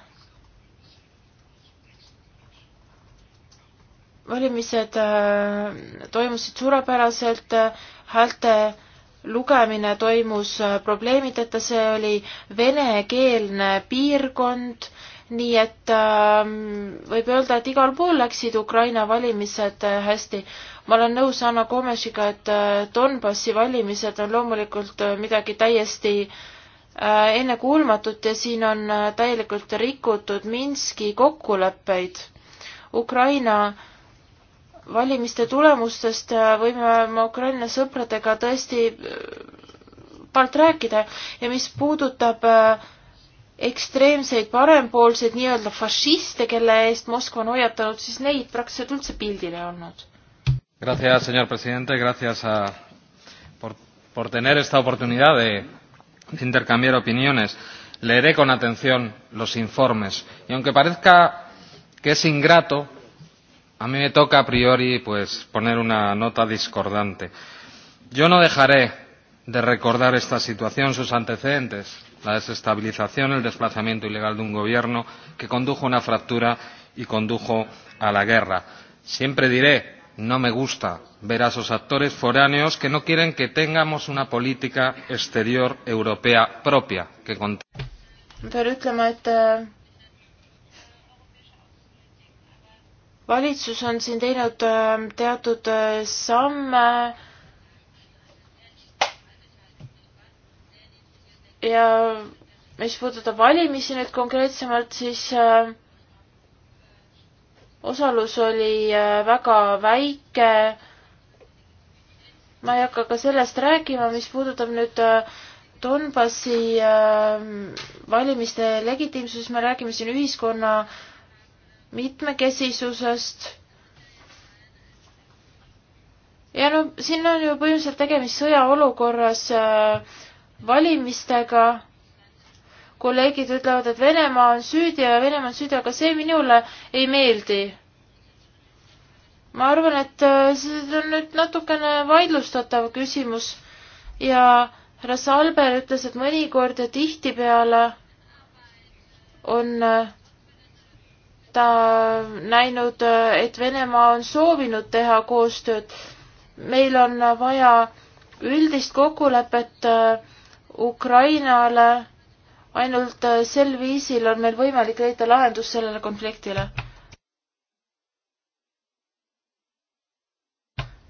valimised toimusid suurepäraselt, häälte lugemine toimus probleemideta, see oli venekeelne piirkond nii et äh, võib öelda, et igal pool läksid Ukraina valimised äh, hästi. ma olen nõus Anna Komešiga, et äh, Donbassi valimised on loomulikult äh, midagi täiesti äh, ennekuulmatut ja siin on täielikult rikutud Minski kokkuleppeid. Ukraina valimiste tulemustest võime ma Ukraina sõpradega tõesti part rääkida ja mis puudutab äh, ekstreemseid parempoolseid nii-öelda fašiste, kelle eest Moskva on hoiatanud, siis neid praktiliselt üldse pildil ei olnud. Gracias, señor presidente, gracias a, por, por tener esta oportunidad de, de intercambiar opiniones. Leeré con atención los informes y aunque parezca que es ingrato, a mí me toca a priori pues, poner una nota discordante. Yo no dejaré de recordar esta situación, sus antecedentes, la desestabilización, el desplazamiento ilegal de un gobierno que condujo a una fractura y condujo a la guerra. Siempre diré, no me gusta ver a esos actores foráneos que no quieren que tengamos una política exterior europea propia que pean ütlema, et äh, valitsus on siin teinud äh, teatud äh, samme ja mis puudutab valimisi nüüd konkreetsemalt, siis äh, osalus oli äh, väga väike. ma ei hakka ka sellest rääkima, mis puudutab nüüd äh, Donbassi äh, valimiste legitiimsusest, me räägime siin ühiskonna mitmekesisusest. ja no siin on ju põhimõtteliselt tegemist sõjaolukorras äh, valimistega. kolleegid ütlevad, et Venemaa on süüdi ja Venemaa on süüdi, aga see minule ei meeldi. ma arvan, et äh, see on nüüd natukene vaidlustatav küsimus ja härra Salber ütles, et mõnikord ja tihtipeale on äh, ta näinud, äh, et Venemaa on soovinud teha koostööd. meil on vaja üldist kokkulepet äh, Ukrainale, ainult äh, sel viisil on meil võimalik leida lahendus sellele konfliktile.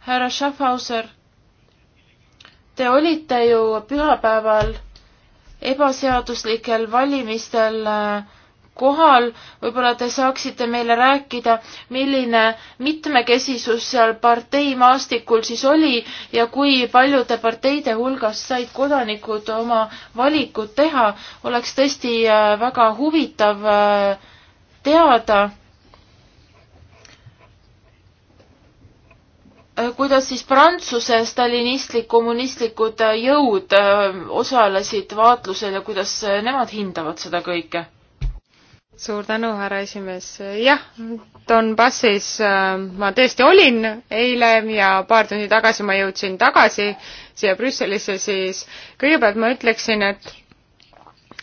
härra Schaffhauser, te olite ju pühapäeval ebaseaduslikel valimistel äh, kohal, võib-olla te saaksite meile rääkida, milline mitmekesisus seal parteimaastikul siis oli ja kui paljude parteide hulgas said kodanikud oma valikud teha, oleks tõesti äh, väga huvitav äh, teada, äh, kuidas siis Prantsuse stalinistlik, kommunistlikud jõud osalesid vaatlusel ja kuidas nemad hindavad seda kõike suur tänu, härra esimees. jah, Donbassis äh, ma tõesti olin eile ja paar tundi tagasi ma jõudsin tagasi siia Brüsselisse, siis kõigepealt ma ütleksin, et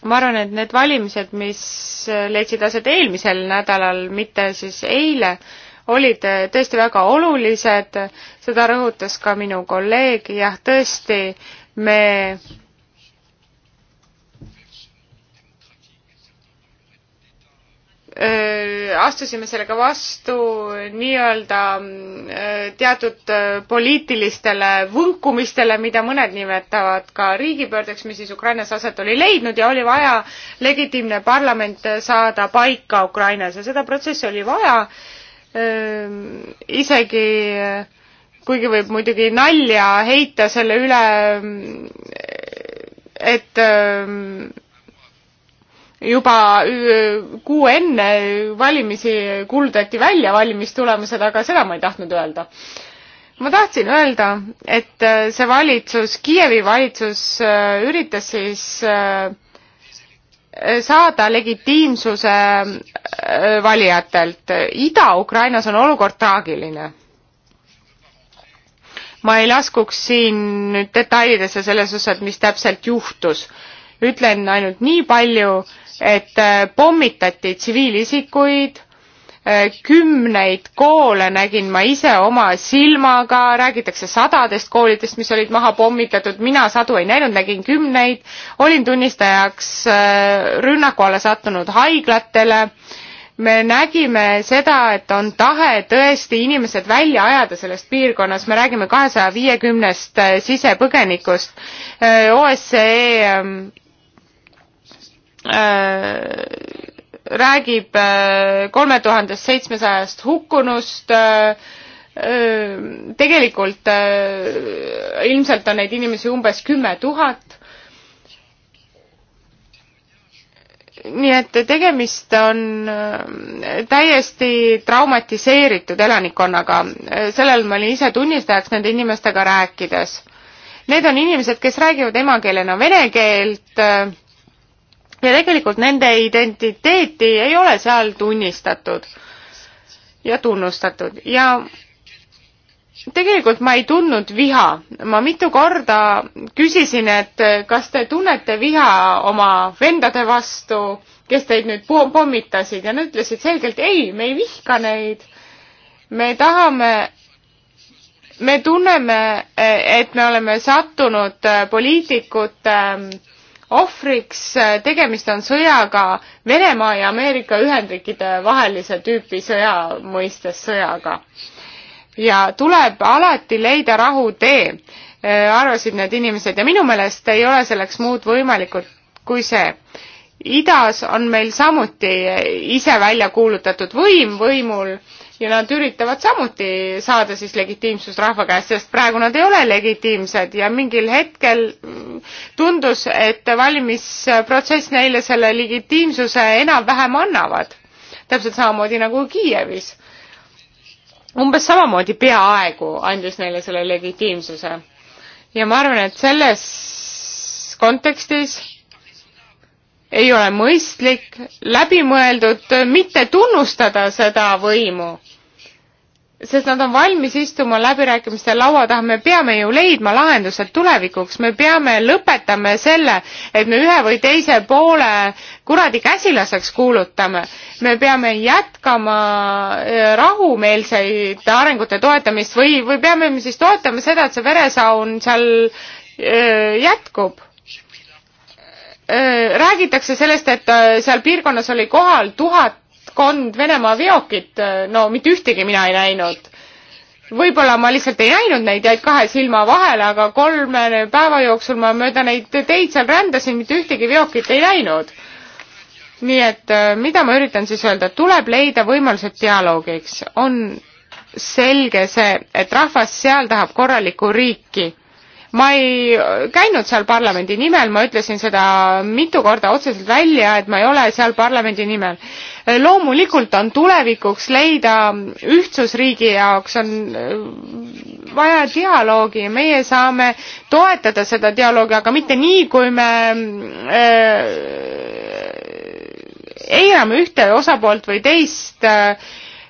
ma arvan, et need valimised, mis leidsid aset eelmisel nädalal, mitte siis eile, olid tõesti väga olulised, seda rõhutas ka minu kolleeg, jah, tõesti, me astusime sellega vastu nii-öelda teatud poliitilistele võnkumistele, mida mõned nimetavad ka riigipöördeks, mis siis Ukrainas aset oli leidnud ja oli vaja legitiimne parlament saada paika Ukrainas ja seda protsessi oli vaja. isegi kuigi võib muidugi nalja heita selle üle, et juba äh, kuu enne valimisi kuulutati välja valimistulemused, aga seda ma ei tahtnud öelda. ma tahtsin öelda, et äh, see valitsus, Kiievi valitsus äh, üritas siis saada legitiimsuse valijatelt. Ida-Ukrainas on olukord traagiline ma ei laskuks siin nüüd detailidesse selles osas, mis täpselt juhtus. ütlen ainult nii palju, et äh, pommitati tsiviilisikuid, äh, kümneid koole nägin ma ise oma silmaga, räägitakse sadadest koolidest, mis olid maha pommitatud, mina sadu ei näinud, nägin kümneid, olin tunnistajaks äh, rünnaku alla sattunud haiglatele, me nägime seda, et on tahe tõesti inimesed välja ajada sellest piirkonnast, me räägime kahesaja viiekümnest sisepõgenikust, OSCE ähm, Äh, räägib äh, kolme tuhandest seitsmesajast hukkunust. Äh, tegelikult ilmselt on neid inimesi umbes kümme tuhat. nii et tegemist on täiesti traumatiseeritud elanikkonnaga, sellel ma olin ise tunnistajaks nende inimestega rääkides. Need on inimesed, kes räägivad emakeelena vene keelt ja tegelikult nende identiteeti ei ole seal tunnistatud ja tunnustatud ja tegelikult ma ei tundnud viha. ma mitu korda küsisin, et kas te tunnete viha oma vendade vastu, kes teid nüüd pommitasid ja nad ütlesid selgelt ei, me ei vihka neid. me tahame, me tunneme, et me oleme sattunud poliitikute äh, ohvriks, äh, tegemist on sõjaga Venemaa ja Ameerika Ühendriikide vahelise tüüpi sõja mõistes sõjaga. ja tuleb alati leida rahutee, äh, arvasid need inimesed ja minu meelest ei ole selleks muud võimalikud kui see. idas on meil samuti ise välja kuulutatud võim võimul ja nad üritavad samuti saada siis legitiimsust rahva käest, sest praegu nad ei ole legitiimsed ja mingil hetkel mm, tundus, et valimisprotsess neile selle legitiimsuse enam-vähem annavad. täpselt samamoodi nagu Kiievis. umbes samamoodi peaaegu andis neile selle legitiimsuse. ja ma arvan, et selles kontekstis ei ole mõistlik, läbimõeldud mitte tunnustada seda võimu. sest nad on valmis istuma läbirääkimiste laua taha, me peame ju leidma lahendused tulevikuks, me peame lõpetama selle, et me ühe või teise poole kuradi käsilaseks kuulutame. me peame jätkama eh, rahumeelseid arengute toetamist või, või peame me siis toetama seda, et see veresaun seal eh, jätkub Äh, räägitakse sellest, et äh, seal piirkonnas oli kohal tuhatkond Venemaa veokit, äh, no mitte ühtegi mina ei näinud. võib-olla ma lihtsalt ei näinud neid, jäid kahe silma vahele, aga kolme päeva jooksul ma mööda neid teid seal rändasin, mitte ühtegi veokit ei näinud. nii et mida ma üritan siis öelda, tuleb leida võimalused dialoogiks, on selge see, et rahvas seal tahab korralikku riiki ma ei käinud seal parlamendi nimel, ma ütlesin seda mitu korda otseselt välja, et ma ei ole seal parlamendi nimel. loomulikult on tulevikuks leida ühtsus riigi jaoks, on vaja dialoogi ja meie saame toetada seda dialoogi, aga mitte nii, kui me äh, eirame ühte osapoolt või teist äh,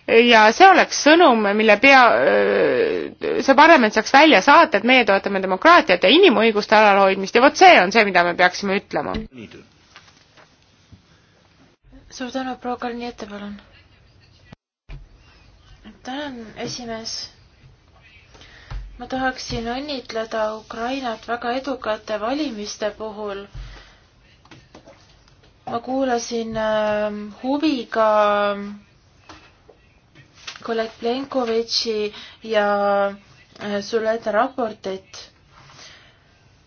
ja see oleks sõnum, mille pea, äh, see parlament saaks välja saata, et meie toetame demokraatiat ja inimõiguste alalhoidmist ja vot see on see, mida me peaksime ütlema. suur tänu, proua Kalniete, palun. tänan, esimees. ma tahaksin õnnitleda Ukrainat väga edukate valimiste puhul ma kuulasin äh, huviga kolleeg Plenkovitši ja äh, Suleta raportit.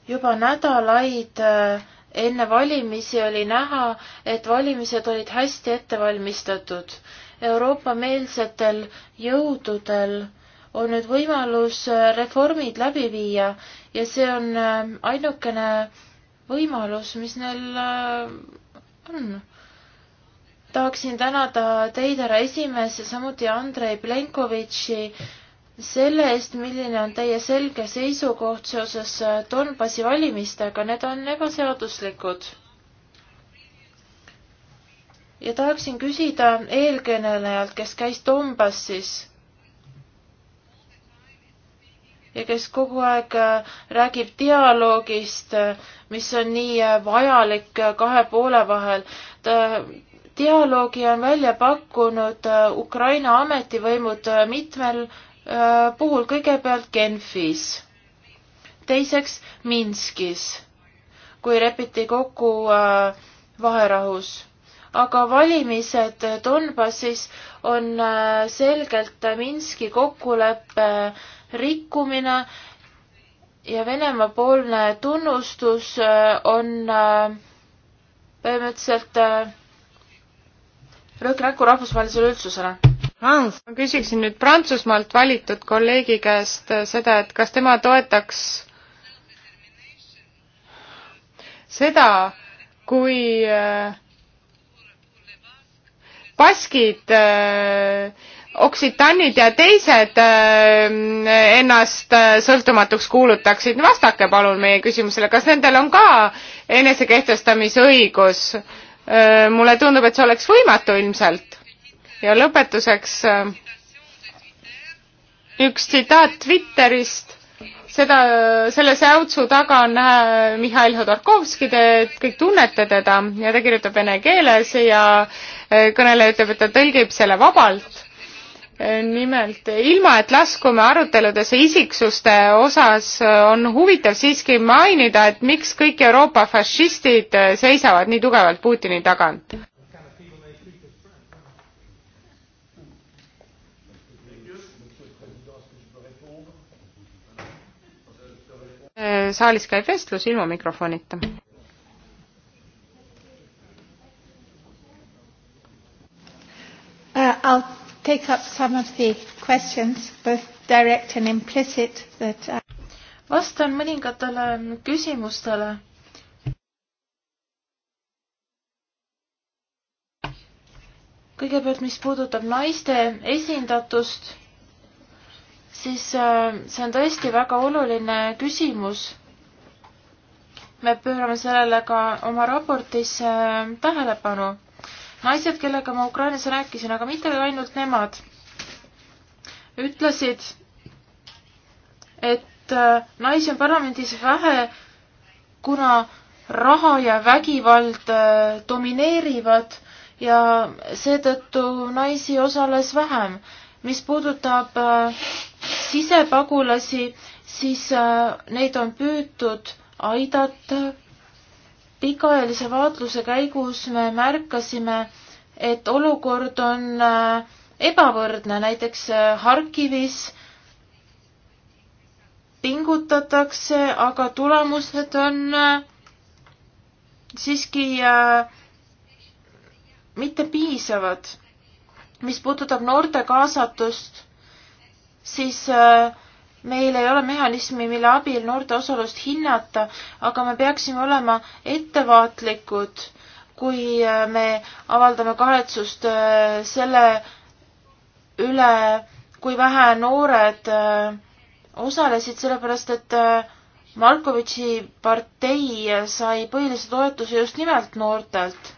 juba nädalaid äh, enne valimisi oli näha, et valimised olid hästi ette valmistatud. Euroopa-meelsetel jõududel on nüüd võimalus äh, reformid läbi viia ja see on ainukene võimalus, mis neil on tahaksin tänada teid, härra esimees, ja samuti Andrei Plenkovitši selle eest, milline on teie selge seisukoht seoses Donbassi valimistega, need on ebaseaduslikud. ja tahaksin küsida eelkõnelejalt, kes käis Donbassis ja kes kogu aeg räägib dialoogist, mis on nii vajalik kahe poole vahel. ta dialoogi on välja pakkunud äh, Ukraina ametivõimud äh, mitmel äh, puhul, kõigepealt Genfis, teiseks Minskis, kui lepiti kokku vaherahus. aga valimised Donbassis on selgelt Minski kokkuleppe rikkumine ja Venemaa-poolne tunnustus on põhimõtteliselt Rõõk näkku rahvusvahelisele üldsusele. Hans, ma küsiksin nüüd Prantsusmaalt valitud kolleegi käest seda, et kas tema toetaks seda, kui äh, baskid, äh, oksitanid ja teised äh, ennast sõltumatuks kuulutaksid, vastake palun meie küsimusele, kas nendel on ka enesekehtestamise õigus? Äh, mulle tundub, et see oleks võimatu ilmselt. ja lõpetuseks äh, üks tsitaat Twitterist, seda, äh, selle säutsu taga on Mihhail Hodorkovski, te kõik tunnete teda ja ta kirjutab vene keeles ja kõneleja ütleb, et ta tõlgib selle vabalt nimelt ilma, et laskume aruteludesse isiksuste osas, on huvitav siiski mainida, et miks kõik Euroopa fašistid seisavad nii tugevalt Putini tagant. saalis käib vestlus ilma mikrofonita. Uh, I'll take up some of the questions, both direct and implicit that I... Uh, vastan mõningatele küsimustele. kõigepealt, mis puudutab naiste esindatust, siis äh, see on tõesti väga oluline küsimus. me pöörame sellele ka oma raportis äh, tähelepanu naised, kellega ma Ukrainas rääkisin, aga mitte ainult nemad, ütlesid, et äh, naisi on parlamendis vähe, kuna raha ja vägivald äh, domineerivad ja seetõttu naisi osales vähem. mis puudutab äh, sisepagulasi, siis neid on püütud aidata pikaajalise vaatluse käigus me märkasime, et olukord on äh, ebavõrdne, näiteks äh, Harkivis pingutatakse, aga tulemused on äh, siiski mitte piisavad. mis puudutab noorte kaasatust, siis äh, meil ei ole mehhanismi, mille abil noorte osalust hinnata, aga me peaksime olema ettevaatlikud, kui äh, me avaldame kahetsust äh, selle üle, kui vähe noored äh, osalesid, sellepärast et Malkovitši partei sai põhilise toetuse just nimelt noortelt.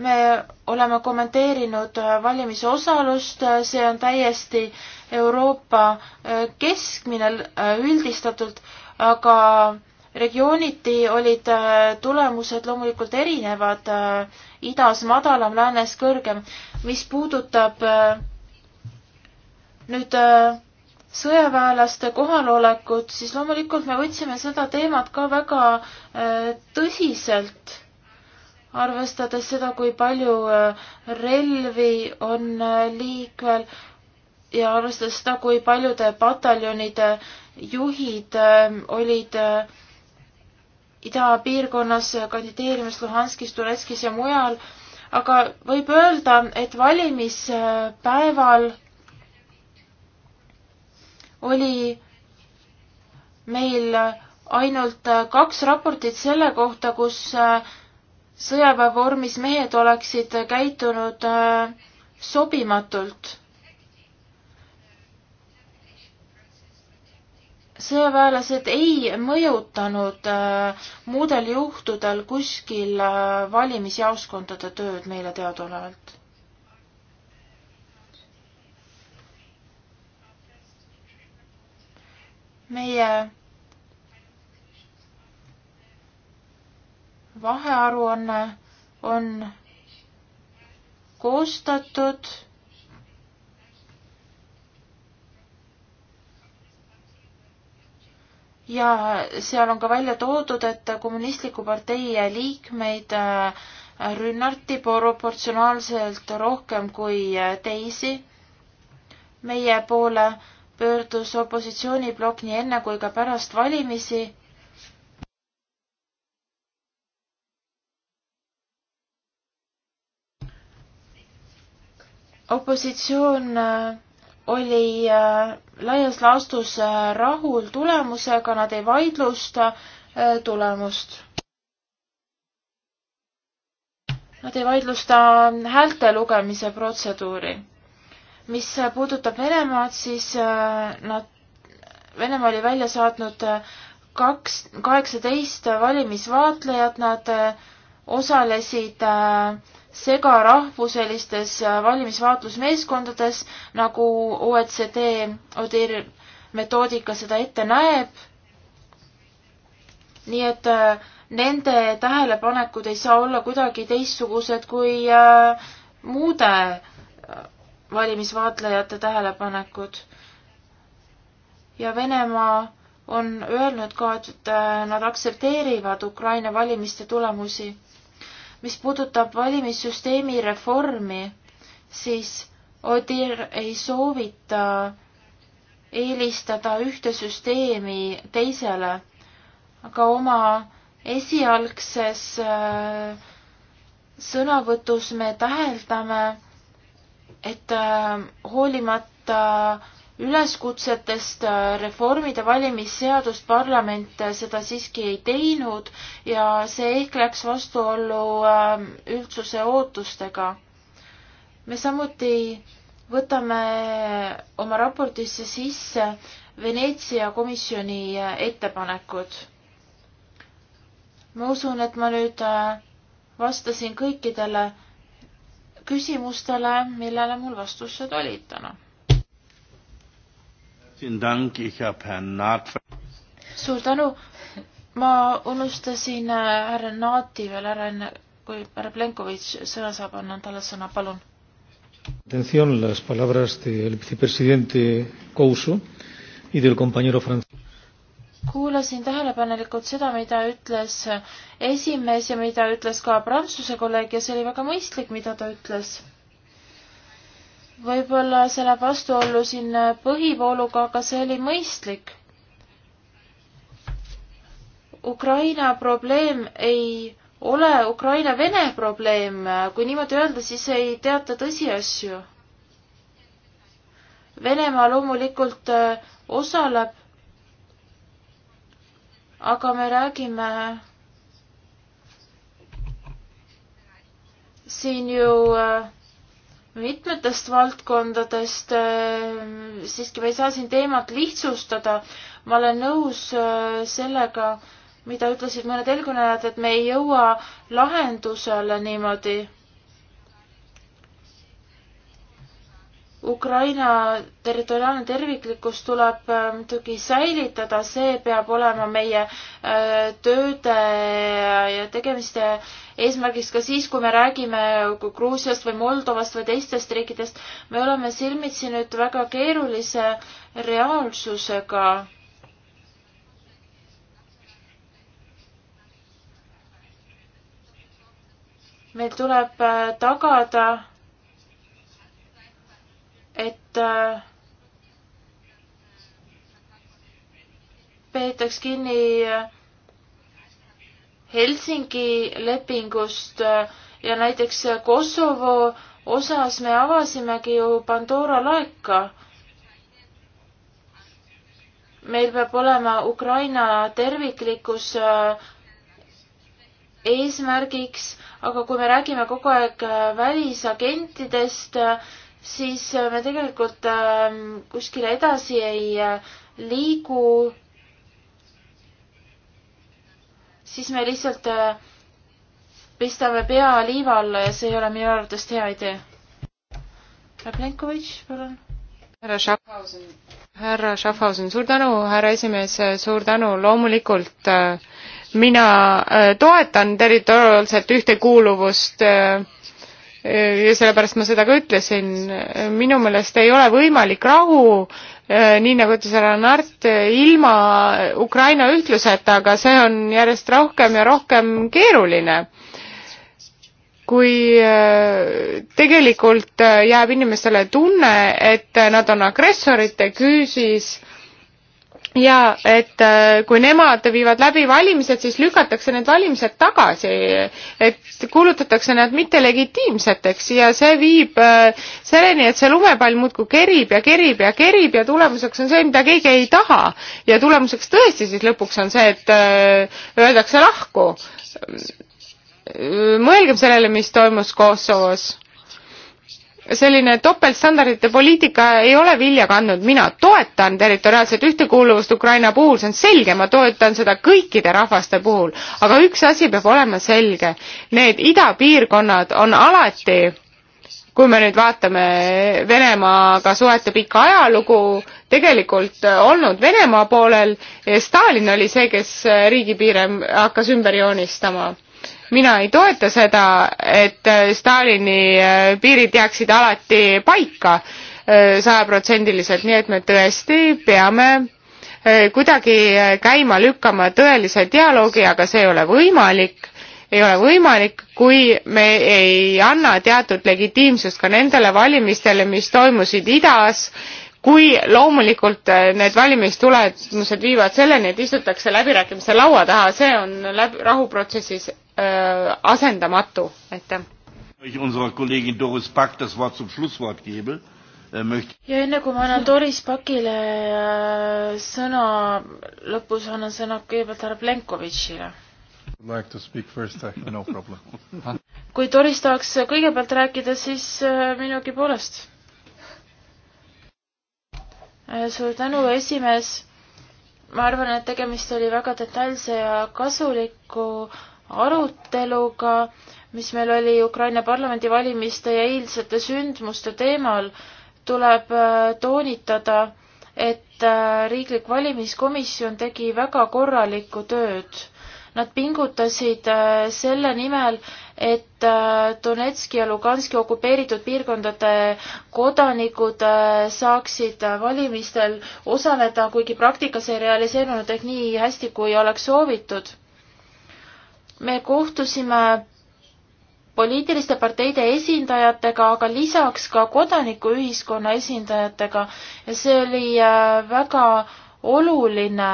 me oleme kommenteerinud valimisosalust, see on täiesti äh, Euroopa äh, keskmine äh, üldistatult, aga regiooniti olid äh, tulemused loomulikult erinevad, idas madalam, läänes kõrgem. mis puudutab nüüd sõjaväelaste kohalolekut, siis loomulikult me võtsime seda teemat ka väga tõsiselt, arvestades seda, kui palju relvi on liikvel, ja arvestades seda, kui paljude pataljonide juhid ähm, olid äh, idapiirkonnas äh, kandideerimas Luhanskis, Tuletskis ja mujal, aga võib öelda, et valimispäeval oli meil ainult äh, kaks raportit selle kohta, kus sõjaväevormis mehed oleksid käitunud sobimatult sõjaväelased ei mõjutanud äh, muudel juhtudel kuskil äh, valimisjaoskondade tööd meile teadaolevalt. meie vahearuanne on, on koostatud ja seal on ka välja toodud, et kommunistliku partei liikmeid äh, rünnati proportsionaalselt rohkem kui äh, teisi. meie poole pöördus opositsiooniblokk nii enne kui ka pärast valimisi. opositsioon äh, oli äh, laias laastus äh, rahul tulemusega, nad ei vaidlusta äh, tulemust. Nad ei vaidlusta häälte lugemise protseduuri. mis puudutab Venemaad, siis nad, Venemaa oli välja saatnud kaks, kaheksateist valimisvaatlejat, nad osalesid äh, segarahvuselistes valimisvaatlusmeeskondades, nagu OECD ODIR metoodika seda ette näeb. nii et äh, nende tähelepanekud ei saa olla kuidagi teistsugused kui äh, muude äh, valimisvaatlejate tähelepanekud. ja Venemaa on öelnud ka, et nad aktsepteerivad Ukraina valimiste tulemusi mis puudutab valimissüsteemi reformi, siis Odir ei soovita eelistada ühte süsteemi teisele, aga oma esialgses äh, sõnavõtus me täheldame, et äh, hoolimata äh, üleskutsetest äh, reformida valimisseadust parlament äh, seda siiski ei teinud ja see ehk läks vastuollu äh, üldsuse ootustega. me samuti võtame oma raportisse sisse Veneetsia komisjoni ettepanekud. ma usun, et ma nüüd vastasin kõikidele küsimustele, millele mul vastused olid täna no suur tänu, ma unustasin äh, härra Naati veel ära enne, kui härra Plenkovitš sõna saab, annan talle sõna, palun. Atención las palabras del vicepresidente Couso y del compañero francés kuulasin tähelepanelikult seda, mida ütles esimees ja mida ütles ka prantsuse kolleeg ja see oli väga mõistlik, mida ta ütles võib-olla see läheb vastuollu siin põhivooluga, aga see oli mõistlik. Ukraina probleem ei ole Ukraina-Vene probleem, kui niimoodi öelda, siis ei teata tõsiasju. Venemaa loomulikult äh, osaleb, aga me räägime siin ju äh, mitmetest valdkondadest, äh, siiski me ei saa siin teemat lihtsustada. ma olen nõus äh, sellega, mida ütlesid mõned eelkõnelejad, et me ei jõua lahendusele niimoodi. Ukraina territoriaalne terviklikkus tuleb äh, muidugi säilitada, see peab olema meie tööde ja tegemiste eesmärgiks ka siis, kui me räägime Gruusiast või Moldovast või teistest riikidest. me oleme silmitsi nüüd väga keerulise reaalsusega. meil tuleb äh, tagada, et äh, peetaks kinni äh, Helsingi lepingust äh, ja näiteks äh, Kosovo osas me avasimegi ju Pandora laeka. meil peab olema Ukraina terviklikkus äh, eesmärgiks, aga kui me räägime kogu aeg välisagentidest, siis me tegelikult kuskile edasi ei liigu siis me lihtsalt äh, pistame pea liiva alla ja see ei ole minu arvates hea idee. härra Plenkovitš, palun. härra Schaffhausen. härra Schaffhausen, suur tänu, härra esimees, suur tänu, loomulikult äh, mina äh, toetan territoriaalset ühtekuuluvust ja sellepärast ma seda ka ütlesin, minu meelest ei ole võimalik rahu Äh, nii nagu ütles härra Nart, äh, ilma Ukraina ühtluseta, aga see on järjest rohkem ja rohkem keeruline. kui äh, tegelikult jääb inimestele tunne, et nad on agressorite küüsis ja et äh, kui nemad viivad läbi valimised, siis lükatakse need valimised tagasi, et kuulutatakse nad mittelegitiimseteks ja see viib äh, selleni, et see lumepall muudkui kerib ja kerib ja kerib ja tulemuseks on see, mida keegi ei taha. ja tulemuseks tõesti siis lõpuks on see, et äh, öeldakse lahku. mõelgem sellele, mis toimus Kosovos selline topeltstandardite poliitika ei ole vilja kandnud, mina toetan territoriaalset ühtekuuluvust Ukraina puhul, see on selge, ma toetan seda kõikide rahvaste puhul, aga üks asi peab olema selge, need idapiirkonnad on alati kui me nüüd vaatame Venemaaga suhete pikka ajalugu, tegelikult olnud Venemaa poolel, Stalin oli see, kes riigipiire hakkas ümber joonistama mina ei toeta seda, et äh, Stalini äh, piirid jääksid alati paika äh, sajaprotsendiliselt, nii et me tõesti peame kuidagi käima lükkama tõelise dialoogi, aga see ei ole võimalik ei ole võimalik, kui me ei anna teatud legitiimsust ka nendele valimistele, mis toimusid idas, kui loomulikult äh, need valimistulemused viivad selleni, et istutakse läbirääkimiste laua taha, see on läbi, rahuprotsessis äh, asendamatu, aitäh. Äh, ja enne kui ma annan Doris Pakile äh, sõna, lõpus annan sõna kõigepealt härra Plenkovitšile. Like to speak first, no problem [LAUGHS] kui Doris tahaks kõigepealt rääkida, siis minugi poolest Äh, suur tänu, esimees. ma arvan, et tegemist oli väga detailse ja kasuliku aruteluga, mis meil oli Ukraina parlamendivalimiste ja eilsete sündmuste teemal. tuleb äh, toonitada, et äh, riiklik valimiskomisjon tegi väga korralikku tööd Nad pingutasid äh, selle nimel, et äh, Donetski ja Luganski okupeeritud piirkondade kodanikud äh, saaksid valimistel osaleda, kuigi praktikas ei realiseerunud ehk nii hästi, kui oleks soovitud. me kohtusime poliitiliste parteide esindajatega, aga lisaks ka kodanikuühiskonna esindajatega ja see oli väga oluline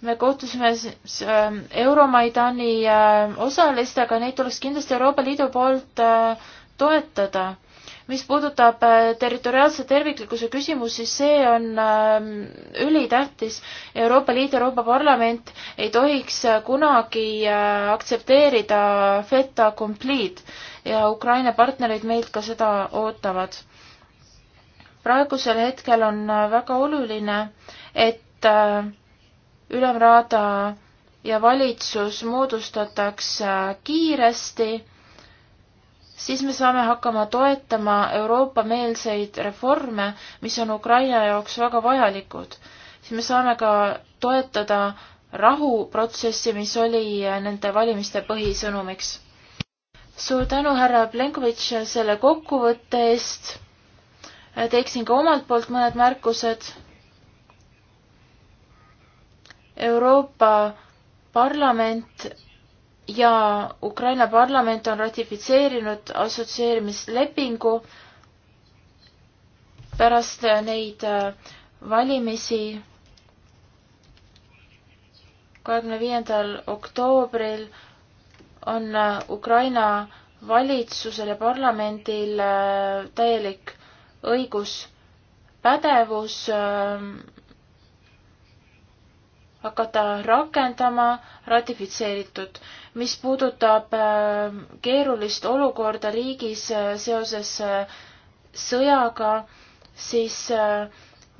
me kohtusime ähm, Euromaidani ähm, osalistega, neid tuleks kindlasti Euroopa Liidu poolt äh, toetada. mis puudutab äh, territoriaalse terviklikkuse küsimust, siis see on ähm, ülitähtis. Euroopa Liit, Euroopa Parlament ei tohiks äh, kunagi aktsepteerida feta complete ja Ukraina partnerid meilt ka seda ootavad. praegusel hetkel on väga oluline, et et ülemraada ja valitsus moodustatakse kiiresti, siis me saame hakkama toetama Euroopa-meelseid reforme, mis on Ukraina jaoks väga vajalikud. siis me saame ka toetada rahuprotsessi, mis oli nende valimiste põhisõnumiks. suur tänu, härra Plenkovitš, selle kokkuvõtte eest. teeksin ka omalt poolt mõned märkused Euroopa Parlament ja Ukraina parlament on ratifitseerinud assotsieerimislepingu pärast neid äh, valimisi kahekümne viiendal oktoobril on äh, Ukraina valitsusel ja parlamendil äh, täielik õiguspädevus ähm, hakata rakendama ratifitseeritud. mis puudutab äh, keerulist olukorda riigis äh, seoses äh, sõjaga, siis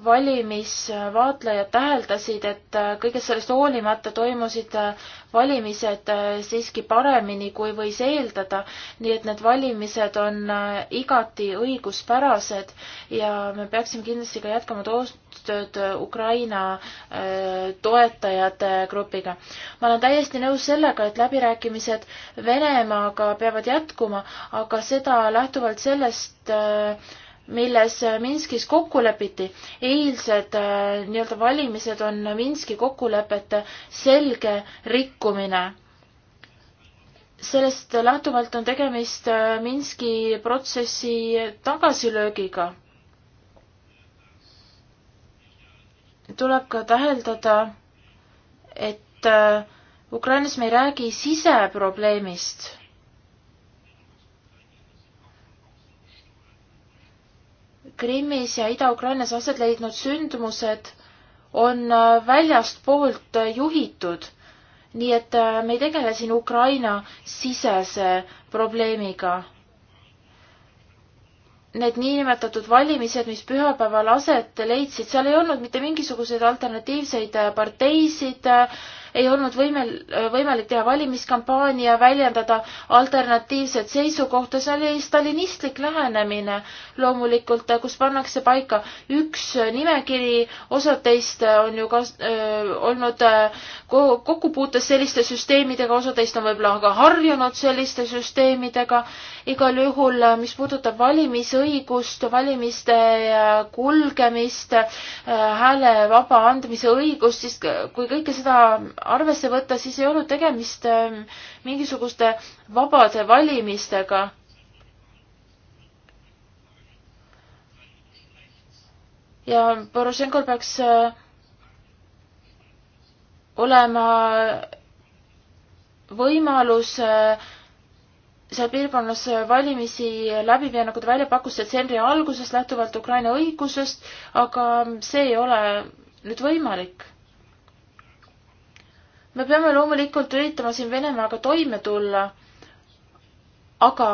valimisvaatlejad täheldasid, et kõigest sellest hoolimata toimusid valimised siiski paremini, kui võis eeldada, nii et need valimised on igati õiguspärased ja me peaksime kindlasti ka jätkama toos-, koostööd äh, Ukraina äh, toetajate äh, grupiga. ma olen täiesti nõus sellega, et läbirääkimised Venemaaga peavad jätkuma, aga seda lähtuvalt sellest, milles Minskis kokku lepiti. eilsed nii-öelda valimised on Minski kokkulepete selge rikkumine. sellest lähtuvalt on tegemist Minski protsessi tagasilöögiga tuleb ka täheldada, et äh, Ukrainas me ei räägi siseprobleemist. Krimmis ja Ida-Ukrainas aset leidnud sündmused on äh, väljastpoolt äh, juhitud nii et me ei tegele siin Ukraina sisese probleemiga need niinimetatud valimised, mis pühapäeval aset leidsid, seal ei olnud mitte mingisuguseid alternatiivseid äh, parteisid, äh, ei olnud võimel, võimalik teha valimiskampaania, väljendada alternatiivset seisukohta, see oli stalinistlik lähenemine loomulikult, kus pannakse paika üks nimekiri, osad teist on ju kas- äh,, olnud kokkupuutes selliste süsteemidega, osa teist on võib-olla ka harjunud selliste süsteemidega, igal juhul, mis puudutab valimisõigust, valimiste kulgemist, hääle vaba andmise õigust, siis kui kõike seda arvesse võtta, siis ei olnud tegemist ähm, mingisuguste vabade valimistega. ja Porošenkol peaks äh, olema võimalus äh, seal piirkonnas äh, valimisi läbi viia, nagu ta välja pakkus detsembri alguses lähtuvalt Ukraina õigusest, aga see ei ole nüüd võimalik me peame loomulikult üritama siin Venemaaga toime tulla, aga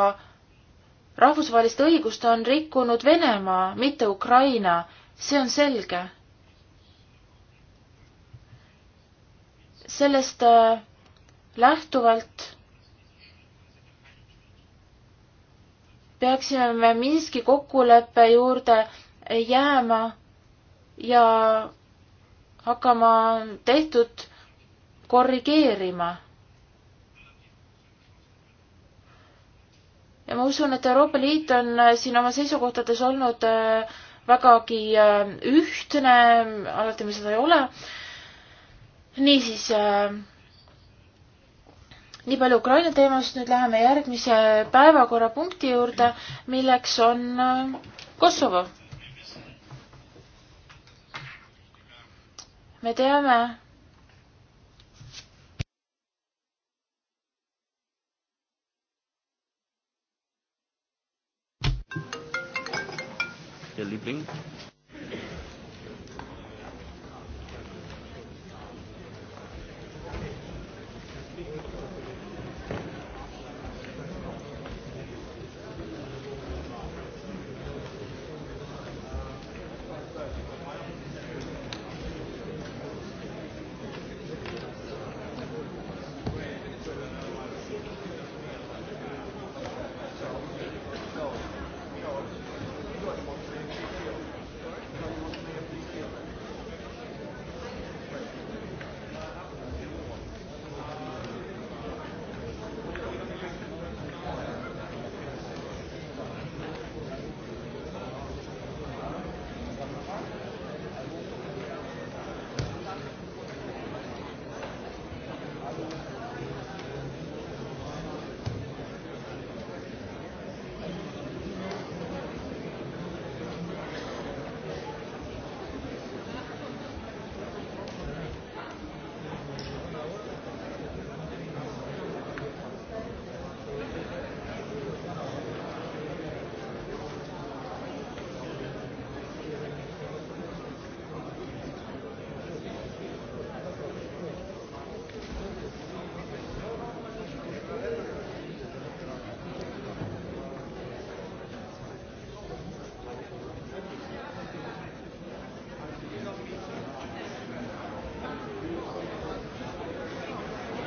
rahvusvahelist õigust on rikkunud Venemaa, mitte Ukraina, see on selge. sellest äh, lähtuvalt peaksime me Minski kokkuleppe juurde jääma ja hakkama tehtud korrigeerima. ja ma usun, et Euroopa Liit on äh, siin oma seisukohtades olnud äh, vägagi äh, ühtne, alati me seda ei ole. niisiis, nii palju Ukraina teemast, nüüd läheme järgmise päevakorrapunkti juurde, milleks on Kosovo. me teame, Ihr Liebling.